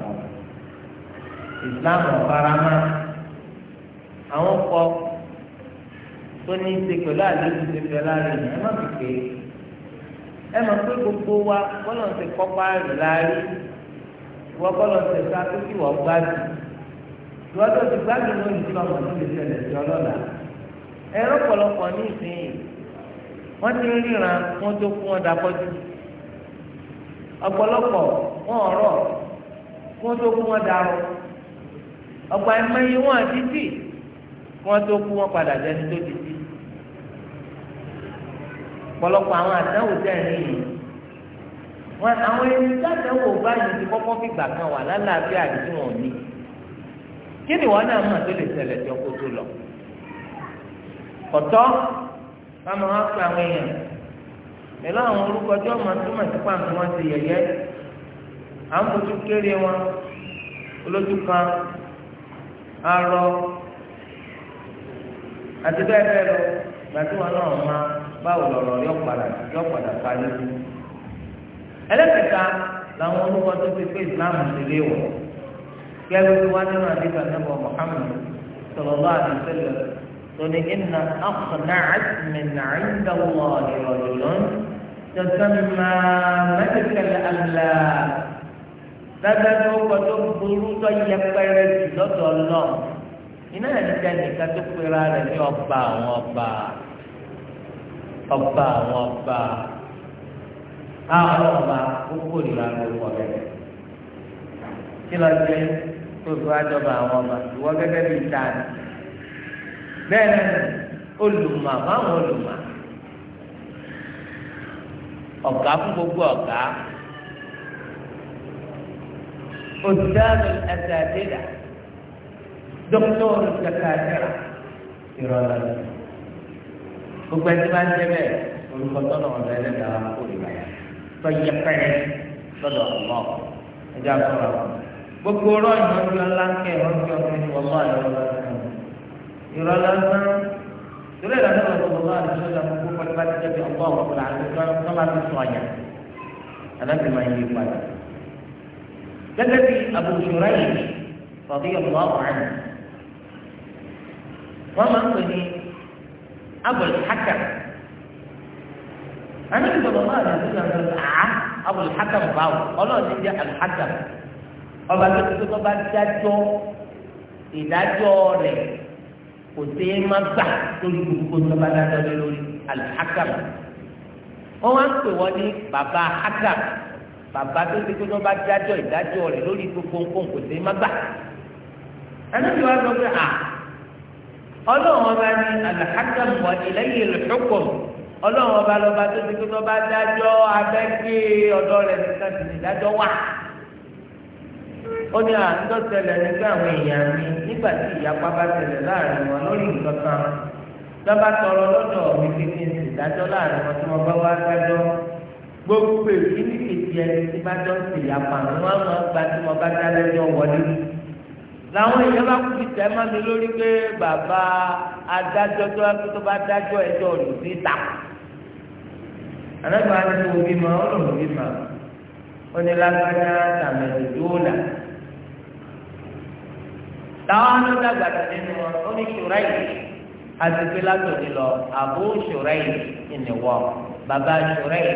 islam ọ̀farama àwọn kọ tó ní í ṣe pẹ̀lú àlejò ṣe fẹ́ láàrin yìí ẹ má fi pé ẹ mọ̀ pé gbogbo wa bọ́lọ̀ ń ṣe kọ́pá rẹ̀ láàrin ìwọ bọ́lọ̀ ń ṣe sá tó kí wọ́n gbádùn ìwọ tó ti gbádùn lónìí tí ọmọ tó lè ṣẹlẹ̀ sí ọlọ́la ẹ̀rọ pọ̀lọpọ̀ ní ìsinyìí wọ́n ti ríran wọ́n tó kún ọ̀dà pọ́jú ọ̀pọ̀lọpọ̀ wọn ọ̀rọ̀ wọ́n tó kún ọ̀dà rọ̀ ọgbà ẹ̀mọ́ yìí wọ́n àti tì wọ́n tó kú wọ́n padà jẹ́ni tó ti tì pọ̀lọpọ̀ àwọn àdáwò tẹ̀ ní yìí wọn àwọn ẹni dáadáwò báyìí ti kọ́kọ́ fìgbà kan wà lálàáfíà àdìsí wọn ní kí ni wọn náà mọ̀ tó lè ṣẹlẹ̀ tí ọkọ̀ tó lọ kọ̀tọ́ káma wọn pe àwọn èèyàn pẹ̀lú àwọn orúkọ tí wọ́n máa túmọ̀ sí pàmì wọn ti yẹ̀yẹ́ à ń fojú kéré wọn olójú kan arọ àti bẹ́ẹ̀ bẹ́ẹ̀ lọ gbàtí wọn náà máa báwo lọ̀rọ̀ yọ padà yọ padà parí sí. ẹlẹ́kẹta làwọn olùkọ́ tó ti pé ìsìláàmù ti lé wọ̀ kí ẹ lóṣù wá nínú àdìgbà nàbọ̀ Muhammad sallallahu alaihi wasallam tóní iná àkànná àtìmẹ̀nà ìdáwọ̀ ìrọ̀lẹ́ lọ́n tẹ̀sán máa mẹ́tẹ̀kẹ̀lẹ̀ àlá lábẹ́ tó kọ́ tó burú tó yẹ pẹ́rẹ́ jù lọ́dọ̀ náà iná ẹ̀dínkà nìkan tó pera rẹ̀ ní ọba àwọn ọba ọba àwọn ọba àwọn ọba ó kórìíra lórúkọ bẹ́ẹ̀ kí lọ sí tóbi wá jọba àwọn ọba ìwọ gẹ́gẹ́ bíi tani bẹ́ẹ̀ olùmọ̀ àbáwọn olùmọ̀ ọ̀gá fún gbogbo ọ̀gá. قدام الأساتذة دكتور الدكاترة إرادة gbogbo ẹni máa ń jẹ bẹ́ẹ̀ olùkọ́ tọnà ọdọ ẹlẹdàá olùbàyà tọyẹ pẹrẹ lọ́dọ̀ ọmọ ẹjẹ àtọrọ àwọn gbogbo ọ̀rọ̀ ìrànjọ ńlá ń kẹ ìrànjọ ọkùnrin ní wọlọ àyọrọ ìrọ lásán torí ẹ̀rọ náà lọ́dọ̀ wọlọ àdúgbò ìjọba gbogbo pẹ̀lú bá ti jẹ bí ọgbọ ọkùnrin gẹ́gẹ́ bí Abu Shuraih radiyallahu anhu wọ́n máa ń pè ní Abul Hakam àná ìgbọ̀dọ̀ máa lè fún yàrá àá Abul Hakam báwò ọlọ́run ti jẹ́ Al-Hakam ọba tó ti tó bá dájọ́ ìdájọ́ rẹ̀ kò sí é má gbà lórí gbogbo tó bá dájọ́ lórí Al-Hakam wọ́n wá ń pè wọ́n ní bàbá Hakam. bàbá tó ti gbọ́dọ̀ bá jájọ ìdájọ rẹ̀ lórí gbogbo nǹkan kò sí má gbà ẹnìyàn wá sọ pé à ọlọ́run ọba ní al-hakam wa ọlọ́run ọba lọ́ba tó ti bá abẹ́gbé ọ̀dọ́ nìkan wà ó ní nígbà àwọn èèyàn mi nígbà tí ìyapa bá láàrin wọn lórí nǹkan kan lọ́ba tọrọ lọ́dọ̀ gbogbo èyí ní kejì ẹni tí bá jọ sí ìyàpá ni wọn máa ń gba tí wọn bá dá lẹ́jọ́ wọlé làwọn èèyàn bá kú ìtẹ́ má mi lórí pé bàbá adájọ́ tó wá tó bá dájọ́ ẹjọ́ rẹ̀ sí ta anágbà ni mo bí ma ó lòun bí ma ó ní lágbájá tàmẹ̀lì dóòlà táwọn ló dàgbà nínú wọn ó ní ṣòro yìí àti pé látòdì lọ àbó ṣòro yìí ìnìwọ bàbá ṣòro yìí.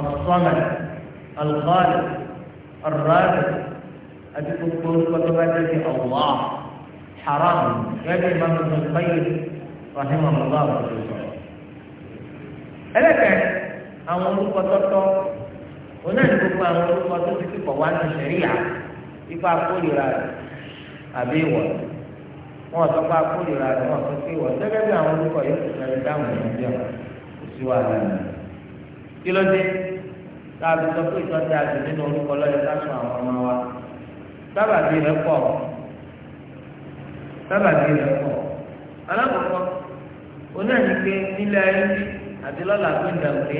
الصمد الخالق الرازق أدي كل كتبة الله حرام يجب من ابن القيم رحمه الله ẹlẹ́kẹ̀ àwọn orúkọ tọ́tọ́ oná ní gbogbo àwọn orúkọ tó ti kíkọ̀ wá ní sẹ́ríà ipa kórìíra rẹ̀ àbí ìwọ̀ wọn ò sọ́kọ́ akórìíra rẹ̀ wọn ò sọ́kọ́ ìwọ̀ gẹ́gẹ́ bí àwọn orúkọ yóò ti sẹ́rí dáhùn ní ìjọba kò sí wàhálà rẹ̀ kí ló dé káàbí sọ pé ìtọ́jú àti nínú orúkọ lọ́yọ̀ ká sọ àwọn ọmọ wa sábàbí rẹ̀ pọ̀ sábàbí rẹ̀ pọ̀ alákọ̀ọ́kọ́ onáyíké nílẹ̀ ayé àti lọ́la gbẹ̀dà òkè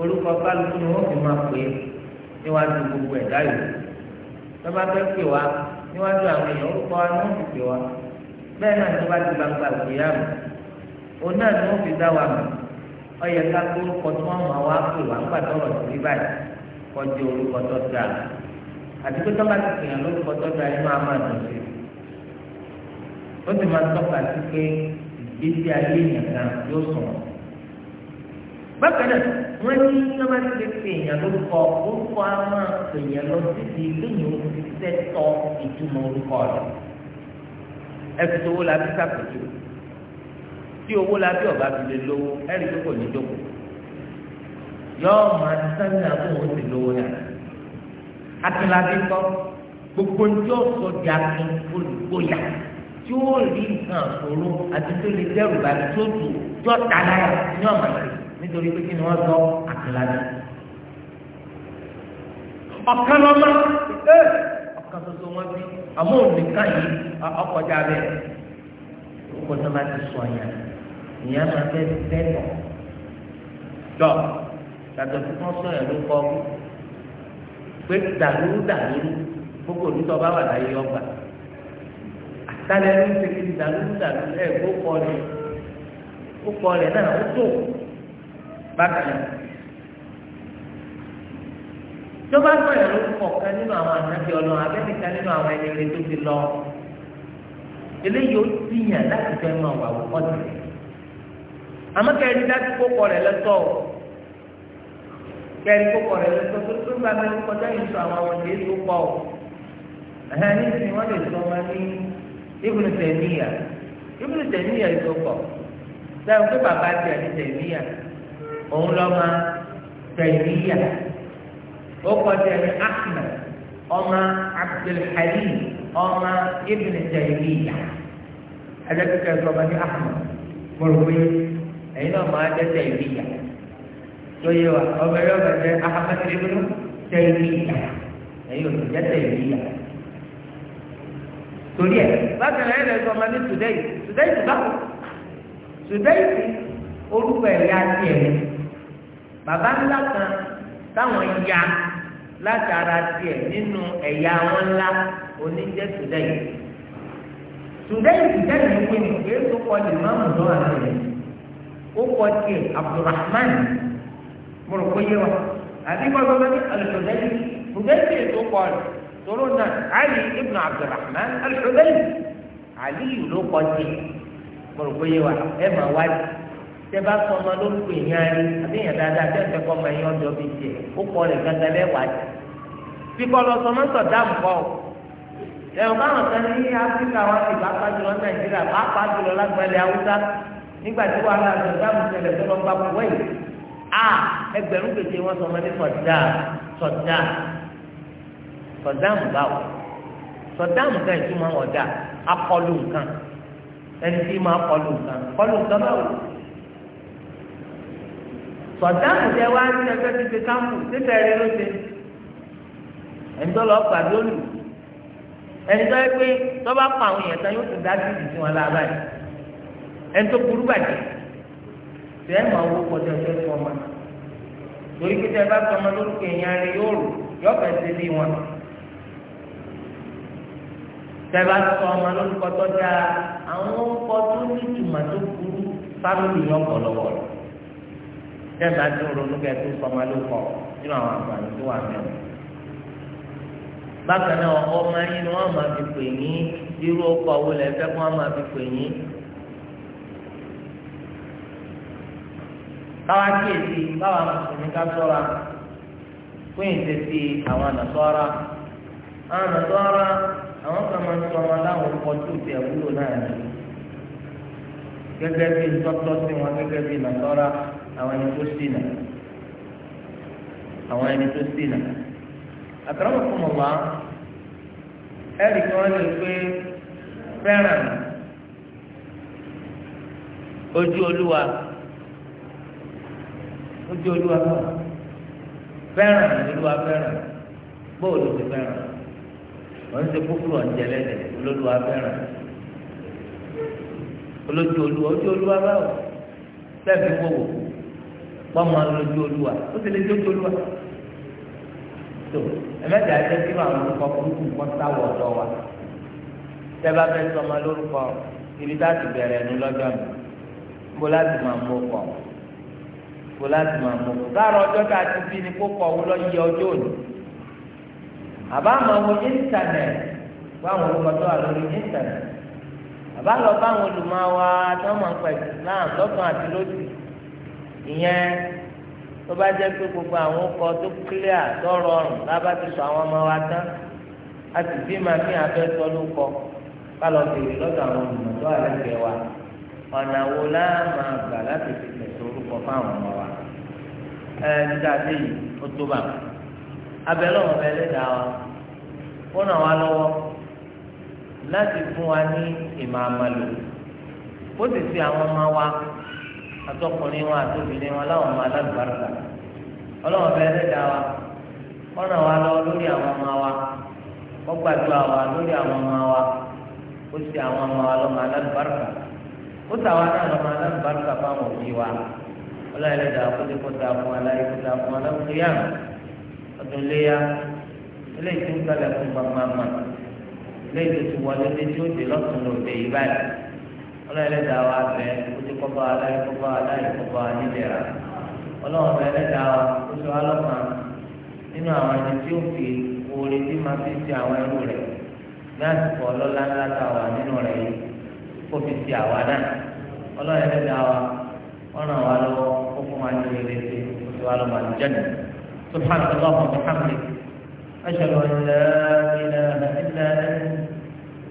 orúkọ kálukú ni wọ́n fi máa pè é níwájú gbogbo ẹ̀dá yìí tọ́ba fẹ́ pè wá níwájú àwọn èèyàn orúkọ wa ni wọ́n fi pè wá bẹ́ẹ̀ náà tó bá ti gbangba òkè àrùn wọ́n fi dá wa mọ̀ ọyẹ ká kó orúkọ tí wọn máa wá pè wá nígbà tọrọ sí báyìí kọjú orúkọ tó dáa àti pé tọ́ba ti pèèyàn lórúkọ tó dáa inú àmà dùn sí ó sì máa tọ́ka sí pé ìgbésí ayé èèyàn kan yóò sùn bákan náà wọn ní tọ́ba ti lè pèèyàn lórúkọ orúkọ á máa pèèyàn lọ títí lóyún òṣìṣẹ́ tọ́ ìtumọ̀ orúkọ rẹ̀ ẹ̀sùn owó la fi sàpèjú tí owó la bí ọba fi lè lówó ẹ̀rí pé kò ní jókòó yọọ máa sáré àbúrò ó sì lówó náà akínlábí kọ gbogbo ní yóò sọ di akin olùgbòyà tí ó rí nǹkan àkóró àti tó lè dẹrù bàbí tó tù yóò tà láyà ní ọmọ rẹ nítorí pé kí ni wọn sọ akínlábí. ọ̀kan lọ́mọ ọ̀kan tuntun wọn bí àmọ́ òun nìkan yìí ọkọjá bẹ́ẹ̀ ó kọjá bá ti sọ yẹn ìyẹn máa fẹ́ fẹ́tọ̀ tọ́ yàtọ̀ tí wọ́n sọ yẹn ló kọ́ pé dàlúrú dàlúrú gbogbo olùtọ́ bá wà láyé ọgbà àtàlẹ́ ló ń ṣe kí dàlúrú dàlúrú ẹ̀ kó kọ́ ni ó kọ́ rẹ̀ náà ó tó bákan náà tó bá sọ yẹn ló kọ̀ọ̀kan nínú àwọn àtàkì ọlọ́run abẹ́nìkan nínú àwọn ẹni rẹ̀ tó ti lọ eléyìí ó tìyàn láti fẹ́ máa wà wọ́pọ̀ tẹ̀lé àmọ́ kẹrì dájú kó kọ rẹ̀ lọ́tọ̀ o kẹrì kó kọ rẹ̀ lọ́tọ̀ tó tó gba mi kọjá yìí sọ àwọn ọmọdé tó pọ̀ o ẹ̀hán ní ti wọ́n lè sọ ọmọ ní Ibn Taymiyyah Ibn Taymiyyah yìí tó pọ̀ dáhùn pé bàbá ti àti Taymiyyah òun lọ́mọ Taymiyyah ó kọjá ní Ahmad ọmọ Abdul Halim ọmọ Ibn Taymiyyah ẹ̀dẹ́gbẹ̀kẹ́ sọ ọmọ ní Ahmad mọ̀lúwẹ́ ẹ̀yin náà máa dẹ́sẹ̀ ìlú ìyá tó yẹ wa ọmọ ẹ̀rọ bẹ̀rẹ̀ ahamẹ́tìrì bínú tẹ ìlú ìyá ẹ̀yin ò sì dẹ́sẹ̀ ìlú ìyá. torí ẹ bákan náà ẹ̀rọ ọmọ ní sùdẹ́yì sùdẹ́yì ti bá sùdẹ́yì ti orúkọ ẹ̀yà tiẹ̀ ni bàbá ńlá kan táwọn ya látara tiẹ̀ nínú ẹ̀yà wọn ńlá oníjẹ́ sùdẹ́yì sùdẹ́yì ti dẹ́yìn wíwì kí èso kọ́ni máàmù lọ́wọ́ àti ẹ̀yìn ó kọ tiẹ̀ abdulrahman mo rò pé yé wa àti kọ́ ọ̀dọ́ ní alùpùpù pùpẹ́sì tó kọ rẹ̀ tóró náà ali ibn abdulrahman alùpùpù ali ló kọ tiẹ̀ mo rò pé yé wa ẹ máa wá di tẹ́bá sọ ọmọ lórúkọ ìyá rẹ̀ àti ìyá dáadáa tẹ́ ẹ̀fẹ́ kọ́ ọmọ ẹ̀yìn ọ̀dọ́ bíi tiẹ̀ ó kọ rẹ̀ gángan lẹ́wàá jù bí kọ́ lọ kọ́ ẹ̀rọ báwọn kan ní áfíríkà wọn ti bá bá pàjùlọ lágbàlẹ̀ haúsá nígbà tí wàhálà sọdáàmù tẹlẹ tọlọ bá kú a ẹgbẹ̀rún pété wọn sọ ma ní sọdá sọdá sọdáàmù báwò sọdáàmù ká ìtumọ̀ ọ̀dà akọlù nǹkan ẹni tí máa kọlù nǹkan kọlù nǹkan báwò sọdáàmù tẹ wá ní ẹgbẹ́ ti fi kámpù títẹ̀ rẹ ló ṣe ẹni tó lọ gbàdúrà ẹni tó yẹ pé tó bá pa àwọn èèyàn tán yóò tún dá sí ìdí tí wọn lára báyìí ẹni tó burú bàjẹ́ tẹ́ ẹ̀ máa wó kọjá ọjọ́ tó ọmọ torí pé tẹ́ ẹ bá tọ́ ọmọ lórúkọ èèyàn rẹ yóò rò yọ fẹ́ ṣe bí wọn tẹ́ ẹ bá tọ́ ọmọ lórúkọ tó dáa àwọn ọkọ tó ní ìtumọ̀ tó burú fámìlì yọ ọkọ lọ́wọ́ rẹ tẹ́ ẹ bá tó ronú kẹ́ tó sọ lórúkọ nínú àwọn àǹfààní tó wà mẹ́rin bákan náà ọmọ yín ni wọ́n máa fi pè yín irú ọkọ wo lẹ kí wọ́n máa fi pè yín káwá kíyèsí káwá mùsùlùmí ká sọ́ra fún ìṣesí àwọn ànàsọ́ra àwọn ànàsọ́ra àwọn kan máa ń sọ wọn láwọn ọkọ̀tù tí ẹ̀ wúlò náà ní gẹ́gẹ́ bí tọ́tọ́ sí wọn gẹ́gẹ́ bí ànàsọ́ra àwọn ẹni tó sì nà àwọn ẹni tó sì nà àtàwọn fún mọ̀ wá ẹ̀rì kí wọ́n lè pé fẹ́ràn ojú olúwa ó jẹ́ olúwa náà fẹ́ràn olúwa fẹ́ràn bóòlù ti fẹ́ràn wọ́n ti kúkú ọ̀njẹ́lẹ̀ dẹ̀ olúwa fẹ́ràn olójú olúwa ojú olúwa báwò lẹ́ẹ̀fi wọ́wọ́ pọ́nmọ́ lójú olúwa ó ti lè dójú olúwa tó ẹ̀mẹ́ta ẹ̀jẹ̀ kí wọ́n àwọn olùkọ́ burúkú nǹkan sáwọ́ ọ̀dọ́ wa tẹ́lá fẹ́ sọmọ lórúkọ ibi tá a ti bẹ̀rẹ̀ ẹnu lọ́jọ́ mi bó láti máa mú ọkọ̀. kó láti máa mú kó lára ọjọ́ tá a ti bí ni kó kọ òun lọ ọjọ́ òní àbá máa wo íńtánẹ̀tì báwọn wà lórí íńtánẹ̀tì àbá lọ báwọn olùmọ̀ wa ń pẹ̀ náà àti ìyẹn tó bá jẹ́ pé gbogbo àwọn ọkọ̀ tó kílíà lábá ti sọ àwọn ọmọ wa tán a sì bí màá fi sọ lóko ọ̀nà wo máa gbà láti fi orúkọ fáwọn nígbà tí yìí ó tó bá abẹ́lẹ́ wọn bẹ lẹ́dàá wa ó ràn wá lọ́wọ́ láti fún wa ní ìmọ̀ àmàlò ó sì fi àwọn ọmọ wa atọkùnrin wa àtòbìnrin wa láwọn ọmọ alágbàrúgbà ọlọ́wọ́n bẹ lẹ́dàá wa ó ràn wá lọ́wọ́ lórí àwọn ọmọ wa ó gbàdúrà wa lórí àwọn ọmọ wa ó sì àwọn ọmọ wa lọ́mọ alágbàrúgbà ó sàwọn náà lọ́mọ alágbàrúgbà fáwọn òbí wa ọlọ́ọ̀lẹ́dà kóde kọta fún aláyé kọta fún aláwùjọyà ọdún léyà eléyìí tó ń kalẹ̀ fún gbàgbàmà eléyìí tó ti wọlé ní tí ó dé lọ́sùn lòdì yìí báyìí ọlọ́ọ̀lẹ́dà wa bẹ̀ kóde kọ́ba aláyé kọ́ba aláyé kọ́ba nílẹ̀ra ọlọ́ọ̀lẹ́dà wa kóso alọ́kàn nínú àwọn ẹni tí ó fi oore tí máa fi ti àwọn ẹrú rẹ̀ ní àsìkò ọlọ́lá ńlá ta wà ọ̀nà wa lọ́wọ́ ó fún wa ní ilé tí ó ti wá lọ́wọ́ àlùjáde subhanahu wa ta'ala muhammed ashhadu an la ilaha illa anta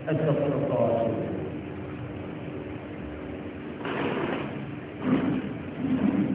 astaghfiruka wa atubu ilayk